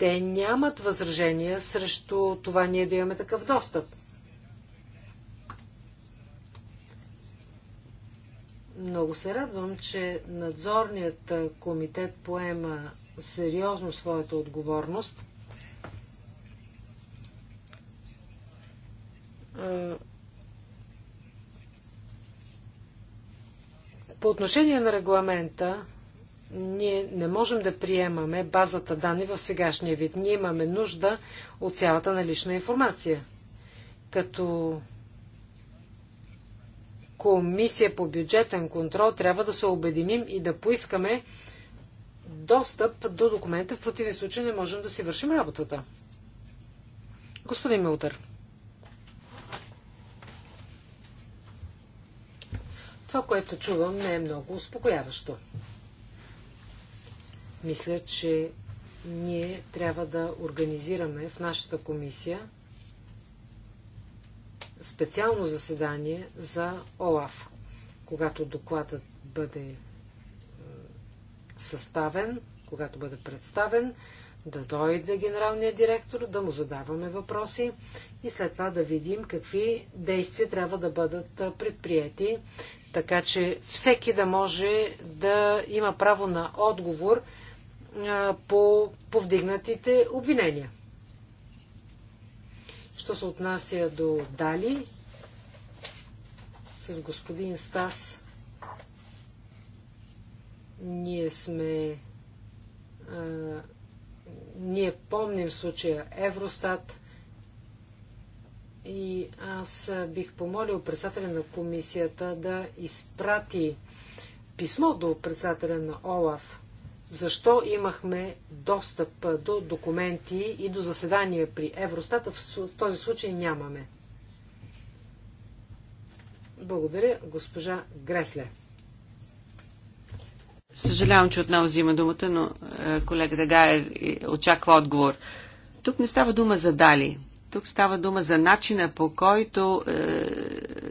S3: те нямат възражения срещу това ние да имаме такъв достъп. Много се радвам, че надзорният комитет поема сериозно своята отговорност. По отношение на регламента, ние не можем да приемаме базата данни в сегашния вид. Ние имаме нужда от цялата налична информация. Като комисия по бюджетен контрол трябва да се обединим и да поискаме достъп до документа. В противен случай не можем да си вършим работата. Господин Милтър. Това, което чувам, не е много успокояващо. Мисля, че ние трябва да организираме в нашата комисия специално заседание за ОЛАФ. Когато докладът бъде е, съставен, когато бъде представен, да дойде генералният директор, да му задаваме въпроси и след това да видим какви действия трябва да бъдат е, предприяти, така че всеки да може да има право на отговор по повдигнатите обвинения. Що се отнася до Дали, с господин Стас ние сме а, ние помним случая Евростат и аз бих помолил председателя на комисията да изпрати писмо до председателя на ОЛАФ защо имахме достъп до документи и до заседания при Евростата. В този случай нямаме. Благодаря, госпожа Гресле.
S1: Съжалявам, че отново взима думата, но е, колегата Гайер е, очаква отговор. Тук не става дума за дали. Тук става дума за начина по който е,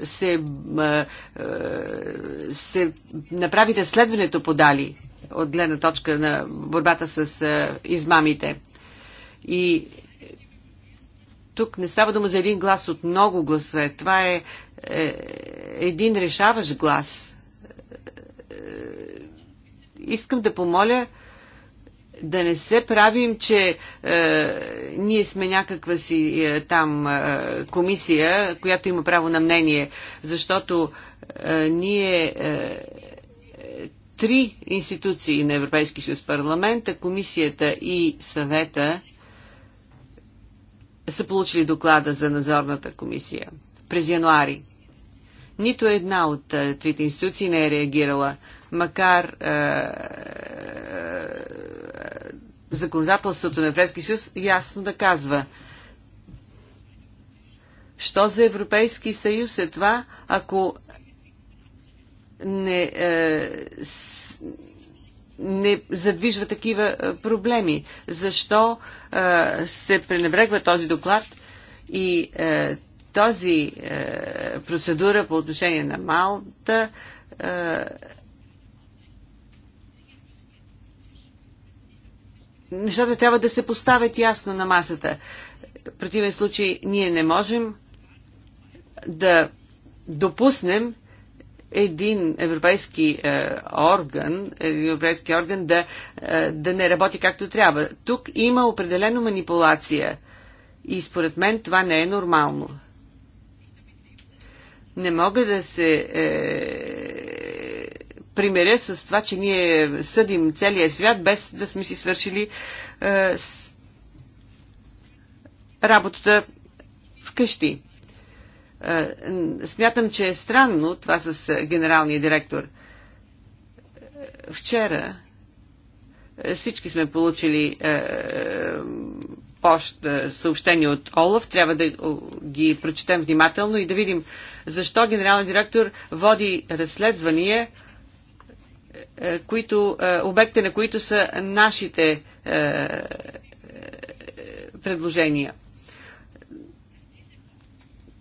S1: се, е, е се направите следването по дали от гледна точка на борбата с измамите. И тук не става дума за един глас от много гласове. Това е, е един решаващ глас. Е, искам да помоля да не се правим, че е, ние сме някаква си е, там е, комисия, която има право на мнение, защото е, ние. Е, три институции на Европейски съюз парламента, комисията и съвета са получили доклада за надзорната комисия през януари. Нито една от е, трите институции не е реагирала, макар е, е, законодателството на Европейския съюз ясно да казва. Що за Европейски съюз е това, ако не, е, не задвижва такива е, проблеми? Защо е, се пренебрегва този доклад и този процедура по отношение на Малта нещата трябва да се поставят ясно на масата. В противен случай ние не можем да допуснем един европейски е, орган, европейски орган да, е, да не работи както трябва. Тук има определено манипулация и според мен това не е нормално. Не мога да се е, примеря с това, че ние съдим целия свят без да сме си свършили е, с, работата вкъщи. Е, смятам, че е странно това с е, генералния директор. Вчера е, всички сме получили съобщение съобщения от Олаф, трябва да ги прочетем внимателно и да видим защо генерален директор води разследвания, които, обекти на които са нашите предложения.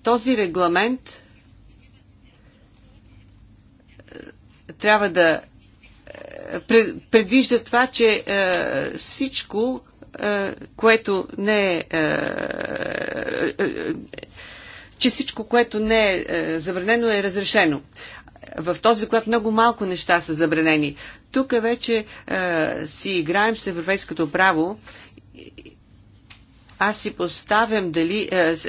S1: Този регламент е, трябва да е, предвижда това, е, че всичко, което не е че всичко, което не е забранено, е разрешено. В този доклад много малко неща са забранени. Тук вече е, си играем с европейското право аз си поставям дали, се,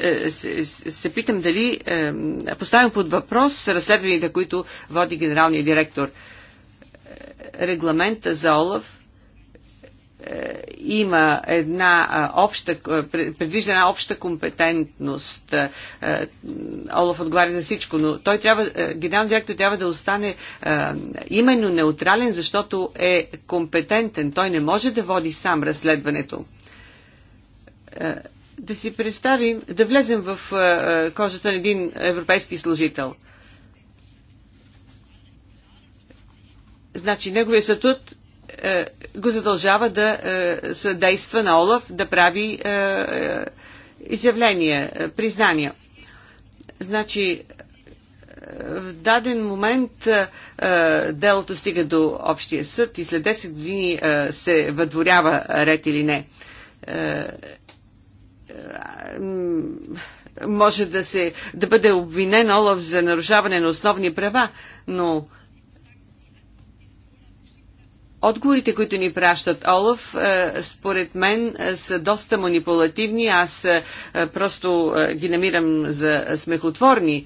S1: е, е, се питам дали, е, поставям под въпрос разследванията, които води генералния директор. Регламента за ОЛАВ има една обща, предвижда една обща компетентност. Олаф отговаря за всичко, но той трябва, генерален директор трябва да остане именно неутрален, защото е компетентен. Той не може да води сам разследването. Е, да си представим, да влезем в е, е, кожата на един европейски служител. Значи, неговия статут го задължава да съдейства на Олаф да прави изявления, признания. Значи, в даден момент делото стига до общия съд и след 10 години се въдворява ред или не. Е, може да, се, да бъде обвинен Олаф за нарушаване на основни права, но Отговорите, които ни пращат Олаф, е, според мен е, са доста манипулативни. Аз просто ги намирам за смехотворни.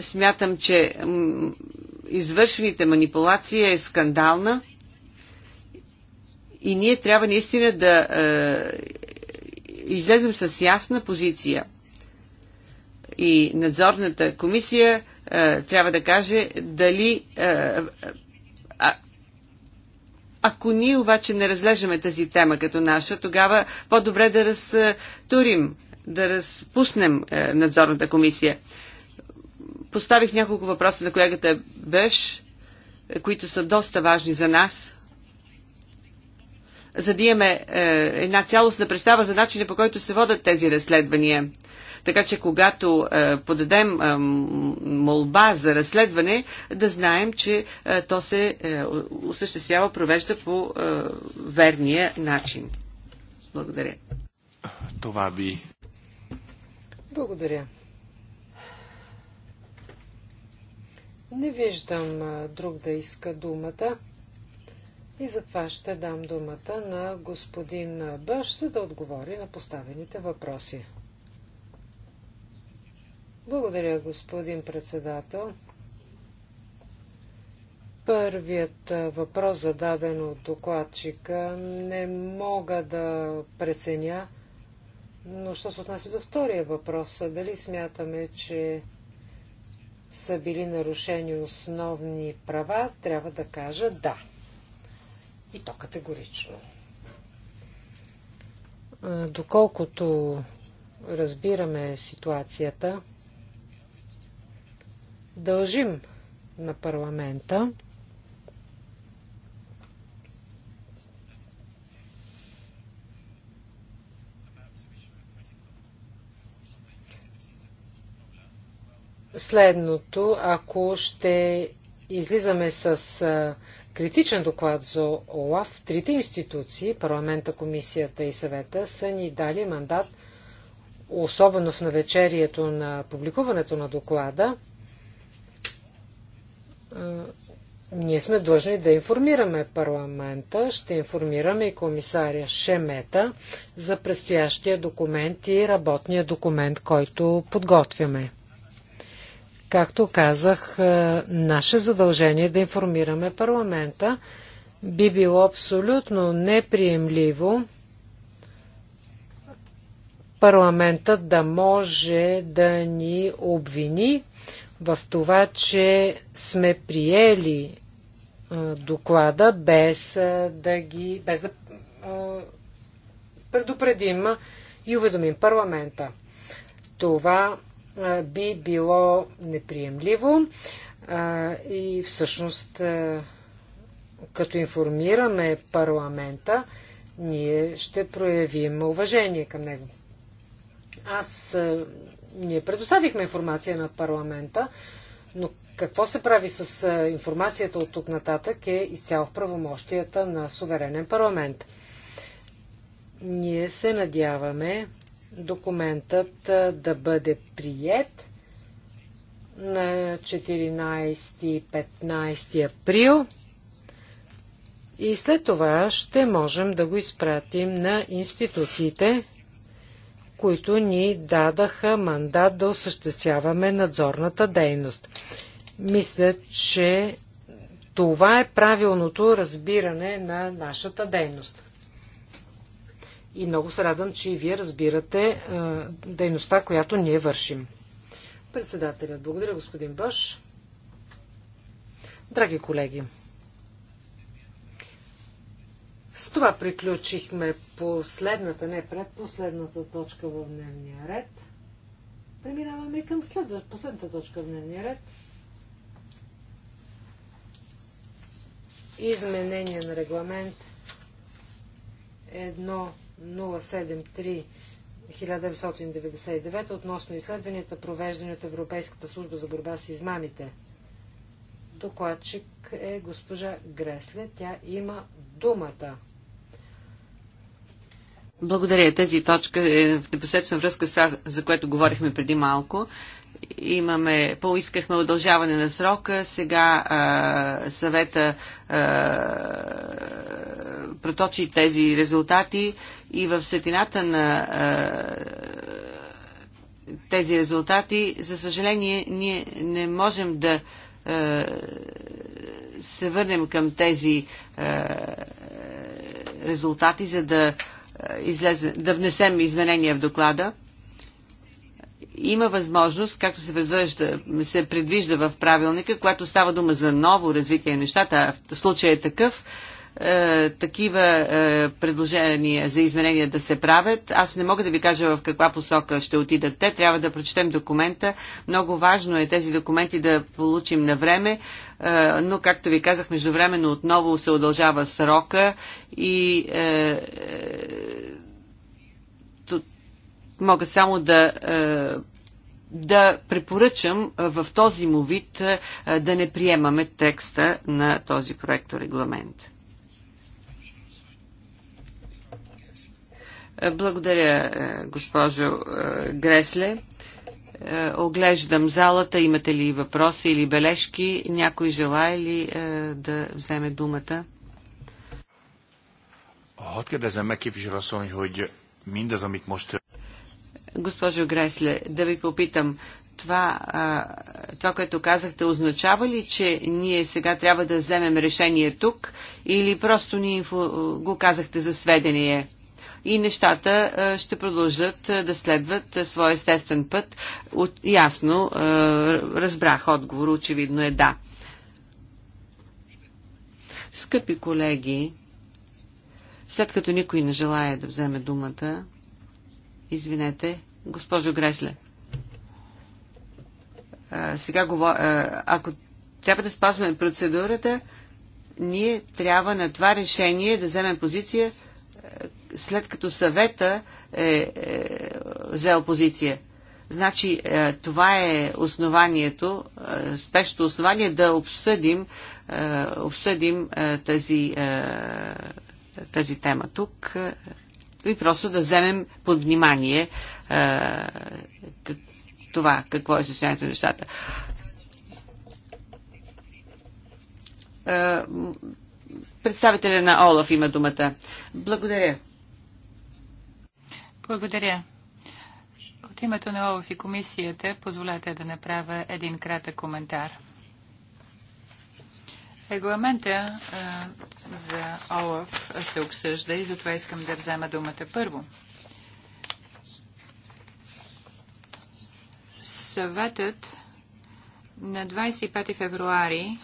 S1: Смятам, че извършените манипулация е скандална. И ние трябва наистина да е, излезем с ясна позиция. И надзорната комисия е, трябва да каже дали. Е, а, ако ние обаче не разлежаме тази тема като наша, тогава по-добре да разтурим, да разпуснем е, надзорната комисия. Поставих няколко въпроса на колегата Беш, е, които са доста важни за нас за да имаме е, една цялостна представа за начина по който се водят тези разследвания. Така че когато е, подадем е, молба за разследване, да знаем, че е, то се е, осъществява, провежда по е, верния начин. Благодаря. Това би.
S3: Благодаря. Не виждам друг да иска думата. И затова ще дам думата на господин Бъш, за да отговори на поставените въпроси. Благодаря, господин председател. Първият въпрос, зададен от докладчика, не мога да преценя, но що се отнася до втория въпрос, дали смятаме, че са били нарушени основни права, трябва да кажа да. И то категорично. Доколкото разбираме ситуацията, дължим на парламента следното, ако ще излизаме с критичен доклад за ОЛАФ, трите институции, парламента, комисията и съвета, са ни дали мандат, особено в навечерието на публикуването на доклада, ние сме длъжни да информираме парламента, ще информираме и комисаря Шемета за предстоящия документ и работния документ, който подготвяме. Както казах, е, наше задължение е да информираме парламента. Би било абсолютно неприемливо парламентът да може да ни обвини в това, че сме приели е, доклада без е, да ги без да предупредим и уведомим парламента. Това би било неприемливо и всъщност като информираме парламента, ние ще проявим уважение към него. Аз, ние предоставихме информация на парламента, но какво се прави с информацията от тук нататък е изцяло в правомощията на суверенен парламент. Ние се надяваме документът да бъде прият на 14 и 15 април и след това ще можем да го изпратим на институциите, които ни дадаха мандат да осъществяваме надзорната дейност. Мисля, че това е правилното разбиране на нашата дейност. И много се радвам, че и вие разбирате а, е, дейността, която ние вършим. Председателят, благодаря господин Баш. Драги колеги, с това приключихме последната, не предпоследната точка в дневния ред. Преминаваме към следващата, последната точка в дневния ред. Изменение на регламент 1 073 1999 относно изследванията, провеждани от Европейската служба за борба с измамите. Докладчик е госпожа Гресле. Тя има думата.
S1: Благодаря. Тази точка е в непосредствена връзка с това, за което говорихме преди малко имаме, поискахме удължаване на срока, сега а, съвета а, проточи тези резултати и в светината на а, тези резултати, за съжаление, ние не можем да а, се върнем към тези а, резултати, за да, излезе, да внесем изменения в доклада има възможност, както се предвижда, се предвижда в правилника, когато става дума за ново развитие на нещата, а случай е такъв, е, такива е, предложения за изменения да се правят. Аз не мога да ви кажа в каква посока ще отидат те. Трябва да прочетем документа. Много важно е тези документи да получим на време, е, но, както ви казах, междувременно отново се удължава срока и е, е, мога само да е, да препоръчам в този му вид да не приемаме текста на този проекторегламент. Благодаря, госпожо Гресле. Оглеждам залата. Имате ли въпроси или бележки? Някой желая ли да вземе думата?
S2: Hadd kérdezzem meg képviselőasszony, hogy mindez, amit most
S1: Госпожо Гресле, да ви попитам, това, а, това, което казахте, означава ли, че ние сега трябва да вземем решение тук или просто ни инфо, го казахте за сведение? И нещата а, ще продължат а, да следват а, своя естествен път. От, ясно, а, разбрах отговор, очевидно е да. Скъпи колеги, след като никой не желая да вземе думата, Извинете, госпожо Гресле. А, сега, ако трябва да спазваме процедурата, ние трябва на това решение да вземем позиция след като съвета е, е взел позиция. Значи, е, това е основанието, е, спешното основание да обсъдим, е, обсъдим е, тази, е, тази тема тук и просто да вземем под внимание е, това, какво е състоянието на нещата е, представителя на Олаф има думата. Благодаря.
S2: Благодаря. От името на Олаф и комисията позволете да направя един кратък коментар. Регламента а, е, за ОЛАФ се обсъжда и затова искам да взема думата първо. Съветът на 25 февруари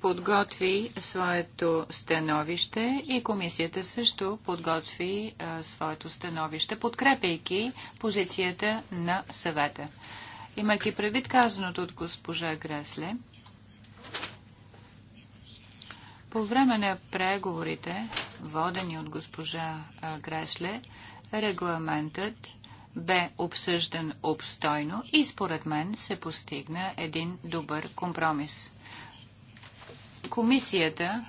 S2: подготви своето становище и комисията също подготви а, е, своето становище, подкрепяйки позицията на съвета. Имайки предвид казаното от госпожа Гресле, по време на преговорите, водени от госпожа Гресле, регламентът бе обсъждан обстойно и според мен се постигна един добър компромис. Комисията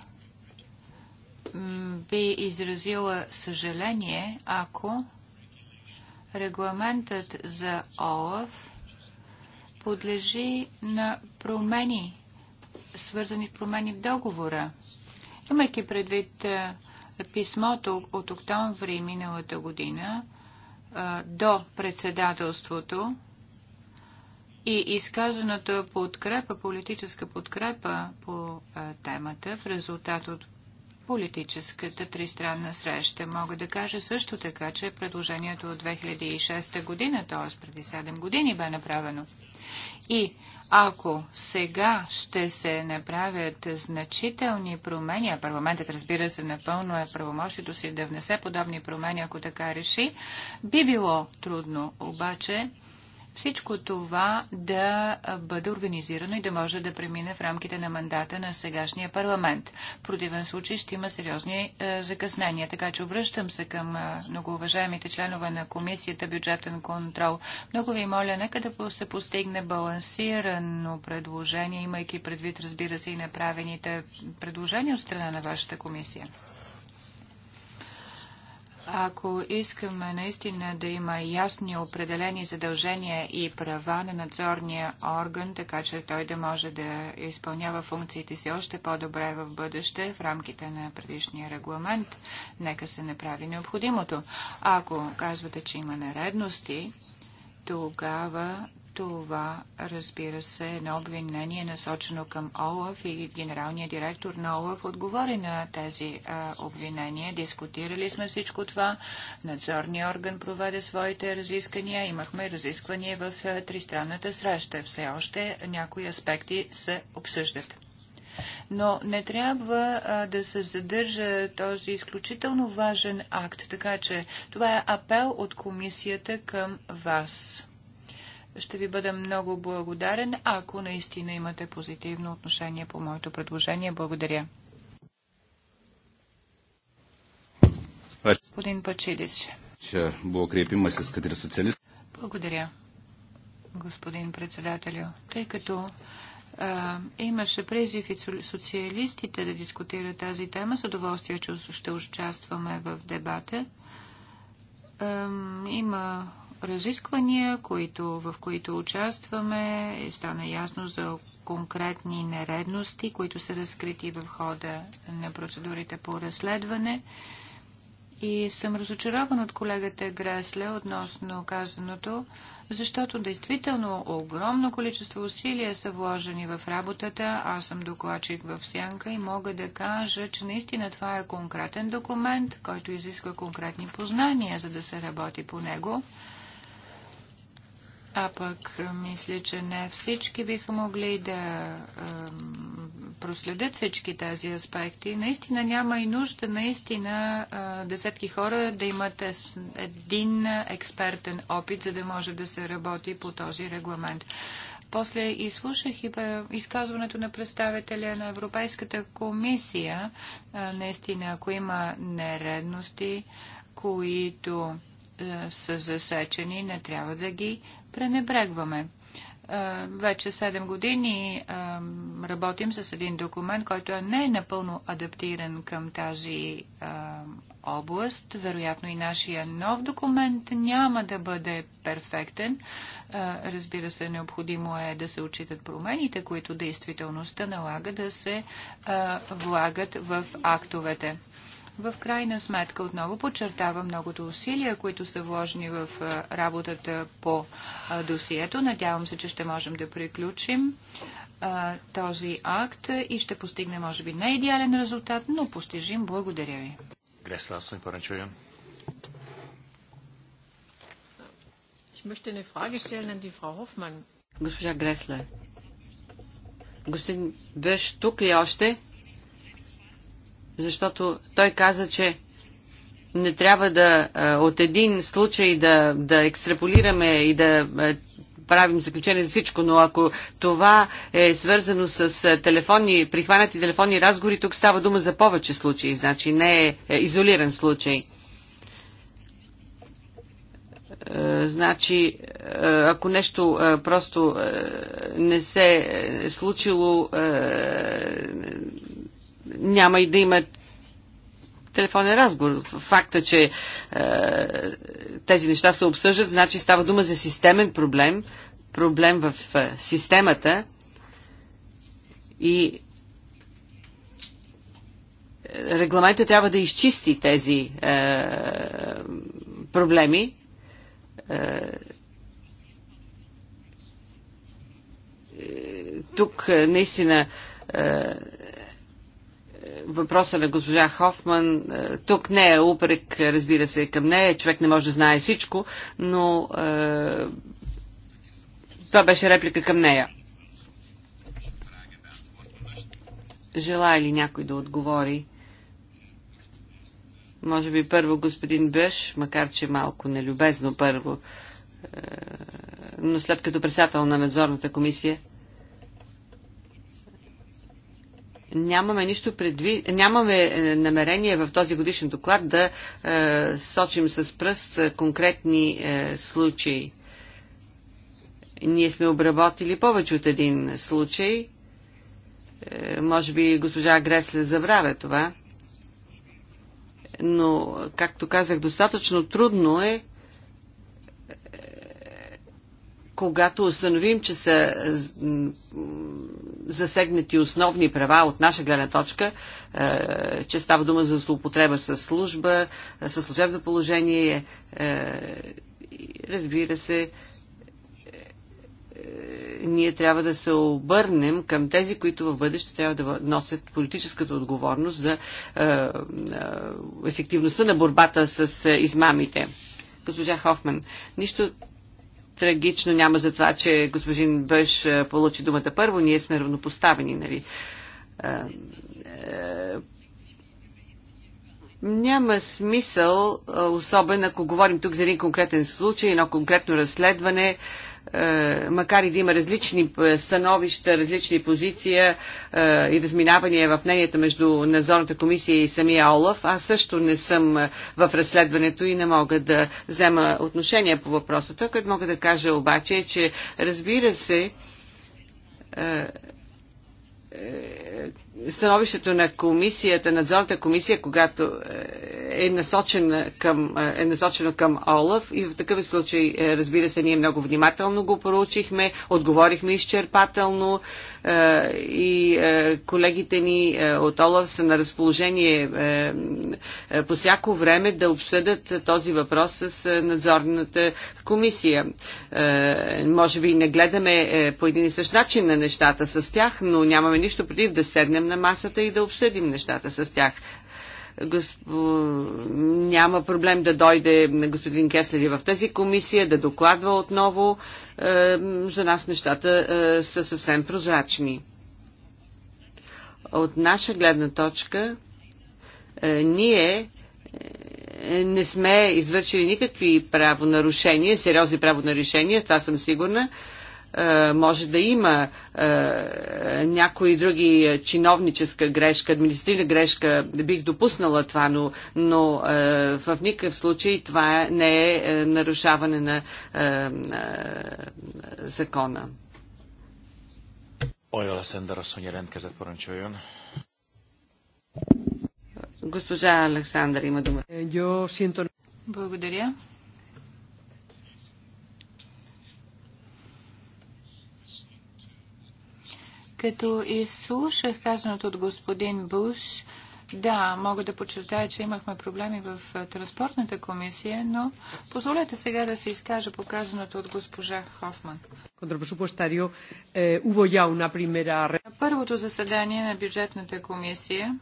S2: би изразила съжаление, ако регламентът за ОЛАФ подлежи на промени свързани промени в договора. Имайки предвид е, писмото от октомври миналата година е, до председателството и изказаната подкрепа, политическа подкрепа по е, темата в резултат от политическата тристранна среща. Мога да кажа също така, че предложението от 2006 година, т.е. преди 7 години бе направено. И ако сега ще се направят значителни промени, а парламентът разбира се напълно е правомощието си да внесе подобни промени, ако така реши, би било трудно. Обаче всичко това да бъде организирано и да може да премине в рамките на мандата на сегашния парламент. В противен случай ще има сериозни е, закъснения. Така че обръщам се към е, многоуважаемите членове на Комисията бюджетен контрол. Много ви моля, нека да се постигне балансирано предложение, имайки предвид, разбира се, и направените предложения от страна на вашата комисия. Ако искаме наистина да има ясни определени задължения и права на надзорния орган, така че той да може да изпълнява функциите си още по-добре в бъдеще в рамките на предишния регламент, нека се направи необходимото. Ако казвате, че има наредности, тогава това, разбира се, е едно обвинение насочено към ОЛАФ и генералният директор на ОЛАФ отговори на тези а, обвинения. Дискутирали сме всичко това. Надзорният орган проведе своите разискания. Имахме разисквания в а, тристранната среща. Все още някои аспекти се обсъждат. Но не трябва а, да се задържа този изключително важен акт, така че това е апел от комисията към вас ще ви бъда много благодарен, ако наистина имате позитивно отношение по моето предложение. Благодаря. Господин Пачилич. Благодаря, господин председателю. Тъй като а, имаше призив и социалистите да дискутират тази тема, с удоволствие, че ще участваме в дебата. А, има разисквания, които, в които участваме, стана ясно за конкретни нередности, които са разкрити в хода на процедурите по разследване. И съм разочарован от колегата Гресле относно казаното, защото действително огромно количество усилия са вложени в работата. Аз съм докладчик в Сянка и мога да кажа, че наистина това е конкретен документ, който изисква конкретни познания, за да се работи по него. А пък мисля, че не всички биха могли да проследят всички тези аспекти. Наистина няма и нужда, наистина десетки хора да имат един експертен опит, за да може да се работи по този регламент. После изслушах и изказването на представителя на Европейската комисия. наистина, ако има нередности, които са засечени, не трябва да ги пренебрегваме. Е, вече 7 години е, работим с един документ, който е не е напълно адаптиран към тази област. Вероятно и нашия нов документ няма да бъде перфектен. Разбира се, необходимо е да се отчитат промените, които действителността налага да се влагат в актовете. В крайна сметка отново подчертава многото усилия, които са вложени в работата по досието. Надявам се, че ще можем да приключим този акт и ще постигне, може би, не идеален резултат, но постижим. Благодаря ви.
S1: Госпожа Гресле. Господин, Беш, тук ли е още? защото той каза, че не трябва да от един случай да, да екстраполираме и да правим заключение за всичко, но ако това е свързано с телефонни, прихванати телефонни разговори, тук става дума за повече случаи, значи не е, е изолиран случай. Значи, ако нещо просто не се е, е случило, няма и да има телефонен разговор. Факта, че е, тези неща се обсъждат, значи става дума за системен проблем, проблем в е, системата и е, регламента трябва да изчисти тези е, проблеми. Е, тук е, наистина е, въпроса на госпожа Хофман, е, тук не е упрек, разбира се, към нея, човек не може да знае всичко, но е, това беше реплика към нея. Желая ли някой да отговори? Може би първо господин Беш, макар че е малко нелюбезно първо, е, но след като председател на надзорната комисия – Нямаме нищо предвид, нямаме е, намерение в този годишен доклад да е, сочим с пръст конкретни е, случаи. Ние сме обработили повече от един случай. Е, може би госпожа Гресле забравя това. Но, както казах, достатъчно трудно е, е когато установим, че са засегнати основни права от наша гледна точка, е, че става дума за злоупотреба с служба, е, със служебно положение, е, разбира се, ние трябва да се обърнем към тези, които в бъдеще трябва да носят политическата отговорност за ефективността на борбата с измамите. Госпожа Хофман, нищо трагично няма за това, че господин Бъш получи думата първо. Ние сме равнопоставени, нали? Няма смисъл, особено ако говорим тук за един конкретен случай, едно конкретно разследване, е, макар и да има различни е, становища, различни позиции е, и разминавания в мнението между надзорната комисия и самия Олаф, аз също не съм в разследването и не мога да взема отношение по въпроса. Това, което мога да кажа обаче е, че разбира се, становището на комисията, надзорната комисия, когато е, е насочено към, е, е насочено към Олаф и в такъв случай, е, разбира се, ние много внимателно го проучихме, отговорихме изчерпателно, е, и е, колегите ни е, от Олаф са на разположение по всяко време да обсъдят този въпрос с надзорната комисия. Може би не гледаме по един и същ начин на нещата с тях, но нямаме нищо против да седнем на масата и да обсъдим нещата с тях. Госп... Няма проблем да дойде господин Кеслери в тази комисия, да докладва отново. Е, за нас нещата е, са съвсем прозрачни. От наша гледна точка, е, ние не сме извършили никакви правонарушения, сериозни правонарушения, това съм сигурна. Е, може да има е, някои други чиновническа грешка, административна грешка, да бих допуснала това, но, но е, в никакъв случай това не е нарушаване на закона.
S2: Ojola Szender
S1: Госпожа Александър има думата.
S2: Благодаря. Като изслушах казаното от господин Буш, да, мога да подчертая, че имахме проблеми в транспортната комисия, но позволете сега да се изкажа показаното от госпожа Хофман.
S3: Eh, на
S2: първото заседание на бюджетната комисия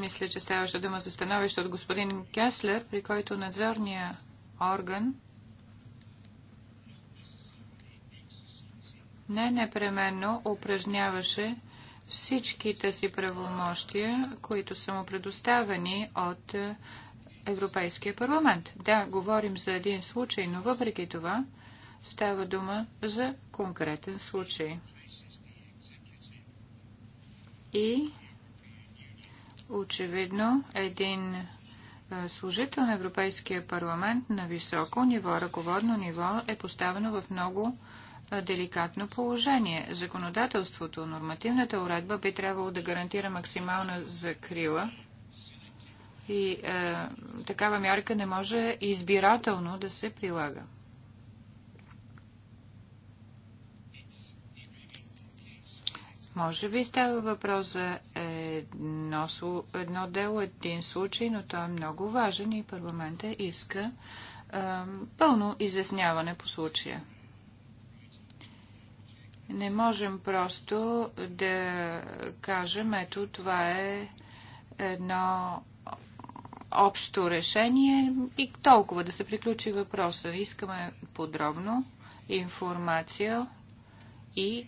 S2: мисля, че ставаше дума за становище от господин Кеслер, при който надзорния орган не непременно упражняваше всичките си правомощия, които са му предоставени от Европейския парламент. Да, говорим за един случай, но въпреки това става дума за конкретен случай. И очевидно един е, служител на Европейския парламент на високо ниво, ръководно ниво, е поставено в много деликатно положение. Законодателството, нормативната уредба би трябвало да гарантира максимална закрила и е, такава мярка не може избирателно да се прилага. Може би става въпрос за едно, едно дело, един случай, но той е много важен и парламента иска е, пълно изясняване по случая. Не можем просто да кажем, ето това е едно общо решение и толкова да се приключи въпроса. Искаме подробно информация и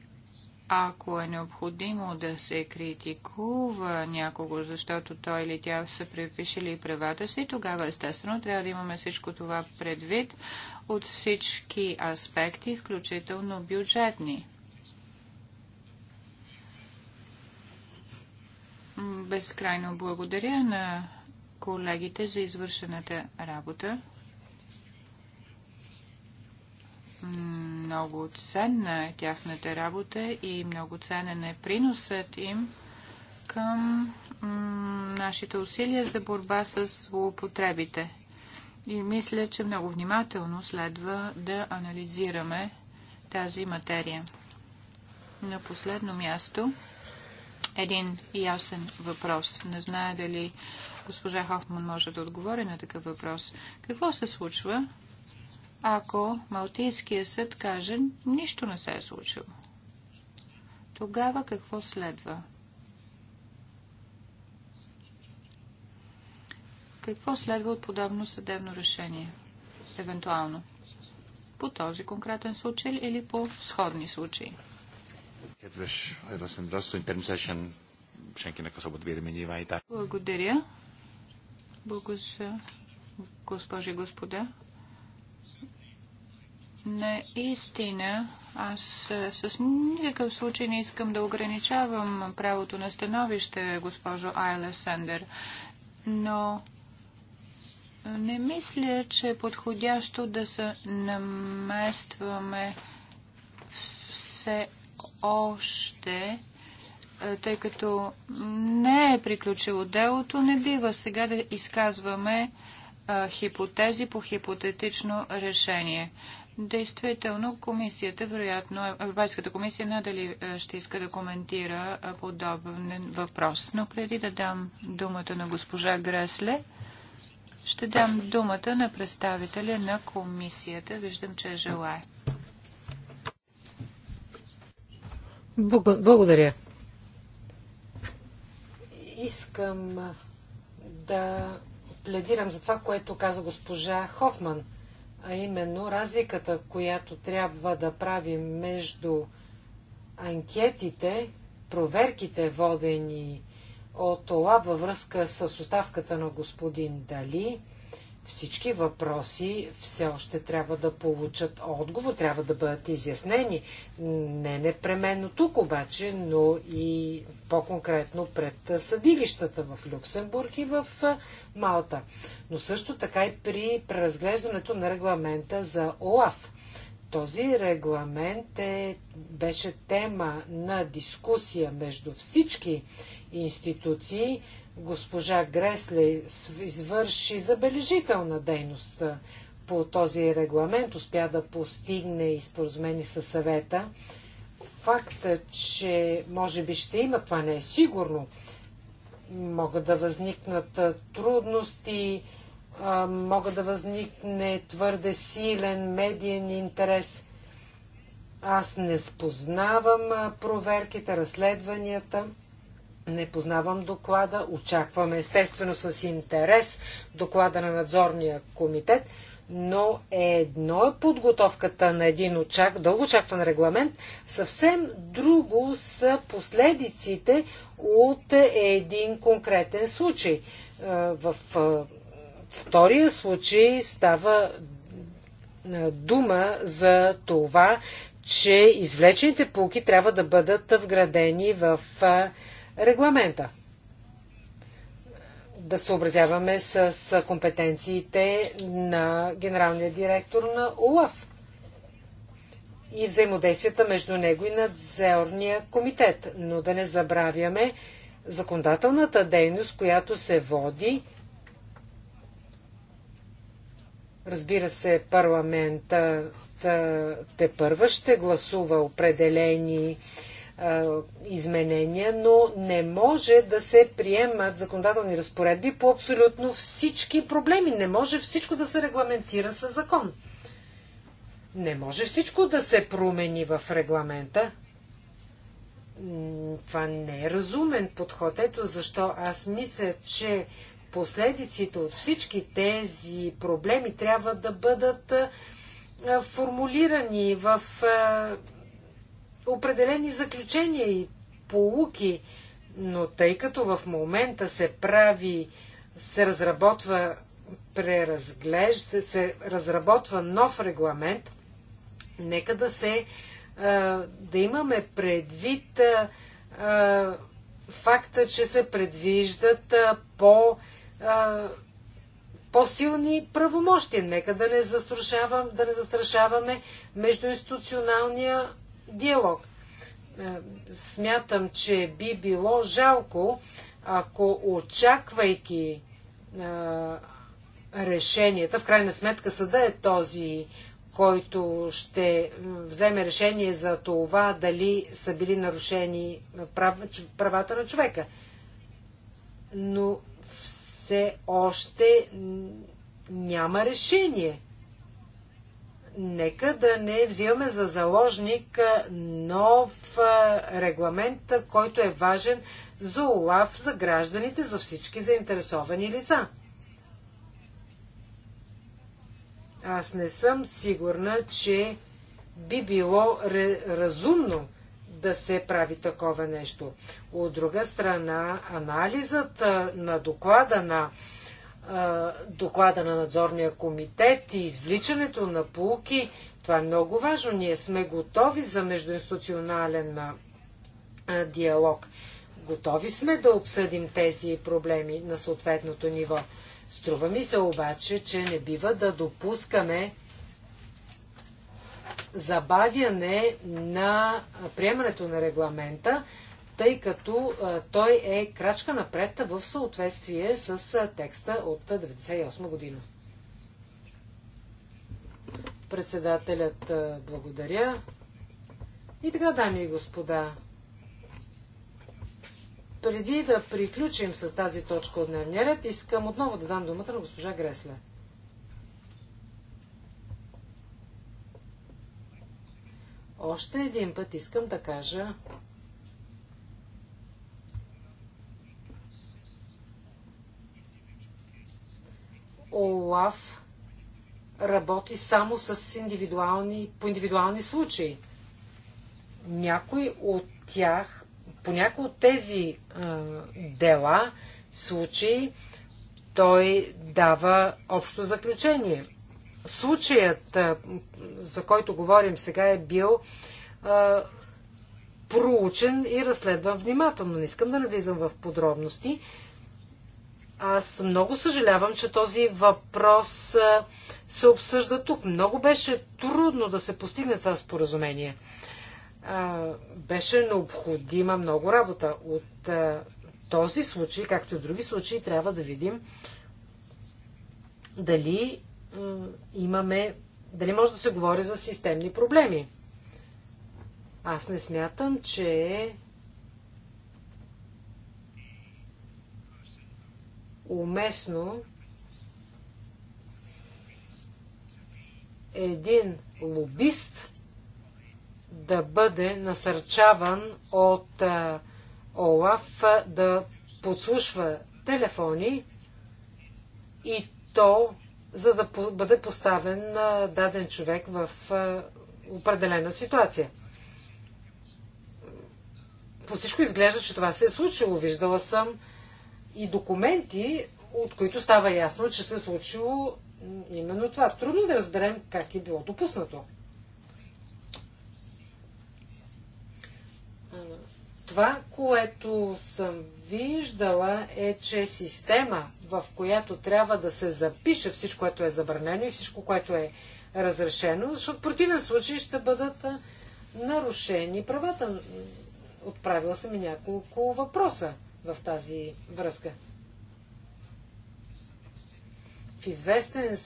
S2: ако е необходимо да се критикува някого, защото той или тя са препишили правата си, тогава естествено трябва да имаме всичко това предвид от всички аспекти, включително бюджетни. Безкрайно благодаря на колегите за извършената работа. Много ценна е тяхната работа и много ценен е приносът им към нашите усилия за борба с злоупотребите. И мисля, че много внимателно следва да анализираме тази материя. На последно място един ясен въпрос. Не знае дали госпожа Хофман може да отговори на такъв въпрос. Какво се случва, ако Малтийския съд каже, нищо не се е случило? Тогава какво следва? Какво следва от подобно съдебно решение? Евентуално. По този конкретен случай или по сходни случаи?
S1: Kedves Rosszendra asszony, természetesen senkinek a szabad véleménynyilvánítás.
S2: Благодаря. Благодаря, е, госпожи и господа. Наистина, аз е, с никакъв случай не искам да ограничавам правото на становище, госпожо Айла Сендер, но не мисля, че е подходящо да се наместваме все още, е, тъй като не е приключило делото, не бива сега да изказваме е, хипотези по хипотетично решение. Действително, комисията, вероятно, Европейската комисия надали е, ще иска да коментира подобен въпрос. Но преди да дам думата на госпожа Гресле, ще дам думата на представителя на комисията. Виждам, че желая.
S3: Благодаря.
S2: Искам
S3: да пледирам за това, което каза госпожа Хофман, а именно разликата, която трябва да правим между анкетите, проверките, водени от ОЛА във връзка с оставката на господин Дали, всички въпроси все още трябва да получат отговор, трябва да бъдат изяснени. Не непременно тук обаче, но и по-конкретно пред съдилищата в Люксембург и в Малта. Но също така и при преразглеждането на регламента за ОЛАФ. Този регламент е, беше тема на дискусия между всички институции, Госпожа Гресли извърши забележителна дейност по този регламент, успя да постигне и споразумени със съвета. Факта, е, че може би ще има, това не е сигурно. Могат да възникнат трудности, могат да възникне твърде силен медиен интерес. Аз не спознавам проверките, разследванията. Не познавам доклада. Очакваме естествено с интерес доклада на надзорния комитет, но е едно е подготовката на един очак, дълго очакван регламент, съвсем друго са последиците от един конкретен случай. Е, в е, втория случай става дума за това, че извлечените полки трябва да бъдат вградени в регламента. Да съобразяваме с компетенциите на генералния директор на ОЛАФ и взаимодействията между него и надзорния комитет. Но да не забравяме законодателната дейност, която се води. Разбира се, парламентът те първа ще гласува определени изменения, но не може да се приемат законодателни разпоредби по абсолютно всички проблеми. Не може всичко да се регламентира със закон. Не може всичко да се промени в регламента. Това не е разумен подход. Ето защо аз мисля, че последиците от всички тези проблеми трябва да бъдат формулирани в определени заключения и полуки, но тъй като в момента се прави, се разработва преразглеж, се, се разработва нов регламент, нека да се да имаме предвид факта, че се предвиждат по, по-силни правомощия. Нека да не, застрашавам, да не застрашаваме междуинституционалния диалог. Е, смятам, че би било жалко, ако очаквайки е, решенията, в крайна сметка съда е този, който ще вземе решение за това дали са били нарушени правата на човека. Но все още няма решение нека да не взимаме за заложник нов регламент, който е важен за ОЛАВ, за гражданите, за всички заинтересовани лица. Аз не съм сигурна, че би било разумно да се прави такова нещо. От друга страна, анализът на доклада на доклада на надзорния комитет и извличането на полуки. Това е много важно. Ние сме готови за междуинституционален диалог. Готови сме да обсъдим тези проблеми на съответното ниво. Струва ми се обаче, че не бива да допускаме забавяне на приемането на регламента, тъй като той е крачка напред в съответствие с текста от 1998 година. Председателят благодаря. И така, дами и господа, преди да приключим с тази точка от дневния ред, искам отново да дам думата на госпожа Гресле. Още един път искам да кажа, ОЛАФ работи само с индивидуални, по индивидуални случаи. Някой от тях, по някои от тези е, дела, случаи, той дава общо заключение. Случаят, за който говорим сега, е бил е, проучен и разследван внимателно. Не искам да навлизам в подробности, аз много съжалявам, че този въпрос се обсъжда тук. Много беше трудно да се постигне това споразумение. Беше необходима много работа. От този случай, както и от други случаи, трябва да видим дали имаме, дали може да се говори за системни проблеми. Аз не смятам, че уместно един лобист да бъде насърчаван от Олаф да подслушва телефони и то, за да бъде поставен даден човек в определена ситуация. По всичко изглежда, че това се е случило. Виждала съм и документи, от които става ясно, че се е случило именно това. Трудно да разберем как е било допуснато. Това, което съм виждала е, че система, в която трябва да се запише всичко, което е забранено и всичко, което е разрешено, защото в противен случай ще бъдат нарушени правата. Отправила съм и няколко въпроса в тази връзка. В известен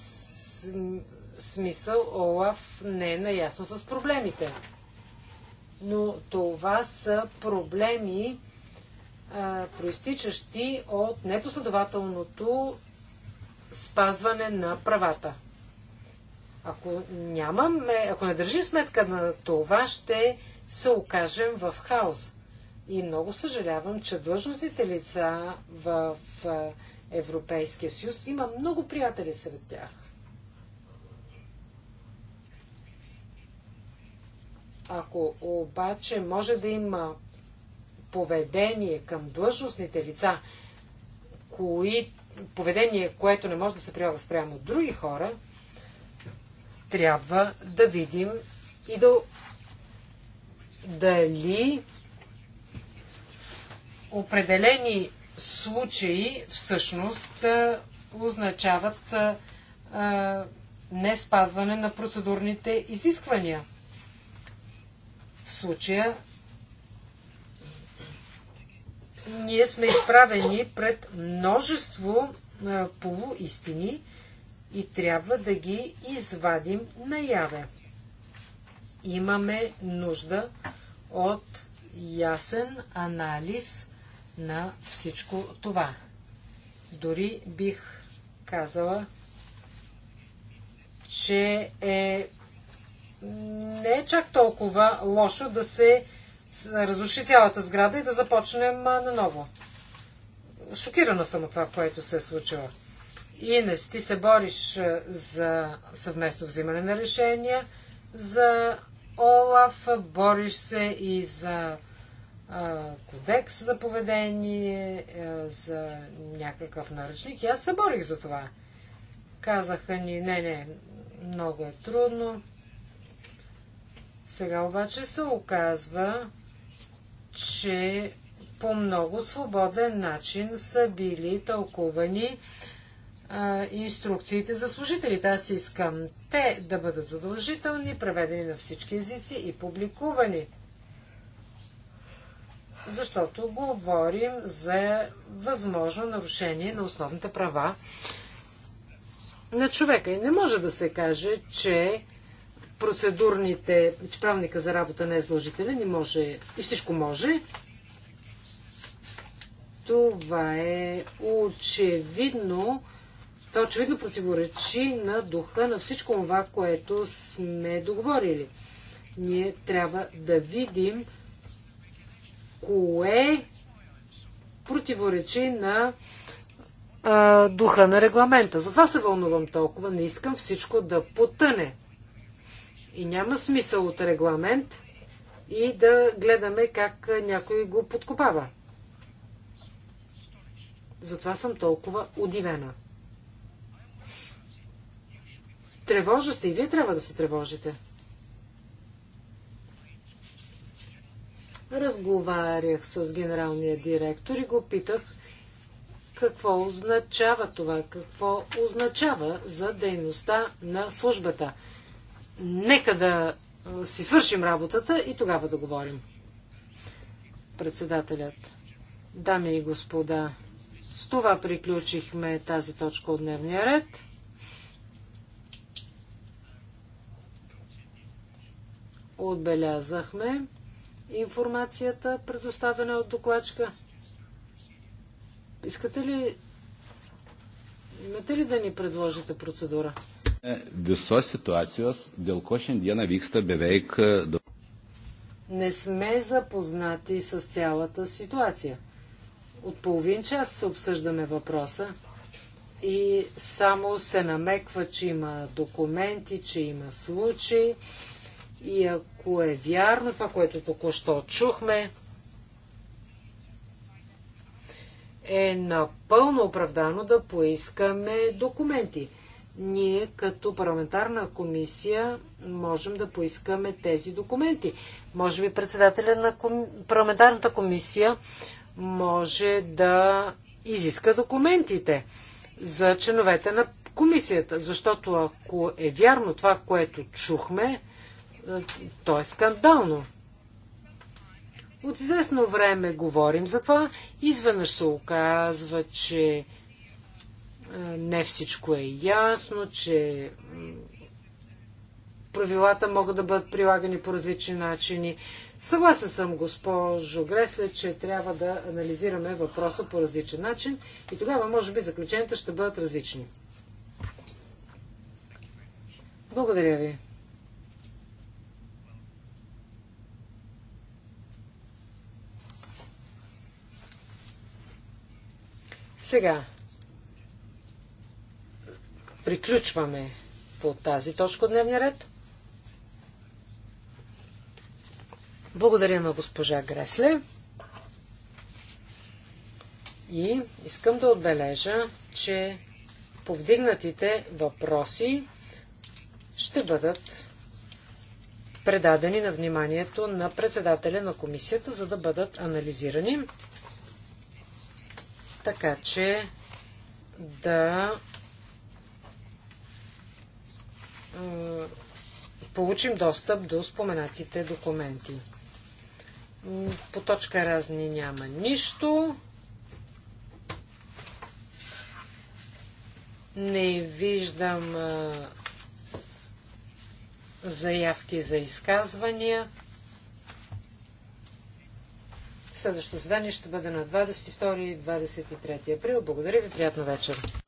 S3: смисъл Олаф не е наясно с проблемите. Но това са проблеми, проистичащи от непоследователното спазване на правата. Ако нямаме, ако не държим сметка на това, ще се окажем в хаос. И много съжалявам, че длъжностните лица в Европейския съюз има много приятели сред тях. Ако обаче може да има поведение към длъжностните лица, кои, поведение, което не може да се прилага спрямо от други хора, трябва да видим и да дали определени случаи всъщност означават не спазване на процедурните изисквания. В случая ние сме изправени пред множество полуистини и трябва да ги извадим наяве. Имаме нужда от ясен анализ на всичко това. Дори бих казала, че е не е чак толкова лошо да се разруши цялата сграда и да започнем наново. Шокирана съм от това, което се е случило. Инес, ти се бориш за съвместно взимане на решения, за Олаф, бориш се и за кодекс за поведение, за някакъв наръчник. И аз се борих за това. Казаха ни, не, не, много е трудно. Сега обаче се оказва, че по много свободен начин са били тълкувани а, инструкциите за служителите. Аз искам те да бъдат задължителни, преведени на всички езици и публикувани защото говорим за възможно нарушение на основните права на човека. И не може да се каже, че процедурните, че правника за работа не е задължителен и може, и всичко може. Това е очевидно, това очевидно противоречи на духа на всичко това, което сме договорили. Ние трябва да видим кое противоречи на а, духа на регламента. Затова се вълнувам толкова. Не искам всичко да потъне. И няма смисъл от регламент и да гледаме как някой го подкопава. Затова съм толкова удивена. Тревожа се и вие трябва да се тревожите. Разговарях с генералния директор и го питах какво означава това, какво означава за дейността на службата. Нека да си свършим работата и тогава да говорим. Председателят. Дами и господа, с това приключихме тази точка от дневния ред. Отбелязахме информацията, предоставена от докладчика? Искате ли, имате ли да ни предложите процедура?
S2: Visos situacijos, dėl ko šiandieną vyksta
S3: Не сме запознати с цялата ситуация. От половин час се обсъждаме въпроса и само се намеква, че има документи, че има случаи и ако е вярно това, което току-що чухме, е напълно оправдано да поискаме документи. Ние като парламентарна комисия можем да поискаме тези документи. Може би председателя на ком... парламентарната комисия може да изиска документите за членовете на комисията. Защото ако е вярно това, което чухме, то е скандално. От известно време говорим за това. Изведнъж се оказва, че е, не всичко е ясно, че правилата могат да бъдат прилагани по различни начини. Съгласен съм, госпожо Гресле, че трябва да анализираме въпроса по различен начин и тогава, може би, заключенията ще бъдат различни. Благодаря ви. Сега приключваме по тази точка дневния ред. Благодаря на госпожа Гресле. И искам да отбележа, че повдигнатите въпроси ще бъдат предадени на вниманието на председателя на комисията, за да бъдат анализирани така че да получим достъп до споменатите документи. По точка разни няма нищо. Не виждам заявки за изказвания. Следващото задание ще бъде на 22 и 23 април. Благодаря ви, приятна вечер.